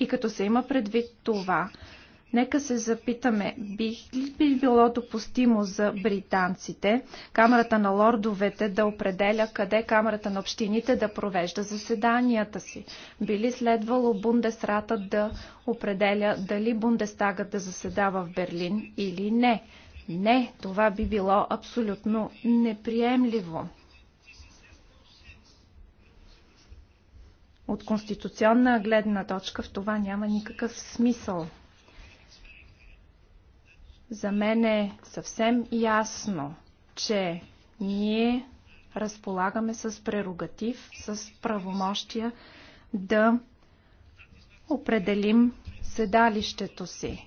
И като се има предвид това, Нека се запитаме, бих ли би било допустимо за британците Камерата на лордовете да определя къде Камерата на общините да провежда заседанията си? Би ли следвало Бундесрата да определя дали Бундестагът да заседава в Берлин или не? Не, това би било абсолютно неприемливо. От конституционна гледна точка в това няма никакъв смисъл. За мен е съвсем ясно, че ние разполагаме с прерогатив, с правомощия да определим седалището си.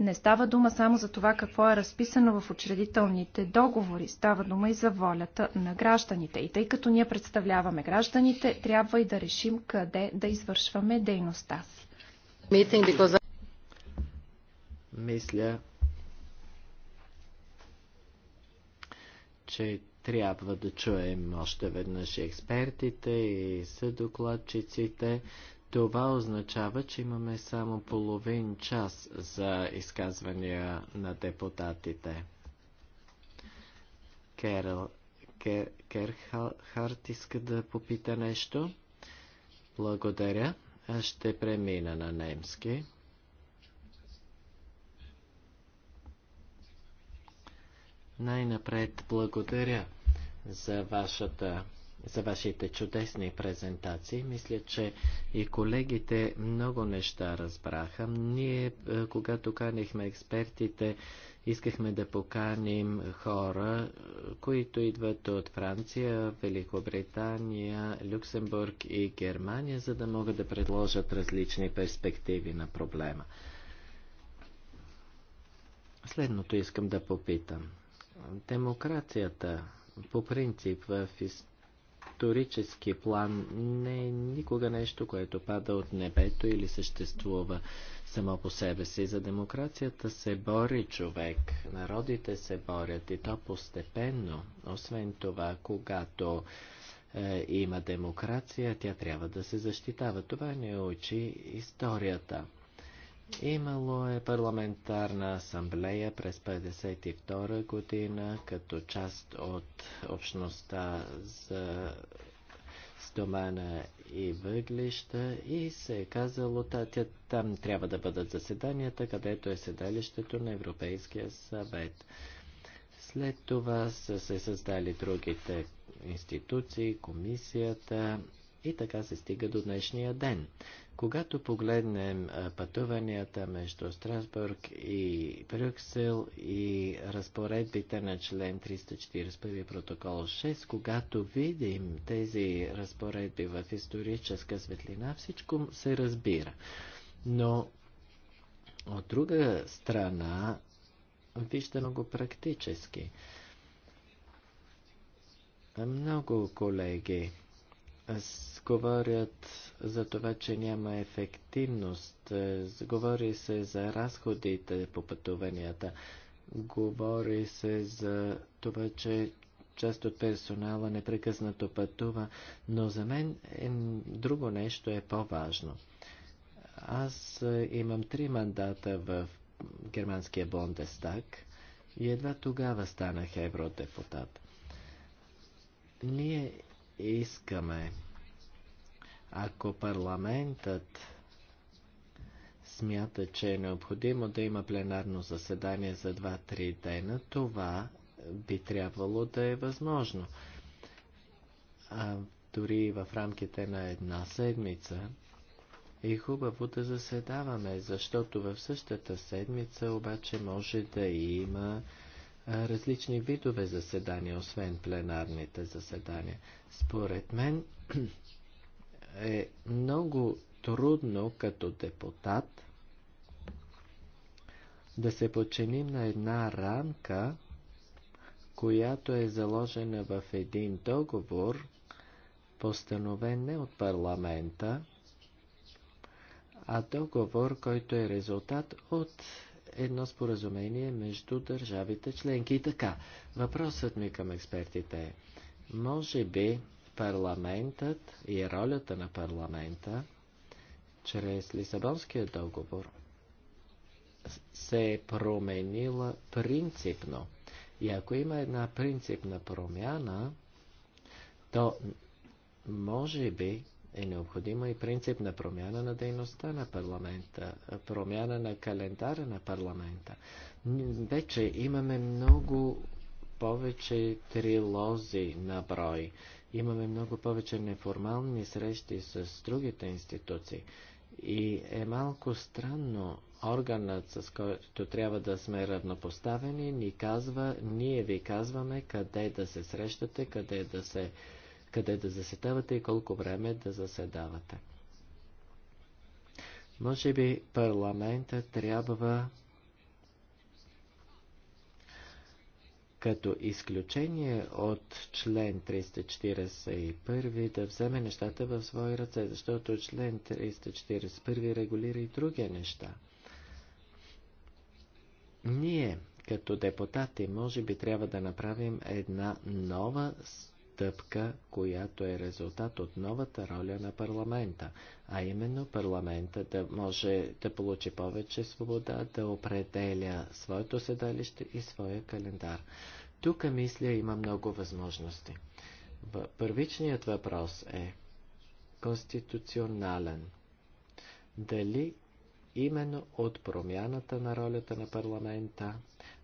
Не става дума само за това какво е разписано в учредителните договори, става дума и за волята на гражданите. И тъй като ние представляваме гражданите, трябва и да решим къде да извършваме дейността си. Мисля, че трябва да чуем още веднъж експертите и съдокладчиците. Това означава, че имаме само половин час за изказвания на депутатите. Керл, Кер, Керхарт иска да попита нещо. Благодаря. Аз ще премина на немски. Най-напред благодаря за вашата за вашите чудесни презентации. Мисля, че и колегите много неща разбраха. Ние, е, когато канихме експертите, искахме да поканим хора, е, които идват от Франция, Великобритания, Люксембург и Германия, за да могат да предложат различни перспективи на проблема. Следното искам да попитам – Демокрацията по принцип в исторически план не е никога нещо, което пада от небето или съществува само по себе си. За демокрацията се бори човек, народите се борят и то постепенно. Освен това, когато е, има демокрация, тя трябва да се защитава. Това не учи историята. Имало е парламентарна асамблея през 1952 година като част от общността за стомана и въглища и се е казало, татя, там трябва да бъдат заседанията, където е седалището на Европейския съвет. След това са се създали другите институции, комисията и така се стига до днешния ден. Когато погледнем пътуванията между Страсбург и Брюксел и разпоредбите на член 341 протокол 6, когато видим тези разпоредби в историческа светлина, всичко се разбира. Но от друга страна, виждам го практически. Много колеги говорят за това, че няма ефективност. Е, говори се за разходите по пътуванията. Говори се за това, че част от персонала непрекъснато пътува, но за мен е, друго нещо е по-важно. Аз е, имам три мандата в германския Бондестаг и едва тогава станах евродепутат. Ние искаме, ако парламентът смята, че е необходимо да има пленарно заседание за 2-3 дена, това би трябвало да е възможно. А дори в рамките на една седмица е хубаво да заседаваме, защото в същата седмица обаче може да има различни видове заседания, освен пленарните заседания. Според мен е много трудно като депутат да се подчиним на една рамка, която е заложена в един договор, постановен не от парламента, а договор, който е резултат от едно споразумение между държавите членки. И така, въпросът ми към експертите е, може би парламентът и ролята на парламента чрез Лисабонския договор се е променила принципно. И ако има една принципна промяна, то може би е необходима и принципна промяна на дейността на парламента, промяна на календара на парламента. Вече имаме много повече трилози на брой. Имаме много повече неформални срещи с другите институции. И е малко странно, органът, с който трябва да сме равнопоставени, ни казва, ние ви казваме къде да се срещате, къде да се къде да заседавате и колко време да заседавате. Може би парламента трябва като изключение от член 341 да вземе нещата в свои ръце, защото член 341 регулира и други неща. Ние, като депутати, може би трябва да направим една нова стъпка, която е резултат от новата роля на парламента, а именно парламента да може да получи повече свобода, да определя своето седалище и своя календар. Тук, мисля, има много възможности. Първичният въпрос е конституционален. Дали именно от промяната на ролята на парламента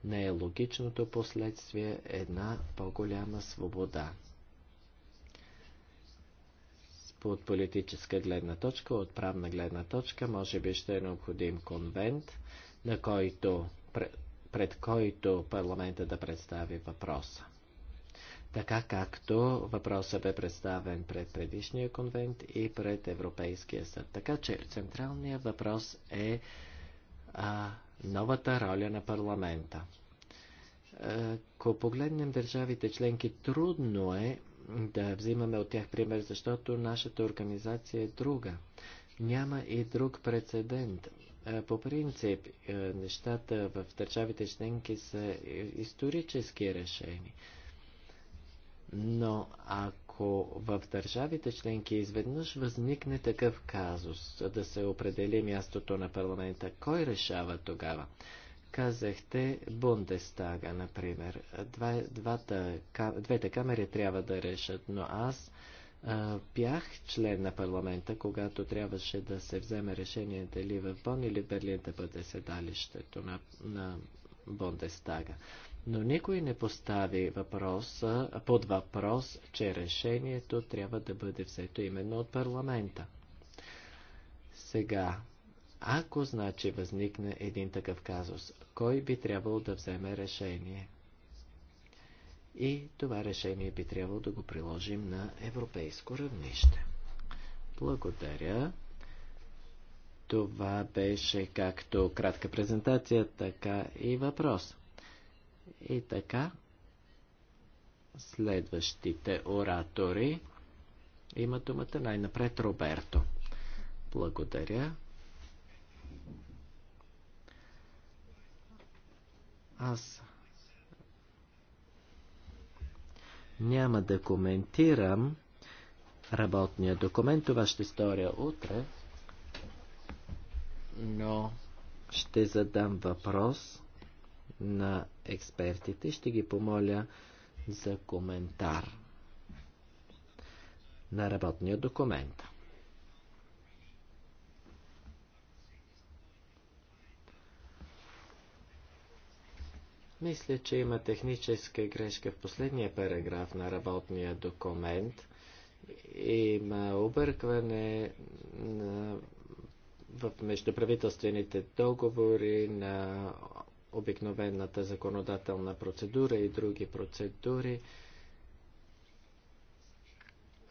не е логичното последствие една по-голяма свобода от политическа гледна точка, от правна гледна точка, може би ще е необходим конвент, на който, пред който парламента да представи въпроса. Така както въпросът бе представен пред предишния конвент и пред Европейския съд. Така че централният въпрос е а, новата роля на парламента. Е, ако погледнем държавите членки, трудно е да взимаме от тях пример, защото нашата организация е друга. Няма и друг прецедент. Е, по принцип, е, нещата в държавите членки са исторически решени. Но ако в държавите членки изведнъж възникне такъв казус да се определи мястото на парламента, кой решава тогава? Казахте Бундестага, например. Два, двата, двете камери трябва да решат, но аз а, бях член на парламента, когато трябваше да се вземе решение дали в Бон или Берлин да бъде седалището на, на Бундестага. Но никой не постави въпроса, под въпрос, че решението трябва да бъде взето именно от парламента. Сега, ако значи възникне един такъв казус, кой би трябвало да вземе решение? И това решение би трябвало да го приложим на европейско равнище. Благодаря. Това беше както кратка презентация, така и въпрос. И така, следващите оратори имат думата най-напред Роберто. Благодаря. Аз няма да коментирам работния документ. Това ще сторя утре. Но ще задам въпрос на експертите. Ще ги помоля за коментар на работния документ. Мисля, че има техническа грешка в последния параграф на работния документ. Има объркване на, в междуправителствените договори на обикновената законодателна процедура и други процедури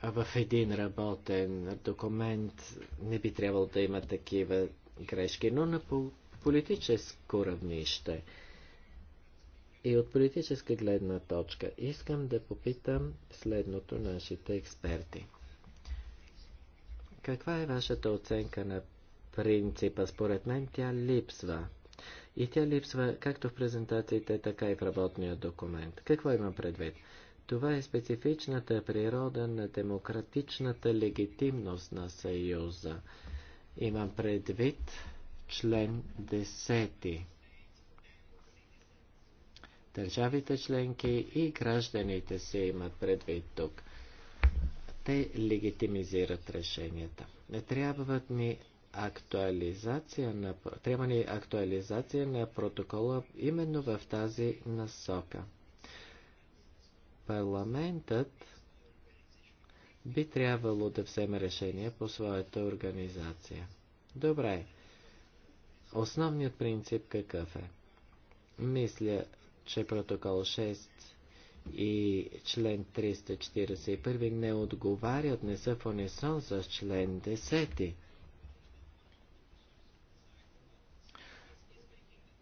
в един работен документ не би трябвало да има такива грешки, но на политическо равнище – и от политическа гледна точка искам да попитам следното нашите експерти. Каква е вашата оценка на принципа? Според мен тя липсва. И тя липсва както в презентациите, така и в работния документ. Какво имам предвид? Това е специфичната природа на демократичната легитимност на Съюза. Имам предвид член 10 държавите членки и гражданите се имат предвид тук. Те легитимизират решенията. Трябват ни актуализация на, трябва ни актуализация на протокола именно в тази насока. Парламентът би трябвало да вземе решение по своята организация. Добре. Основният принцип какъв е? Мисля, че протокол 6 и член 341 не отговарят, не са в унисон с член 10.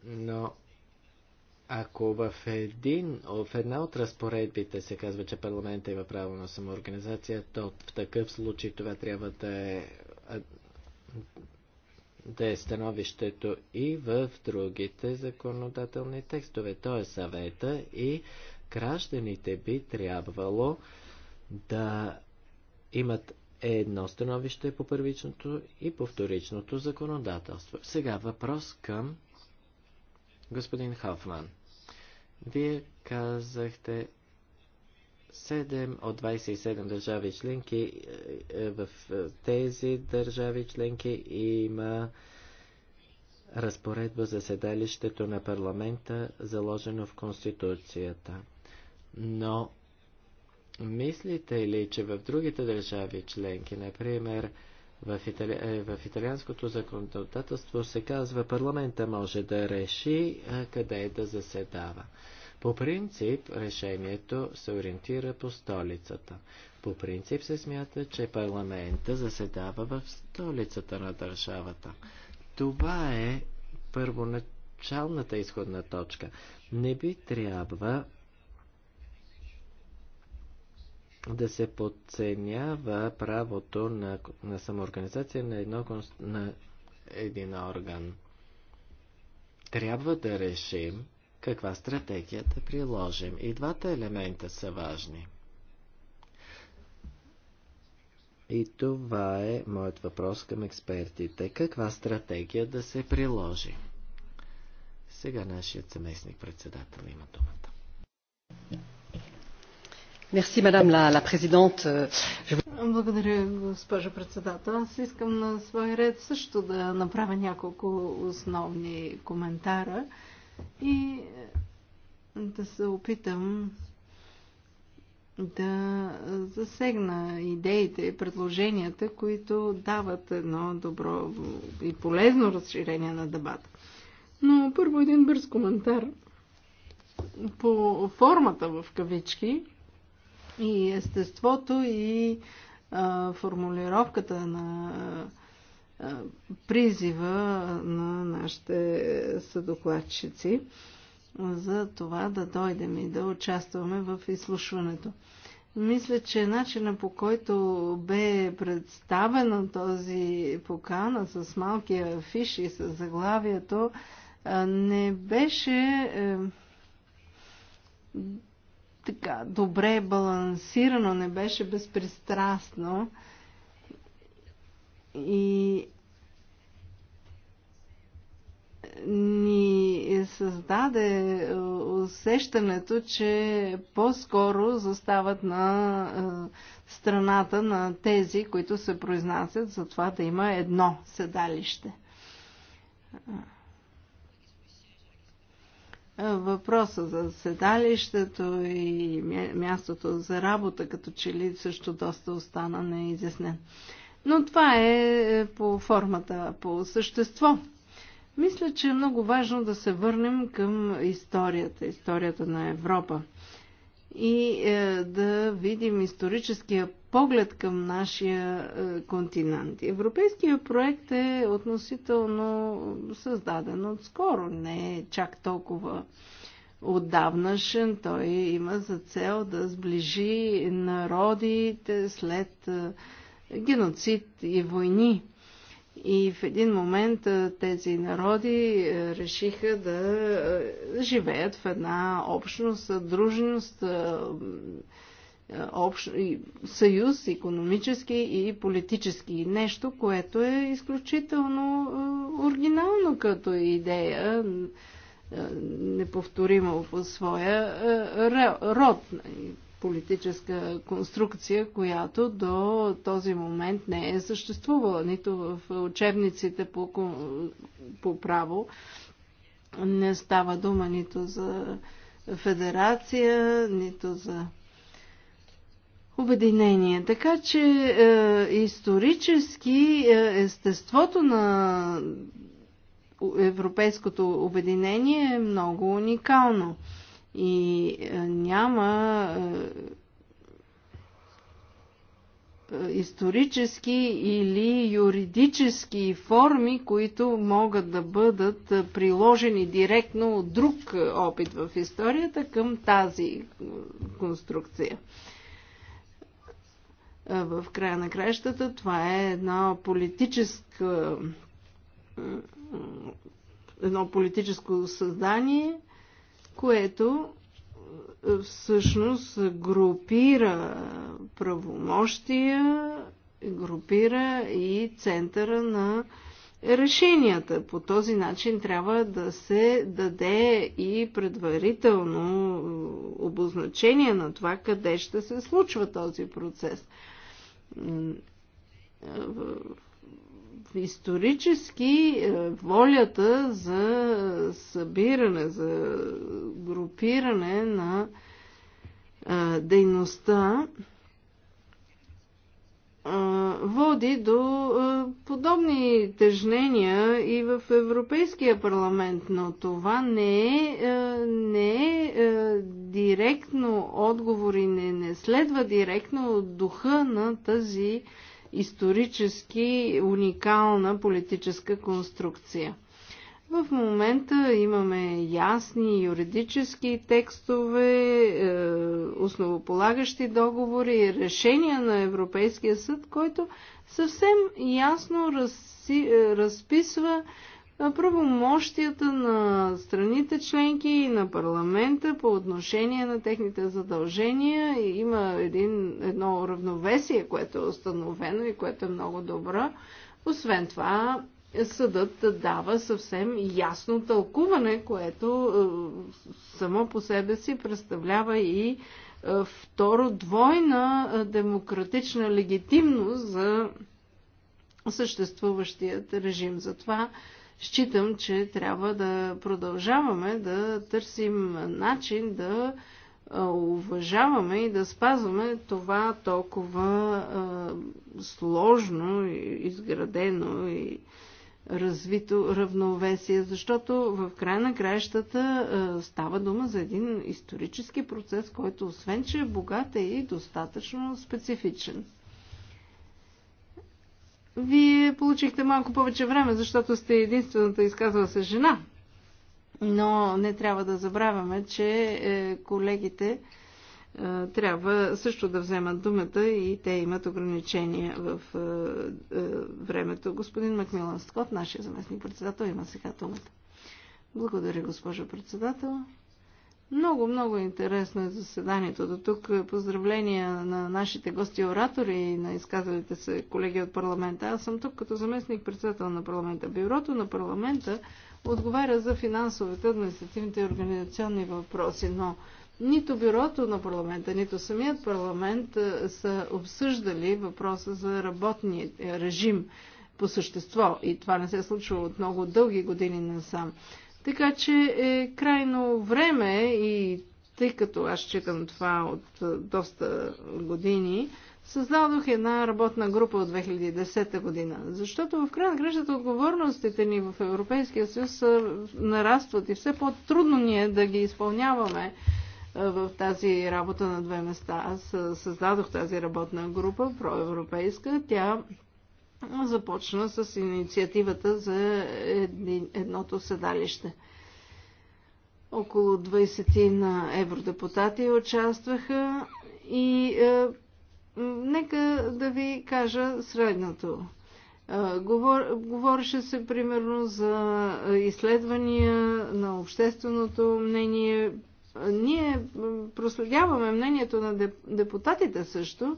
Но ако в, един, в една от разпоредбите се казва, че парламентът има право на самоорганизация, то в такъв случай това трябва да е да е становището и в другите законодателни текстове, т.е. съвета и гражданите би трябвало да имат едно становище по първичното и по вторичното законодателство. Сега въпрос към господин Хофман. Вие казахте 7 от 27 държави членки, е, е, в е, тези държави членки има разпоредба за седалището на парламента, заложено в Конституцията. Но мислите ли, че в другите държави членки, например, в, итали... в италианското законодателство се казва парламента може да реши къде да заседава. По принцип решението се ориентира по столицата. По принцип се смята, че парламента заседава в столицата на държавата. Това е първоначалната изходна точка. Не би трябва да се подценява правото на, на самоорганизация на, едно, на един орган. Трябва да решим каква стратегия да приложим. И двата елемента са важни. И това е моят въпрос към експертите. Каква стратегия да се приложи? Сега нашият съместник председател има думата. Merci, madame la, la Je... Благодаря, госпожо председател. Аз искам на свой ред също да направя няколко основни коментара и е, да се опитам да засегна идеите и предложенията, които дават едно добро и полезно разширение на дебата. Но първо един бърз коментар по формата в кавички и естеството и а, формулировката на а, призива на нашите съдокладчици за това да дойдем и да участваме в изслушването. Мисля, че начина по който бе представена този покана с малкия афиш и с заглавието не беше е, така добре балансирано, не беше безпристрастно и ни създаде усещането, че по-скоро застават на е, страната на тези, които се произнасят за това да има едно седалище. Въпроса за седалището и мястото за работа като че ли също доста остана неизяснен. Но това е, е по формата, по същество. Мисля, че е много важно да се върнем към историята, историята на Европа и е, да видим историческия поглед към нашия е, континент. Европейския проект е относително създаден отскоро, не е чак толкова отдавнашен. Той има за цел да сближи народите след. Е, геноцид и войни. И в един момент тези народи решиха да живеят в една общност, дружност, общ, съюз, економически и политически. Нещо, което е изключително оригинално като идея, неповторимо по своя род политическа конструкция, която до този момент не е съществувала нито в учебниците по, по право. Не става дума нито за федерация, нито за обединение. Така че е, исторически е, естеството на европейското обединение е много уникално и е, няма е, е, исторически или юридически форми, които могат да бъдат приложени директно от друг опит в историята към тази конструкция. В края на краищата това е една политическа едно политическо създание, което е, всъщност групира правомощия, групира и центъра на решенията. По този начин трябва да се даде и предварително е, обозначение на това къде ще се случва този процес. Е, исторически е, волята за събиране, за групиране на е, дейността е, води до подобни тежнения и в Европейския парламент, но това не е, не е директно отговор и не, не следва директно от духа на тази исторически уникална политическа конструкция. В момента имаме ясни юридически текстове, е, основополагащи договори, решения на Европейския съд, който съвсем ясно е, разписва правомощията на страните членки и на парламента по отношение на техните задължения. Има един, едно равновесие, което е установено и което е много добро. Освен това, съдът дава съвсем ясно тълкуване, което е, само по себе си представлява и е, второ двойна е, демократична легитимност за съществуващият режим. Затова считам, че трябва да продължаваме да търсим начин да уважаваме и да спазваме това толкова а, сложно, изградено и развито равновесие, защото в край на краищата а, става дума за един исторически процес, който освен, че е богат е и достатъчно специфичен. Вие получихте малко повече време, защото сте единствената изказала се жена. Но не трябва да забравяме, че е, колегите е, трябва също да вземат думата и те имат ограничения в е, времето. Господин Макмилан Скот, нашия заместник председател, има сега думата. Благодаря, госпожо председател. Много, много интересно е заседанието до тук. Поздравления на нашите гости оратори и на изказалите се колеги от парламента. Аз съм тук като заместник председател на парламента. Бюрото на парламента отговаря за финансовите, административните и организационни въпроси, но нито бюрото на парламента, нито самият парламент е, са обсъждали въпроса за работния режим по същество и това не се е случило от много дълги години насам. сам. Така че е крайно време и тъй като аз читам това от доста години, създадох една работна група от 2010 година. Защото в крайна на отговорностите ни в Европейския съюз нарастват и все по-трудно ни е да ги изпълняваме в тази работа на две места. Аз създадох тази работна група, проевропейска. Тя започна с инициативата за едното седалище. Около 20 на евродепутати участваха и е, нека да ви кажа средното. Е, говор, говореше се примерно за изследвания на общественото мнение. Ние проследяваме мнението на депутатите също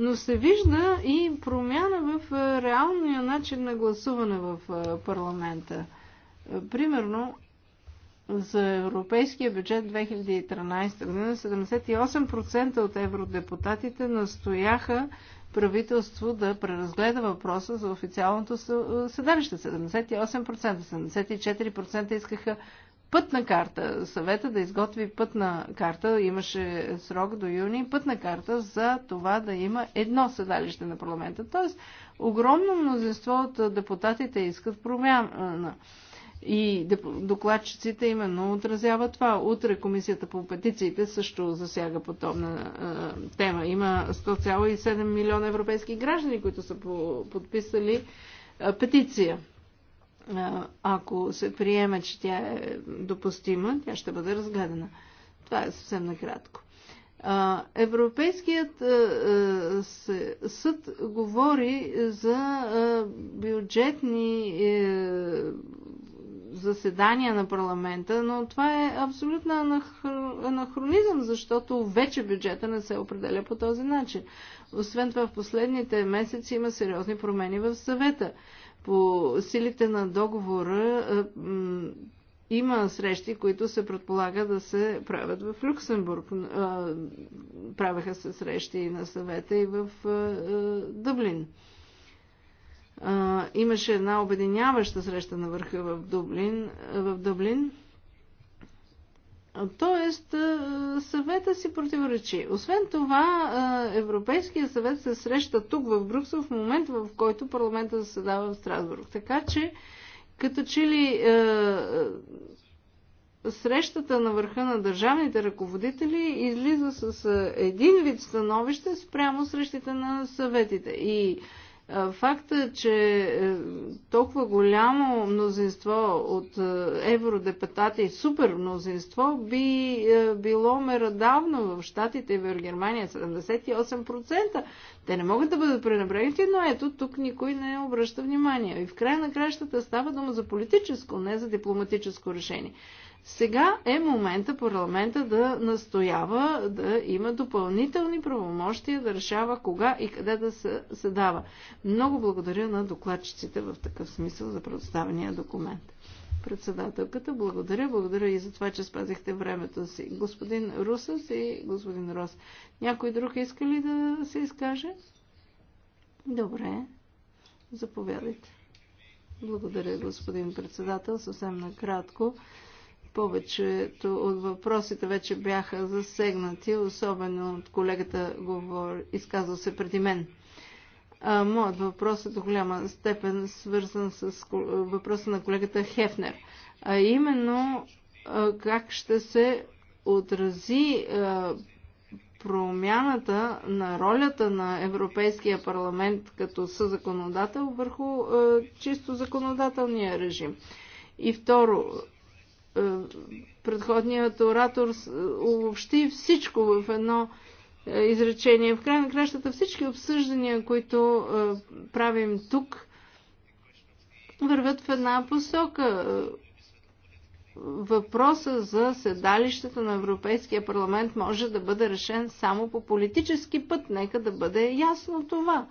но се вижда и промяна в е, реалния начин на гласуване в е, парламента. Е, примерно, за европейския бюджет 2013 година 78% от евродепутатите настояха правителство да преразгледа въпроса за официалното съдалище. 78%, 74% искаха пътна карта, съвета да изготви пътна карта, имаше срок до юни, пътна карта за това да има едно седалище на парламента. Тоест, огромно мнозинство от депутатите искат промяна. И докладчиците именно отразяват това. Утре Комисията по петициите също засяга подобна е, тема. Има 100,7 милиона европейски граждани, които са по подписали е, петиция ако се приеме, че тя е допустима, тя ще бъде разгледана. Това е съвсем накратко. Европейският съд говори за бюджетни е, заседания на парламента, но това е абсолютно анахронизъм, защото вече бюджета не се определя по този начин. Освен това, в последните месеци има сериозни промени в съвета. По силите на договора е, има срещи, които се предполага да се правят в Люксембург. Е, правеха се срещи и на съвета, и в е, Дъблин. Имаше една обединяваща среща на върха в Дъблин. В Дъблин Тоест, съвета си противоречи. Освен това, Европейския съвет се среща тук в Брюксел в момент, в който парламента заседава в Страсбург. Така че, като че ли срещата на върха на държавните ръководители излиза с един вид становище спрямо срещите на съветите. И Факта, че е, толкова голямо мнозинство от е, евродепутати, супер мнозинство, би е, било меродавно в Штатите и в Германия 78%. Те не могат да бъдат пренебрегнати, но ето тук никой не обръща внимание. И в края на кращата става дума за политическо, не за дипломатическо решение. Сега е момента парламента да настоява да има допълнителни правомощия да решава кога и къде да се, се дава. Много благодаря на докладчиците в такъв смисъл за предоставения документ. Председателката, благодаря. Благодаря и за това, че спазихте времето си. Господин Русъс и господин Рос. Някой друг иска ли да се изкаже? Добре. Заповядайте. Благодаря, господин председател. Съвсем накратко. Повечето от въпросите вече бяха засегнати, особено от колегата, говор... изказал се преди мен. А, моят въпрос е до голяма степен свързан с въпроса на колегата Хефнер. А именно как ще се отрази промяната на ролята на Европейския парламент като съзаконодател върху чисто законодателния режим. И второ, е, предходният оратор е, обобщи всичко в едно е, изречение. В край на кращата всички обсъждания, които правим тук, вървят в една посока. Въпроса за седалището на Европейския парламент може да бъде решен само по политически път. Нека да бъде ясно това.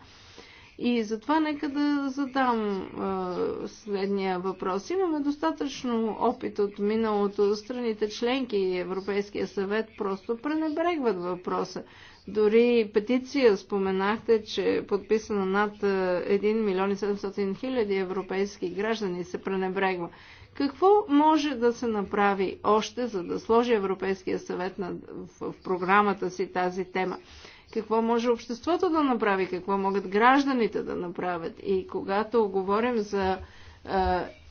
И затова нека да задам а, следния въпрос. Имаме достатъчно опит от миналото. Страните членки и Европейския съвет просто пренебрегват въпроса. Дори петиция споменахте, че е подписана над 1 милион и 700 хиляди европейски граждани се пренебрегва. Какво може да се направи още, за да сложи Европейския съвет на, в, в програмата си тази тема? какво може обществото да направи, какво могат гражданите да направят. И когато говорим за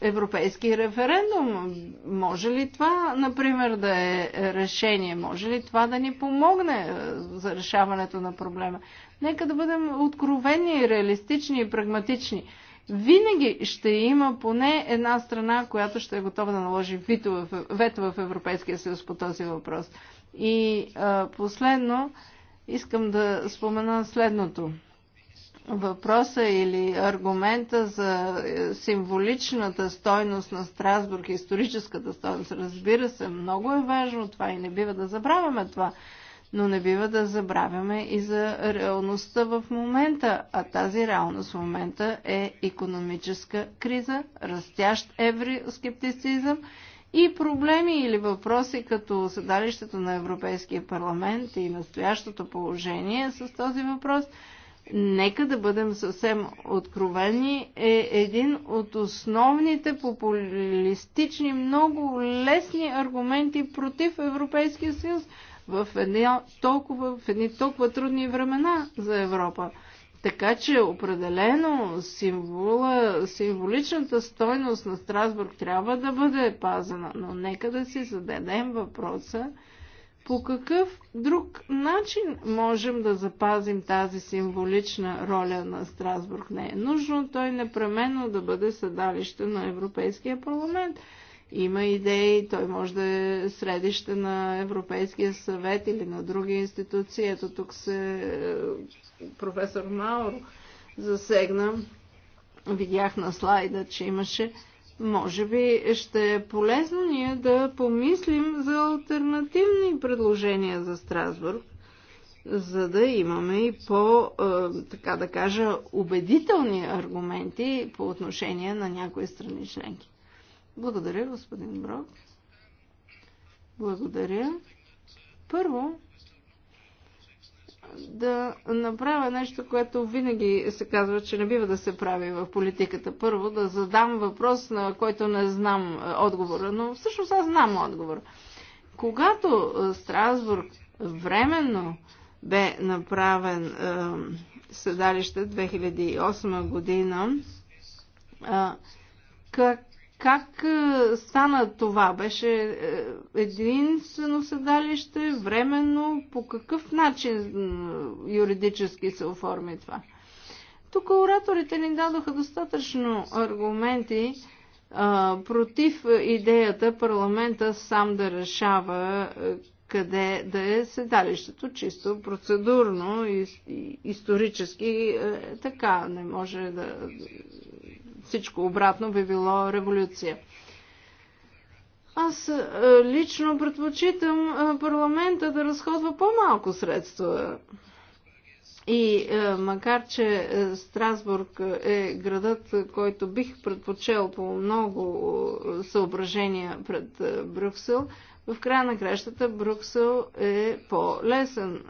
европейски референдум. Може ли това, например, да е решение? Може ли това да ни помогне за решаването на проблема? Нека да бъдем откровени, реалистични и прагматични. Винаги ще има поне една страна, която ще е готова да наложи вето в Европейския съюз по този въпрос. И а, последно, а, искам да спомена следното. Въпроса или аргумента за е, символичната стойност на Страсбург, историческата стойност, разбира се, много е важно това и не бива да забравяме това но не бива да забравяме и за реалността в момента, а тази реалност в момента е економическа криза, растящ евроскептицизъм и проблеми или въпроси като седалището на Европейския парламент и настоящото положение с този въпрос, нека да бъдем съвсем откровени, е един от основните популистични, много лесни аргументи против Европейския съюз в, едни толкова, в едни толкова трудни времена за Европа. Така че определено символа, символичната стойност на Страсбург трябва да бъде пазена, но нека да си зададем въпроса по какъв друг начин можем да запазим тази символична роля на Страсбург. Не е нужно той непременно да бъде съдалище на Европейския парламент – има идеи, той може да е средище на Европейския съвет или на други институции. Ето тук се е, професор Маур засегна. Видях на слайда, че имаше. Може би ще е полезно ние да помислим за альтернативни предложения за Страсбург, за да имаме и по, е, така да кажа, убедителни аргументи по отношение на някои страни членки. Благодаря, господин Брок. Благодаря. Първо, да направя нещо, което винаги се казва, че не бива да се прави в политиката. Първо, да задам въпрос, на който не знам е, отговора, но всъщност аз знам отговора. Когато е, Страсбург временно бе направен е, седалище 2008 година, е, как как е, стана това? Беше е, единствено седалище, временно, по какъв начин е, юридически се оформи това? Тук ораторите ни дадоха достатъчно аргументи е, против идеята парламента сам да решава къде да е седалището, чисто процедурно и, и исторически е, така не може да всичко обратно би било революция. Аз е, лично предпочитам е, парламента да разходва по-малко средства. И е, макар, че Страсбург е градът, който бих предпочел по много съображения пред Брюксел, в края на кращата Брюксел е по-лесен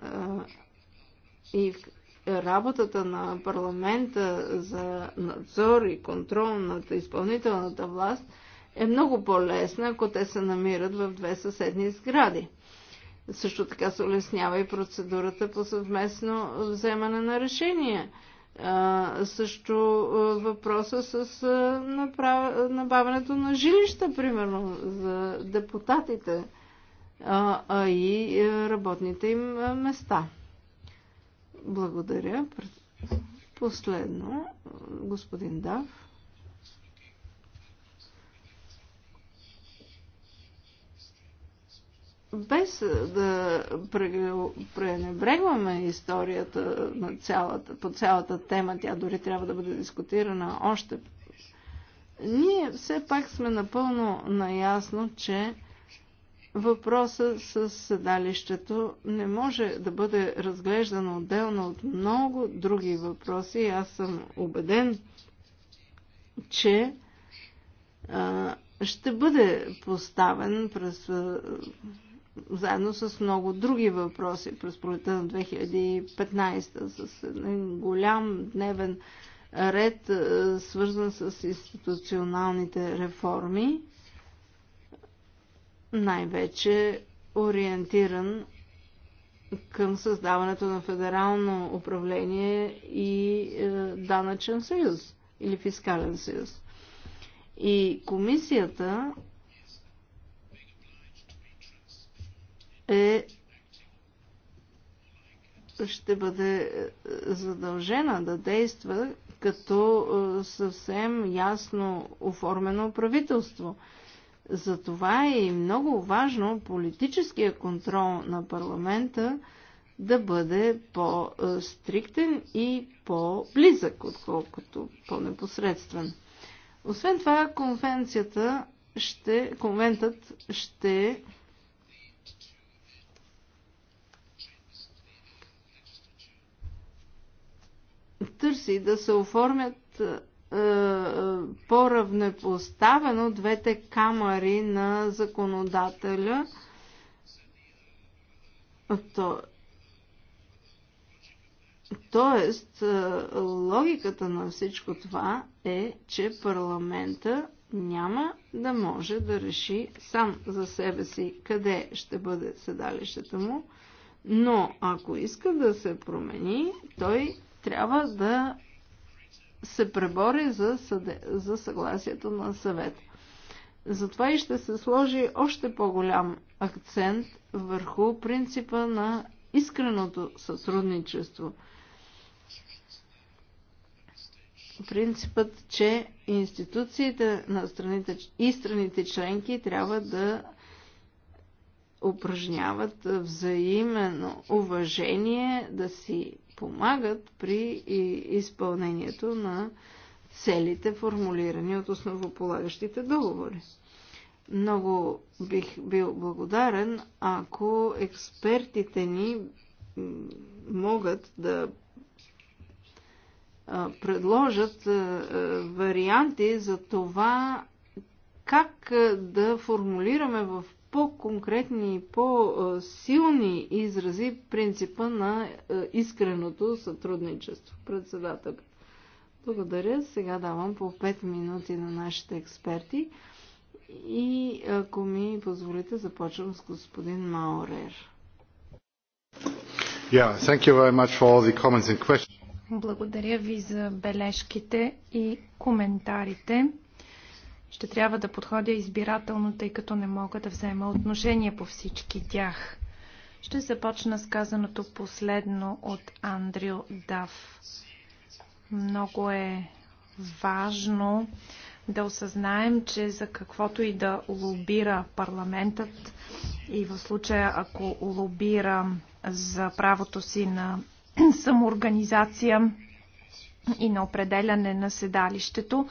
и работата на парламента за надзор и контрол над изпълнителната власт е много по-лесна, ако те се намират в две съседни сгради. Също така се улеснява и процедурата по съвместно вземане на решения. А, също въпроса с а, направ... набавянето на жилища, примерно, за депутатите а, а и работните им места. Благодаря. Последно, господин Дав. без да пренебрегваме историята на цялата, по цялата тема, тя дори трябва да бъде дискутирана още. Ние все пак сме напълно наясно, че въпроса с седалището не може да бъде разглеждан отделно от много други въпроси. Аз съм убеден, че а, ще бъде поставен през, а, заедно с много други въпроси през пролета на 2015 с един голям дневен ред, а, свързан с институционалните реформи най-вече ориентиран към създаването на федерално управление и е, данъчен съюз или фискален съюз. И комисията е ще бъде е, задължена да действа като е, съвсем ясно оформено правителство – затова е и много важно политическия контрол на парламента да бъде по-стриктен и по-близък, отколкото по-непосредствен. Освен това, конвенцията ще, конвентът ще търси да се оформят е, е, по-равнепоставено двете камари на законодателя. То, тоест, е, логиката на всичко това е, че парламента няма да може да реши сам за себе си къде ще бъде седалището му, но ако иска да се промени, той трябва да се пребори за, съде, за съгласието на съвета. Затова и ще се сложи още по-голям акцент върху принципа на искреното сътрудничество. Принципът, че институциите на страните и страните членки трябва да упражняват взаимно уважение, да си помагат при изпълнението на целите, формулирани от основополагащите договори. Много бих бил благодарен, ако експертите ни могат да предложат варианти за това как да формулираме в по-конкретни, по-силни изрази принципа на е, искреното сътрудничество. Председател. Благодаря. Сега давам по 5 минути на нашите експерти. И ако ми позволите, започвам с господин Маорер. Yeah, thank you very much for all the comments and questions. Благодаря ви за бележките и коментарите. Ще трябва да подходя избирателно, тъй като не мога да взема отношение по всички тях. Ще започна с казаното последно от Андрю Дав. Много е важно да осъзнаем, че за каквото и да лобира парламентът и в случая ако лобира за правото си на самоорганизация и на определяне на седалището,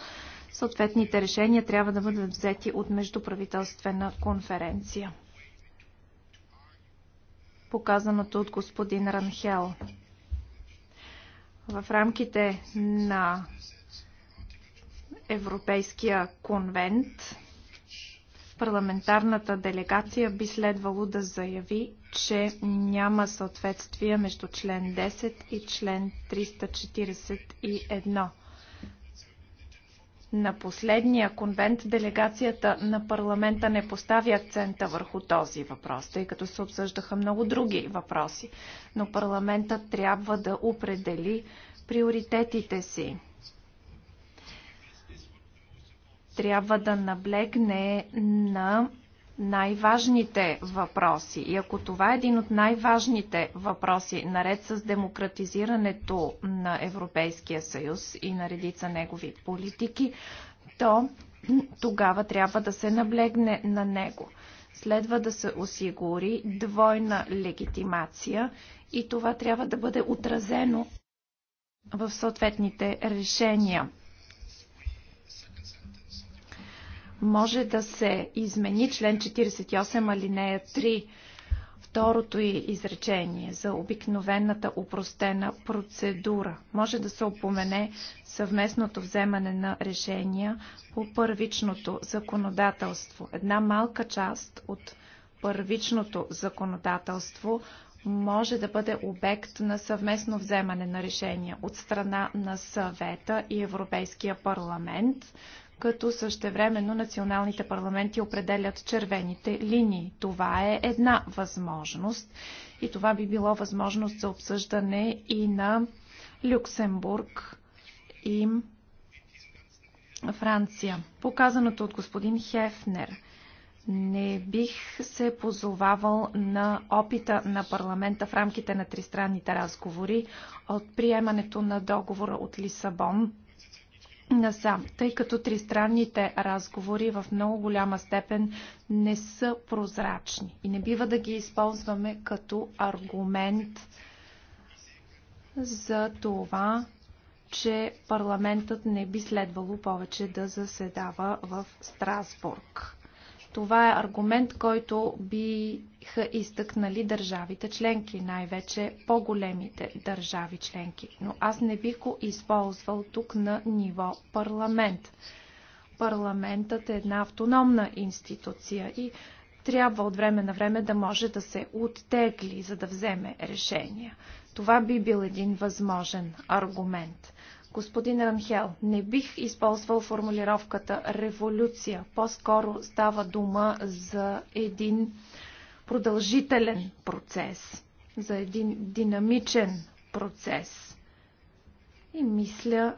Съответните решения трябва да бъдат взети от междуправителствена конференция. Показаното от господин Ранхел. В рамките на Европейския конвент парламентарната делегация би следвало да заяви, че няма съответствие между член 10 и член 341. На последния конвент делегацията на парламента не постави акцента върху този въпрос, тъй като се обсъждаха много други въпроси. Но парламента трябва да определи приоритетите си. Трябва да наблегне на най-важните въпроси. И ако това е един от най-важните въпроси, наред с демократизирането на Европейския съюз и на редица негови политики, то тогава трябва да се наблегне на него. Следва да се осигури двойна легитимация и това трябва да бъде отразено в съответните решения. може да се измени член 48 алинея 3, второто и изречение за обикновената упростена процедура. Може да се опомене съвместното вземане на решения по първичното законодателство. Една малка част от първичното законодателство може да бъде обект на съвместно вземане на решения от страна на съвета и Европейския парламент като същевременно националните парламенти определят червените линии. Това е една възможност и това би било възможност за обсъждане и на Люксембург и Франция. Показаното от господин Хефнер – не бих се позовавал на опита на парламента в рамките на тристранните разговори от приемането на договора от Лисабон насам, тъй като тристранните разговори в много голяма степен не са прозрачни и не бива да ги използваме като аргумент за това, че парламентът не би следвало повече да заседава в Страсбург. Това е аргумент, който би биха изтъкнали държавите членки, най-вече по-големите държави членки. Но аз не бих го използвал тук на ниво парламент. Парламентът е една автономна институция и трябва от време на време да може да се оттегли, за да вземе решения. Това би бил един възможен аргумент. Господин Ранхел, не бих използвал формулировката революция. По-скоро става дума за един продължителен процес, за един динамичен процес. И мисля,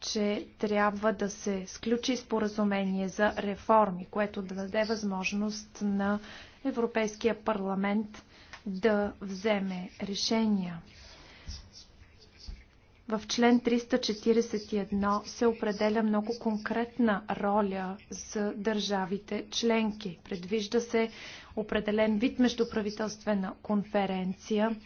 че трябва да се сключи споразумение за реформи, което да даде възможност на Европейския парламент да вземе решения. В член 341 се определя много конкретна роля за държавите членки. Предвижда се определен вид междуправителствена конференция,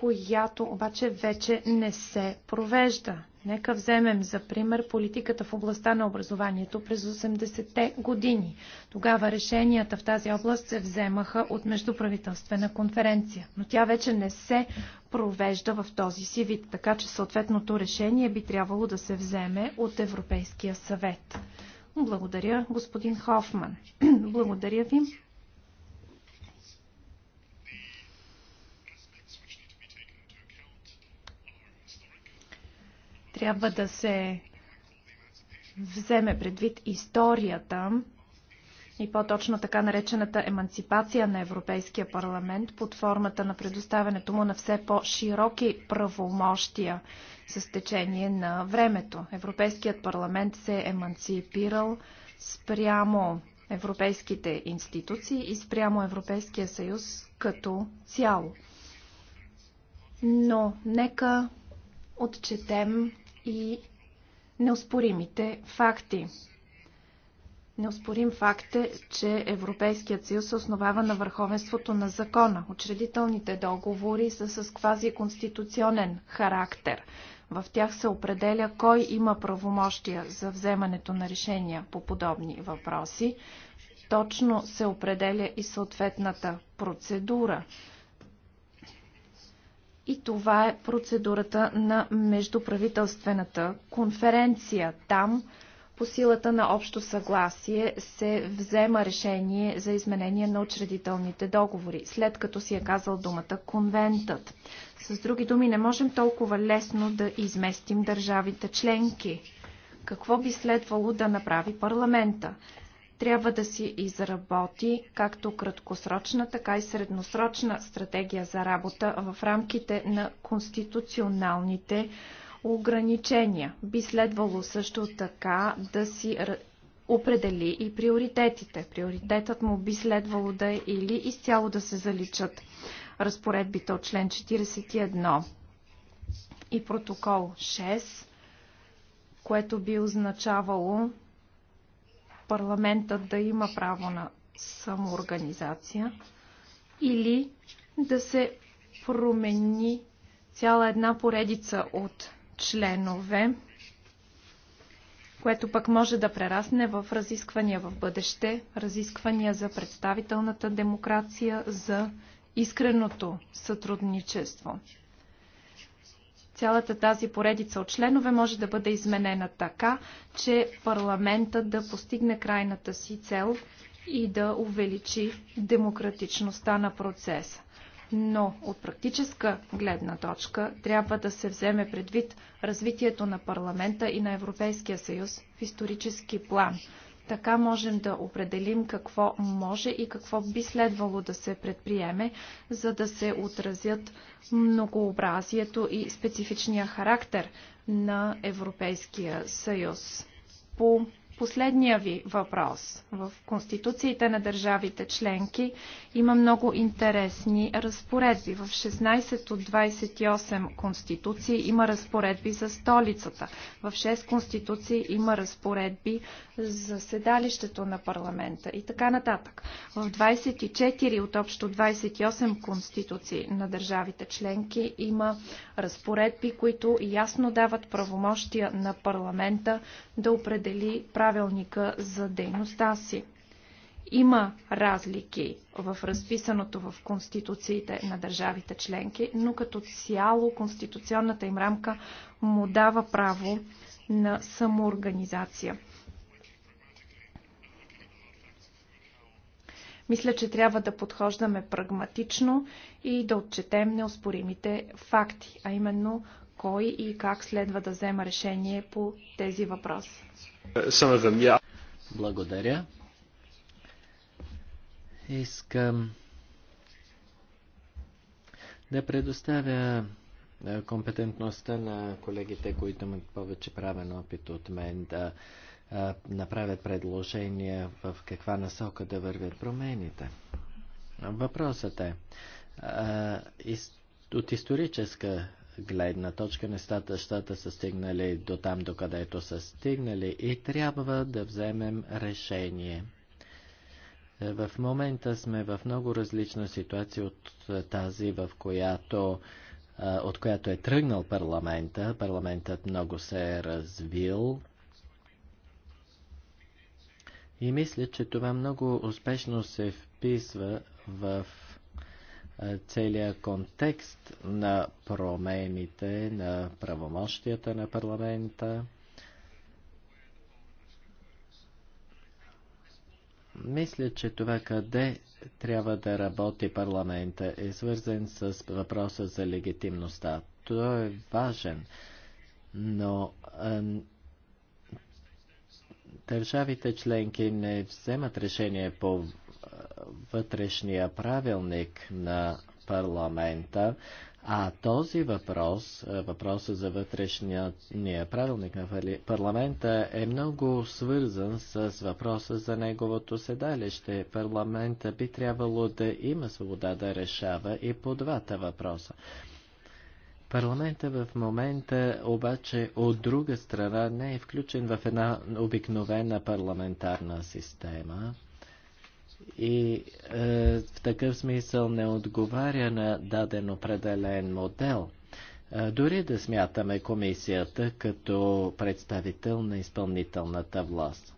която обаче вече не се провежда. Нека вземем за пример политиката в областта на образованието през 80-те години. Тогава решенията в тази област се вземаха от междуправителствена конференция, но тя вече не се провежда в този си вид, така че съответното решение би трябвало да се вземе от Европейския съвет. Благодаря, господин Хофман. Благодаря ви. Трябва да се вземе предвид историята и по-точно така наречената еманципация на Европейския парламент под формата на предоставянето му на все по-широки правомощия с течение на времето. Европейският парламент се е еманципирал спрямо европейските институции и спрямо Европейския съюз като цяло. Но нека отчетем и неоспоримите факти. Неоспорим факт е, че Европейският съюз се основава на върховенството на закона. Учредителните договори са с квази-конституционен характер. В тях се определя кой има правомощия за вземането на решения по подобни въпроси. Точно се определя и съответната процедура. И това е процедурата на междуправителствената конференция. Там по силата на общо съгласие се взема решение за изменение на учредителните договори, след като си е казал думата конвентът. С други думи, не можем толкова лесно да изместим държавите членки. Какво би следвало да направи парламента? трябва да си изработи както краткосрочна, така и средносрочна стратегия за работа в рамките на конституционалните ограничения. Би следвало също така да си определи и приоритетите. Приоритетът му би следвало да е или изцяло да се заличат разпоредбите от член 41 и протокол 6, което би означавало парламентът да има право на самоорганизация или да се промени цяла една поредица от членове, което пък може да прерасне в разисквания в бъдеще, разисквания за представителната демокрация, за искреното сътрудничество. Цялата тази поредица от членове може да бъде изменена така, че парламентът да постигне крайната си цел и да увеличи демократичността на процеса. Но от практическа гледна точка трябва да се вземе предвид развитието на парламента и на Европейския съюз в исторически план – така можем да определим какво може и какво би следвало да се предприеме, за да се отразят многообразието и специфичния характер на Европейския съюз. По последния ви въпрос. В конституциите на държавите членки има много интересни разпоредби. В 16 от 28 конституции има разпоредби за столицата. В 6 конституции има разпоредби за седалището на парламента и така нататък. В 24 от общо 28 конституции на държавите членки има разпоредби, които ясно дават правомощия на парламента да определи правилата правилника за дейността си. Има разлики в разписаното в конституциите на държавите членки, но като цяло конституционната им рамка му дава право на самоорганизация. Мисля, че трябва да подхождаме прагматично и да отчетем неоспоримите факти, а именно кой и как следва да взема решение по тези въпроси. Them, yeah. Благодаря. Искам да предоставя е, компетентността на колегите, които имат повече правен опит от мен да е, направят предложения в каква насока да вървят промените. Въпросът е, е от историческа гледна точка нещата, щата са стигнали до там, докъдето са стигнали и трябва да вземем решение. В момента сме в много различна ситуация от тази, в която, от която е тръгнал парламента. Парламентът много се е развил. И мисля, че това много успешно се вписва в е, целият контекст на промените, на правомощията на парламента. Мисля, че това къде трябва да работи парламента е свързан с въпроса за легитимността. Той е важен, но е, държавите членки не вземат решение по вътрешния правилник на парламента, а този въпрос, е, въпросът за вътрешния правилник на парламента е много свързан с въпроса за неговото седалище. Парламента би трябвало да има свобода да решава и по двата въпроса. Парламента в момента обаче от друга страна не е включен в една обикновена парламентарна система, и е, в такъв смисъл не отговаря на даден определен модел. Е, дори да смятаме комисията като представител на изпълнителната власт.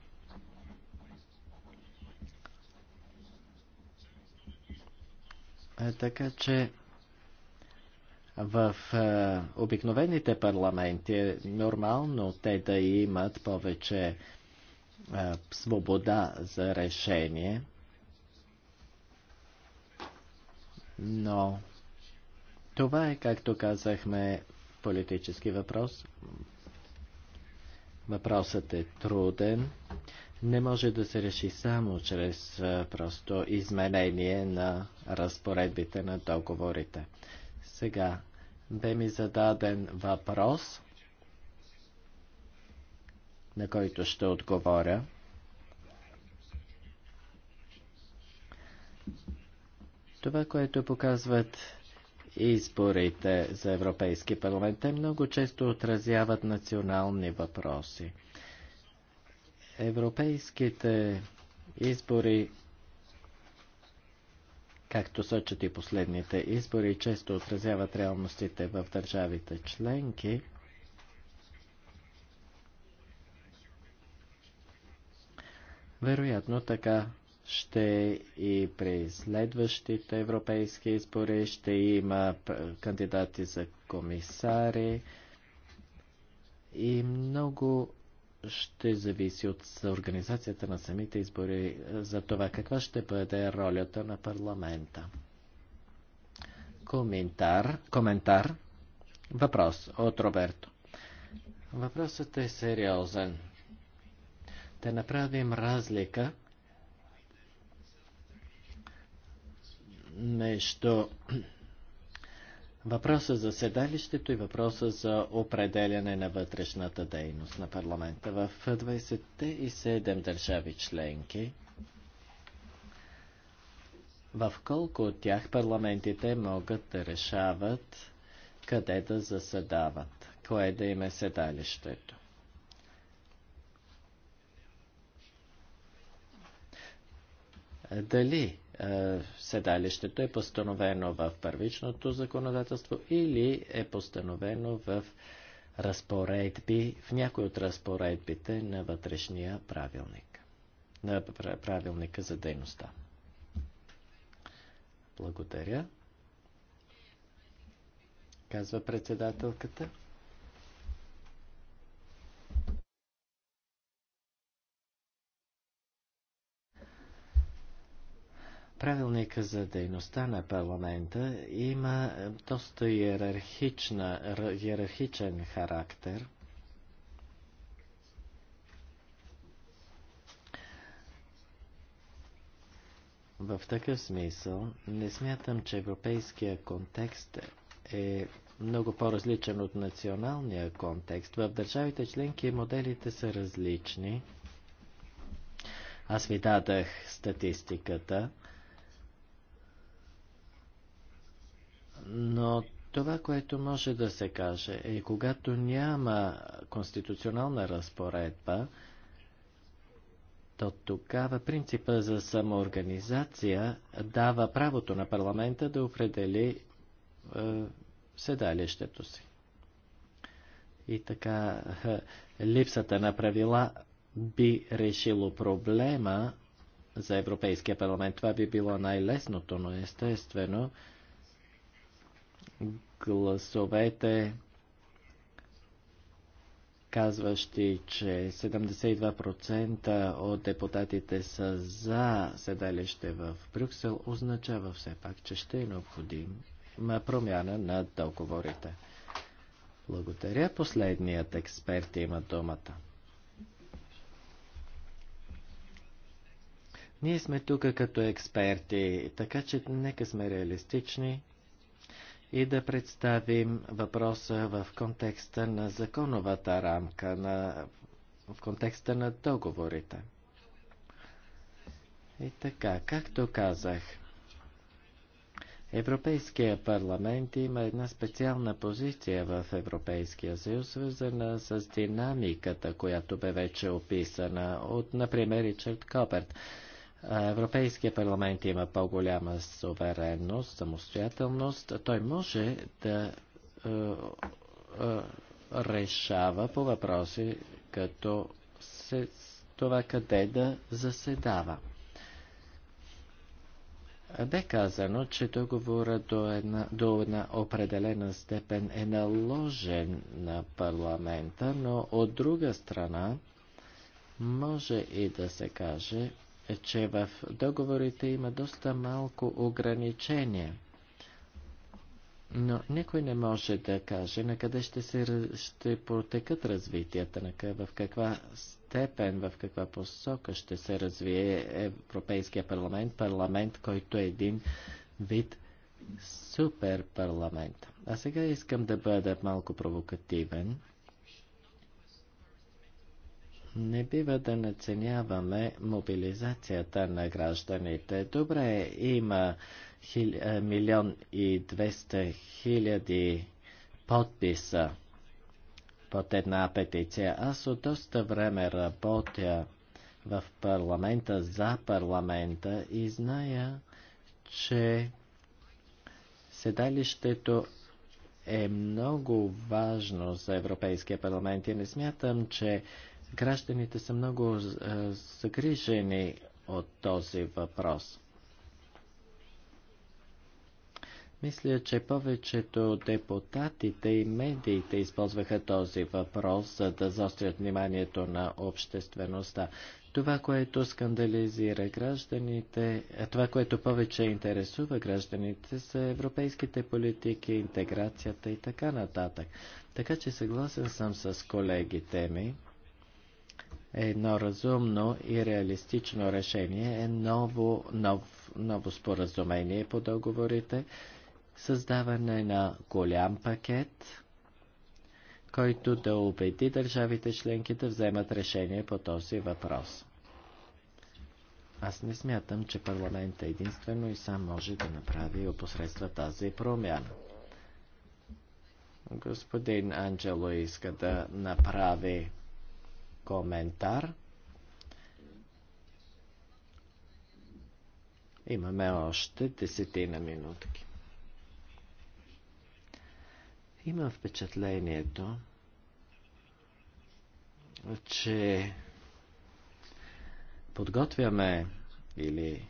Е, така че в е, обикновените парламенти е нормално те да имат повече е, свобода за решение Но това е, както казахме, политически въпрос. Въпросът е труден. Не може да се реши само чрез просто изменение на разпоредбите на договорите. Сега бе ми зададен въпрос, на който ще отговоря. Това, което показват изборите за Европейски парламент, те много често отразяват национални въпроси. Европейските избори, както сочат и последните избори, често отразяват реалностите в държавите членки. Вероятно така ще и при следващите европейски избори ще има кандидати за комисари и много ще зависи от организацията на самите избори е, за това каква ще бъде ролята на парламента. Коментар, коментар, въпрос от Роберто. Въпросът е сериозен. Да направим разлика – между въпроса за седалището и въпроса за определяне на вътрешната дейност на парламента в 27 държави членки. В колко от тях парламентите могат да решават къде да заседават, кое да им е седалището. Дали е, седалището е постановено в първичното законодателство или е постановено в разпоредби, в някои от разпоредбите на вътрешния правилник, на правилника за дейността. Благодаря. Казва председателката. правилника за дейността на парламента има доста иерархичен характер. В такъв смисъл не смятам, че европейския контекст е много по-различен от националния контекст. В държавите членки моделите са различни. Аз ви дадах статистиката. Но това, което може да се каже е, когато няма конституционална разпоредба, то тогава принципа за самоорганизация дава правото на парламента да определи е, седалището си. И така, е, липсата на правила би решило проблема за Европейския парламент. Това би било най-лесното, но естествено, е, гласовете, казващи, че 72% от депутатите са за седалище в Брюксел, означава все пак, че ще е необходима промяна на договорите. Благодаря. Последният експерт има думата. Ние сме тук като експерти, така че нека сме реалистични и да представим въпроса в контекста на законовата рамка, на, в контекста на договорите. И така, както казах, Европейския парламент има една специална позиция в Европейския съюз, свързана с динамиката, която бе вече описана от, например, Ричард Коберт. Европейския парламент има по-голяма суверенност, самостоятелност. Той може да е, е, решава по въпроси, като се, това къде да заседава. Бе казано, че договора до една, до една определена степен е наложен на парламента, но от друга страна може и да се каже, е, че в договорите има доста малко ограничение. Но никой не може да каже на къде ще, се, ще протекат развитията, на къв, в каква степен, в каква посока ще се развие Европейския парламент, парламент, който е един вид супер парламент. А сега искам да бъда малко провокативен. Не бива да наценяваме мобилизацията на гражданите. Добре, има е, милион и двеста хиляди подписа под една петиция. Аз от доста време работя в парламента, за парламента и зная, че седалището е много важно за Европейския парламент и не смятам, че Гражданите са много е, загрижени от този въпрос. Мисля, че повечето депутатите и медиите използваха този въпрос, за да заострят вниманието на обществеността. Това, което скандализира гражданите, е, това, което повече интересува гражданите, са европейските политики, интеграцията и така нататък. Така че съгласен съм с колегите ми едно разумно и реалистично решение е ново, нов, ново споразумение по договорите, създаване на голям пакет, който да убеди държавите членки да вземат решение по този въпрос. Аз не смятам, че парламента единствено и сам може да направи опосредства тази промяна. Господин Анджело иска да направи коментар. Имаме още десетина минутки. Имам впечатлението, че подготвяме или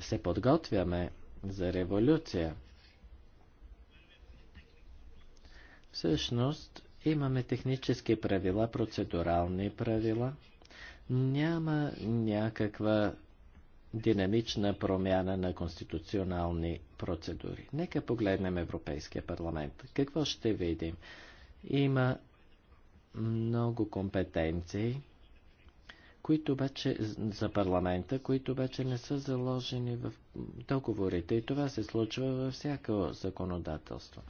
се подготвяме за революция. Всъщност, Имаме технически правила, процедурални правила. Няма някаква динамична промяна на конституционални процедури. Нека погледнем Европейския парламент. Какво ще видим? Има много компетенции, които обаче за парламента, които обаче не са заложени в договорите. И това се случва във всяко законодателство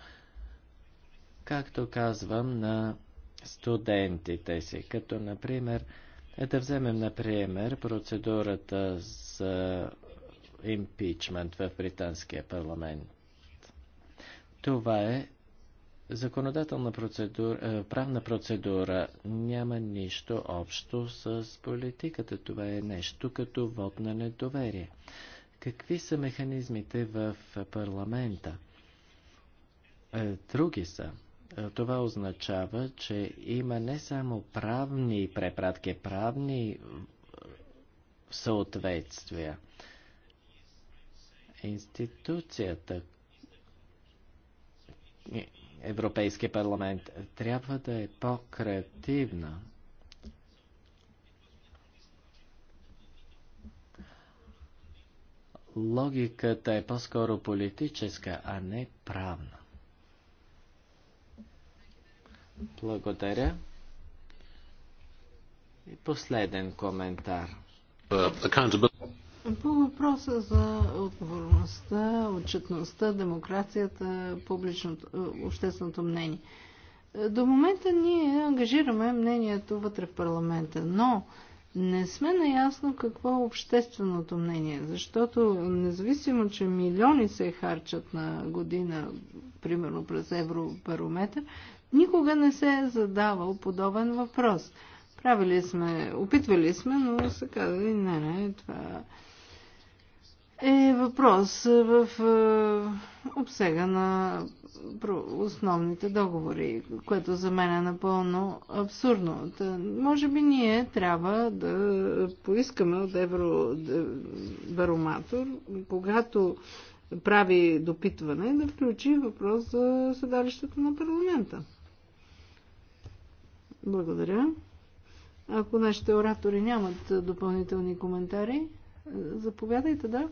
както казвам, на студентите си, като например е да вземем, например, процедурата за импичмент в британския парламент. Това е законодателна процедура, е, правна процедура няма нищо общо с политиката. Това е нещо като вод на недоверие. Какви са механизмите в парламента? Е, други са. Е, това означава, че има не само правни препратки, правни съответствия. Институцията Европейския парламент трябва да е по-креативна. Логиката е по-скоро политическа, а не правна. Благодаря. И последен коментар. По въпроса за отговорността, отчетността, демокрацията, публичното, общественото мнение. До момента ние ангажираме мнението вътре в парламента, но не сме наясно какво е общественото мнение, защото независимо, че милиони се харчат на година, примерно през евробарометър, никога не се е задавал подобен въпрос. Правили сме, опитвали сме, но са казали, не, не, това е въпрос в е, обсега на основните договори, което за мен е напълно абсурдно. Та, може би ние трябва да поискаме от Евробароматор, когато прави допитване, да включи въпрос за седалището на парламента. Благодаря. Ако нашите оратори нямат допълнителни коментари, заповядайте да.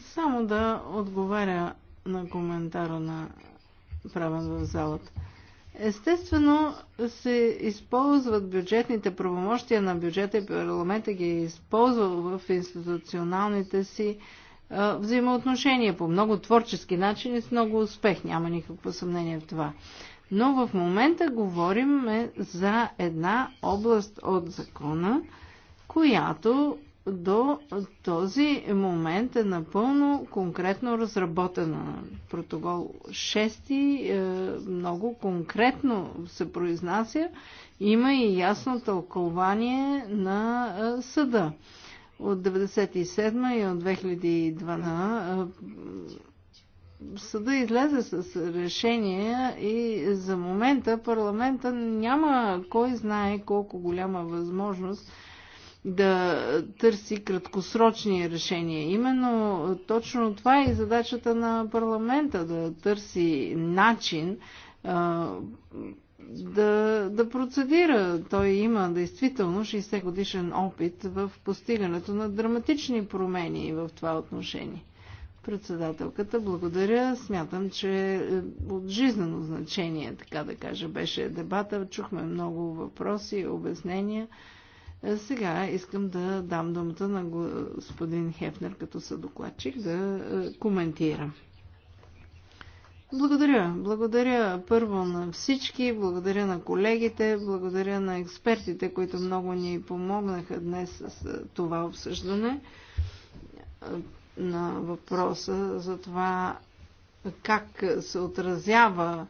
Само да отговаря на коментара на правен в залата. Естествено се използват бюджетните правомощия на бюджета и парламента ги е използвал в институционалните си взаимоотношения по много творчески начин и с много успех. Няма никакво съмнение в това. Но в момента говорим за една област от закона, която до този момент е напълно конкретно разработена. Протокол 6 е, много конкретно се произнася. Има и ясно тълкование на е, съда. От 1997 и от 2012 съда излезе с решение и за момента парламента няма кой знае колко голяма възможност да търси краткосрочни решения. Именно точно това е и задачата на парламента да търси начин да, да процедира. Той има действително 60 годишен опит в постигането на драматични промени в това отношение. Председателката, благодаря. Смятам, че е, от жизнено значение, така да кажа, беше дебата. Чухме много въпроси, обяснения. Е, сега искам да дам думата на господин Хефнер като съдокладчик да е, коментира. Благодаря. Благодаря първо на всички, благодаря на колегите, благодаря на експертите, които много ни помогнаха днес с това обсъждане на въпроса за това как се отразява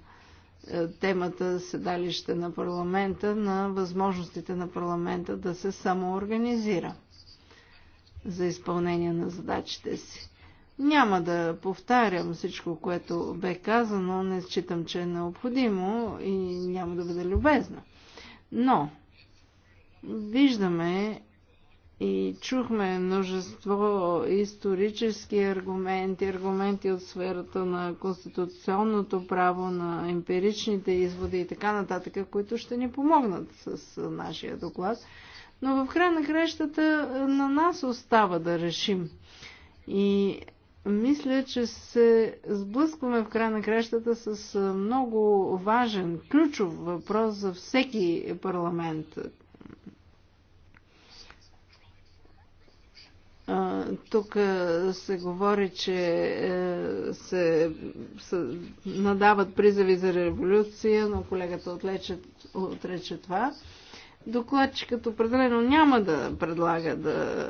е, темата седалище на парламента на възможностите на парламента да се самоорганизира за изпълнение на задачите си. Няма да повтарям всичко, което бе казано, не считам, че е необходимо и няма да бъда любезна. Но виждаме и чухме множество исторически аргументи, аргументи от сферата на конституционното право, на емпиричните изводи и така нататък, които ще ни помогнат с нашия доклад. Но в края на кращата е, на нас остава да решим. И мисля, че се сблъскваме в края на кращата с е, много важен, ключов въпрос за всеки парламент. Тук се говори, че е, се надават призави за революция, но колегата отрече това. Докладчикът определено няма да предлага да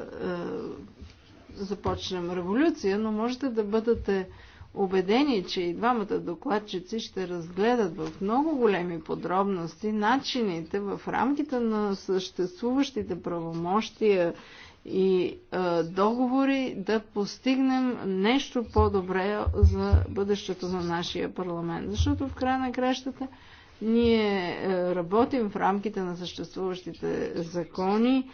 е, започнем революция, но можете да бъдете убедени, че и двамата докладчици ще разгледат в много големи подробности начините в рамките на съществуващите правомощия и а, договори да постигнем нещо по-добре за бъдещето на нашия парламент. Защото в края на кращата ние е, работим в рамките на съществуващите закони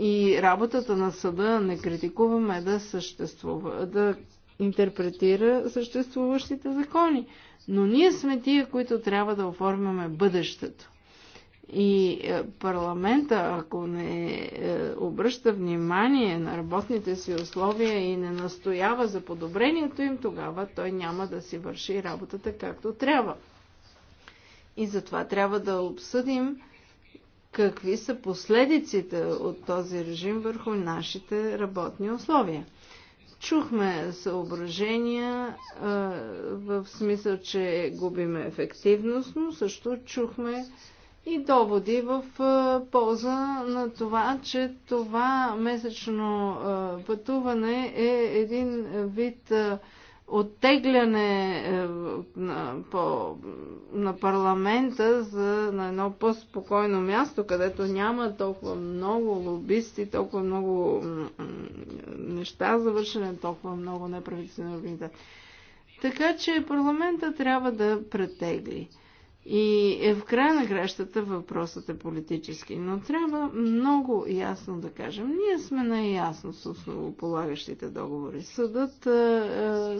и работата на съда не критикуваме да съществува, да интерпретира съществуващите закони. Но ние сме тия, които трябва да оформяме бъдещето. И е, парламента, ако не е, обръща внимание на работните си условия и не настоява за подобрението им, тогава той няма да си върши работата както трябва. И затова трябва да обсъдим какви са последиците от този режим върху нашите работни условия. Чухме съображения е, в смисъл, че губим ефективност, но също чухме и доводи в полза на това, че това месечно пътуване е един вид оттегляне е, на, парламента за, на едно по-спокойно място, където няма толкова много лобисти, толкова много неща за вършене, толкова много неправителствени организации. Така че парламента трябва да претегли. И е в края на гращата въпросът е политически, но трябва много ясно да кажем. Ние сме наясно с основополагащите договори. Съдът е,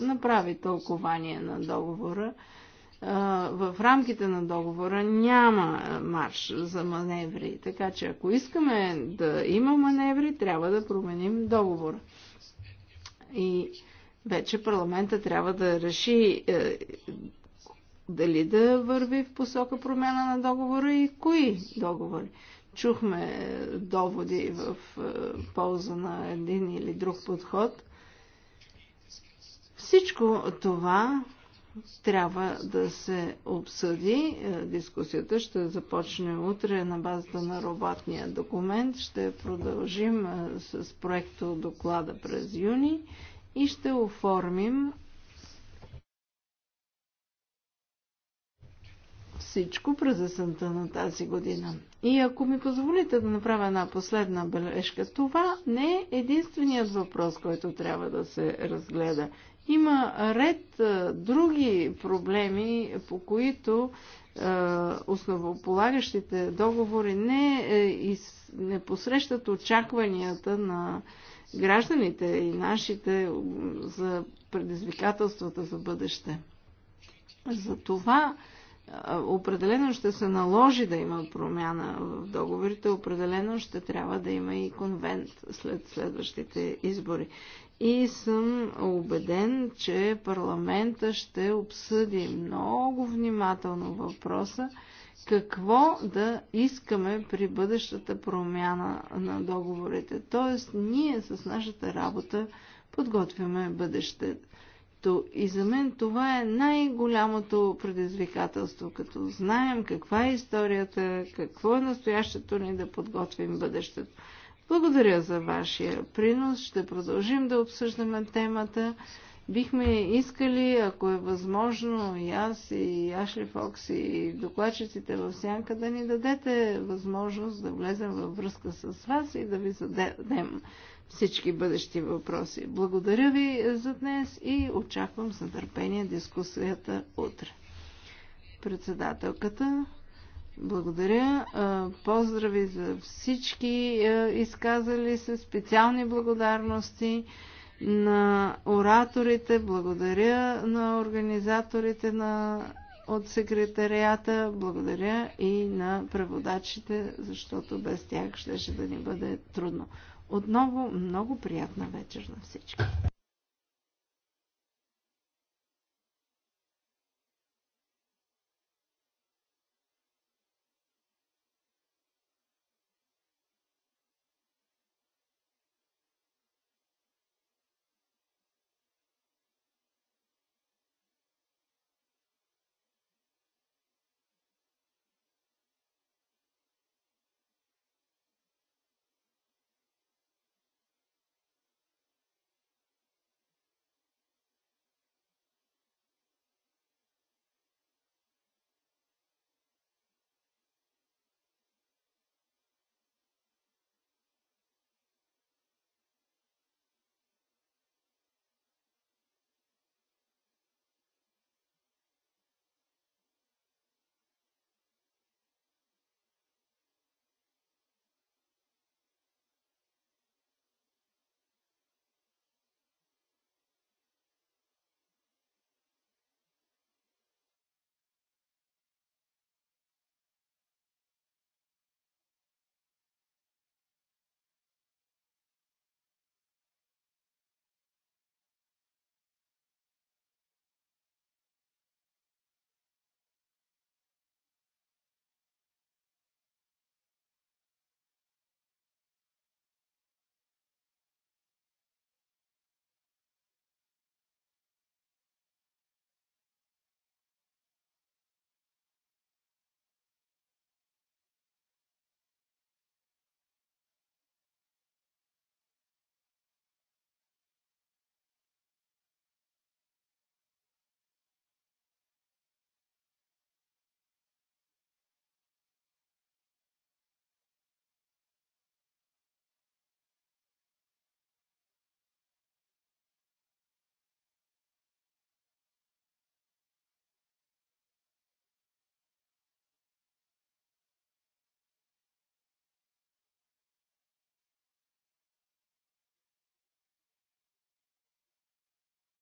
е направи толкование на договора. Е, в рамките на договора няма марш за маневри, така че ако искаме да има маневри, трябва да променим договора. И вече парламента трябва да реши е, дали да върви в посока промяна на договора и кои договори. Чухме доводи в е, полза на един или друг подход. Всичко това трябва да се обсъди. Е, дискусията ще започне утре на базата на работния документ. Ще продължим е, с проекто доклада през юни и ще оформим всичко през есента на тази година. И ако ми позволите да направя една последна бележка, това не е единственият въпрос, който трябва да се разгледа. Има ред други проблеми, по които основополагащите договори не, е, из, не посрещат очакванията на гражданите и нашите за предизвикателствата за бъдеще. За това определено ще се наложи да има промяна в договорите, определено ще трябва да има и конвент след следващите избори. И съм убеден, че парламента ще обсъди много внимателно въпроса какво да искаме при бъдещата промяна на договорите. Тоест, ние с нашата работа подготвяме бъдещето то и за мен това е най-голямото предизвикателство, като знаем каква е историята, какво е настоящето ни да подготвим бъдещето. Благодаря за вашия принос. Ще продължим да обсъждаме темата. Бихме искали, ако е възможно, и аз, и Ашли Фокс, и докладчиците в Сянка, да ни дадете възможност да влезем във връзка с вас и да ви зададем всички бъдещи въпроси. Благодаря ви за днес и очаквам с нетърпение дискусията утре. Председателката, благодаря. Поздрави за всички изказали се, специални благодарности на ораторите, благодаря на организаторите на, от секретарията, благодаря и на преводачите, защото без тях ще, ще да ни бъде трудно. Отново много приятна вечер на всички!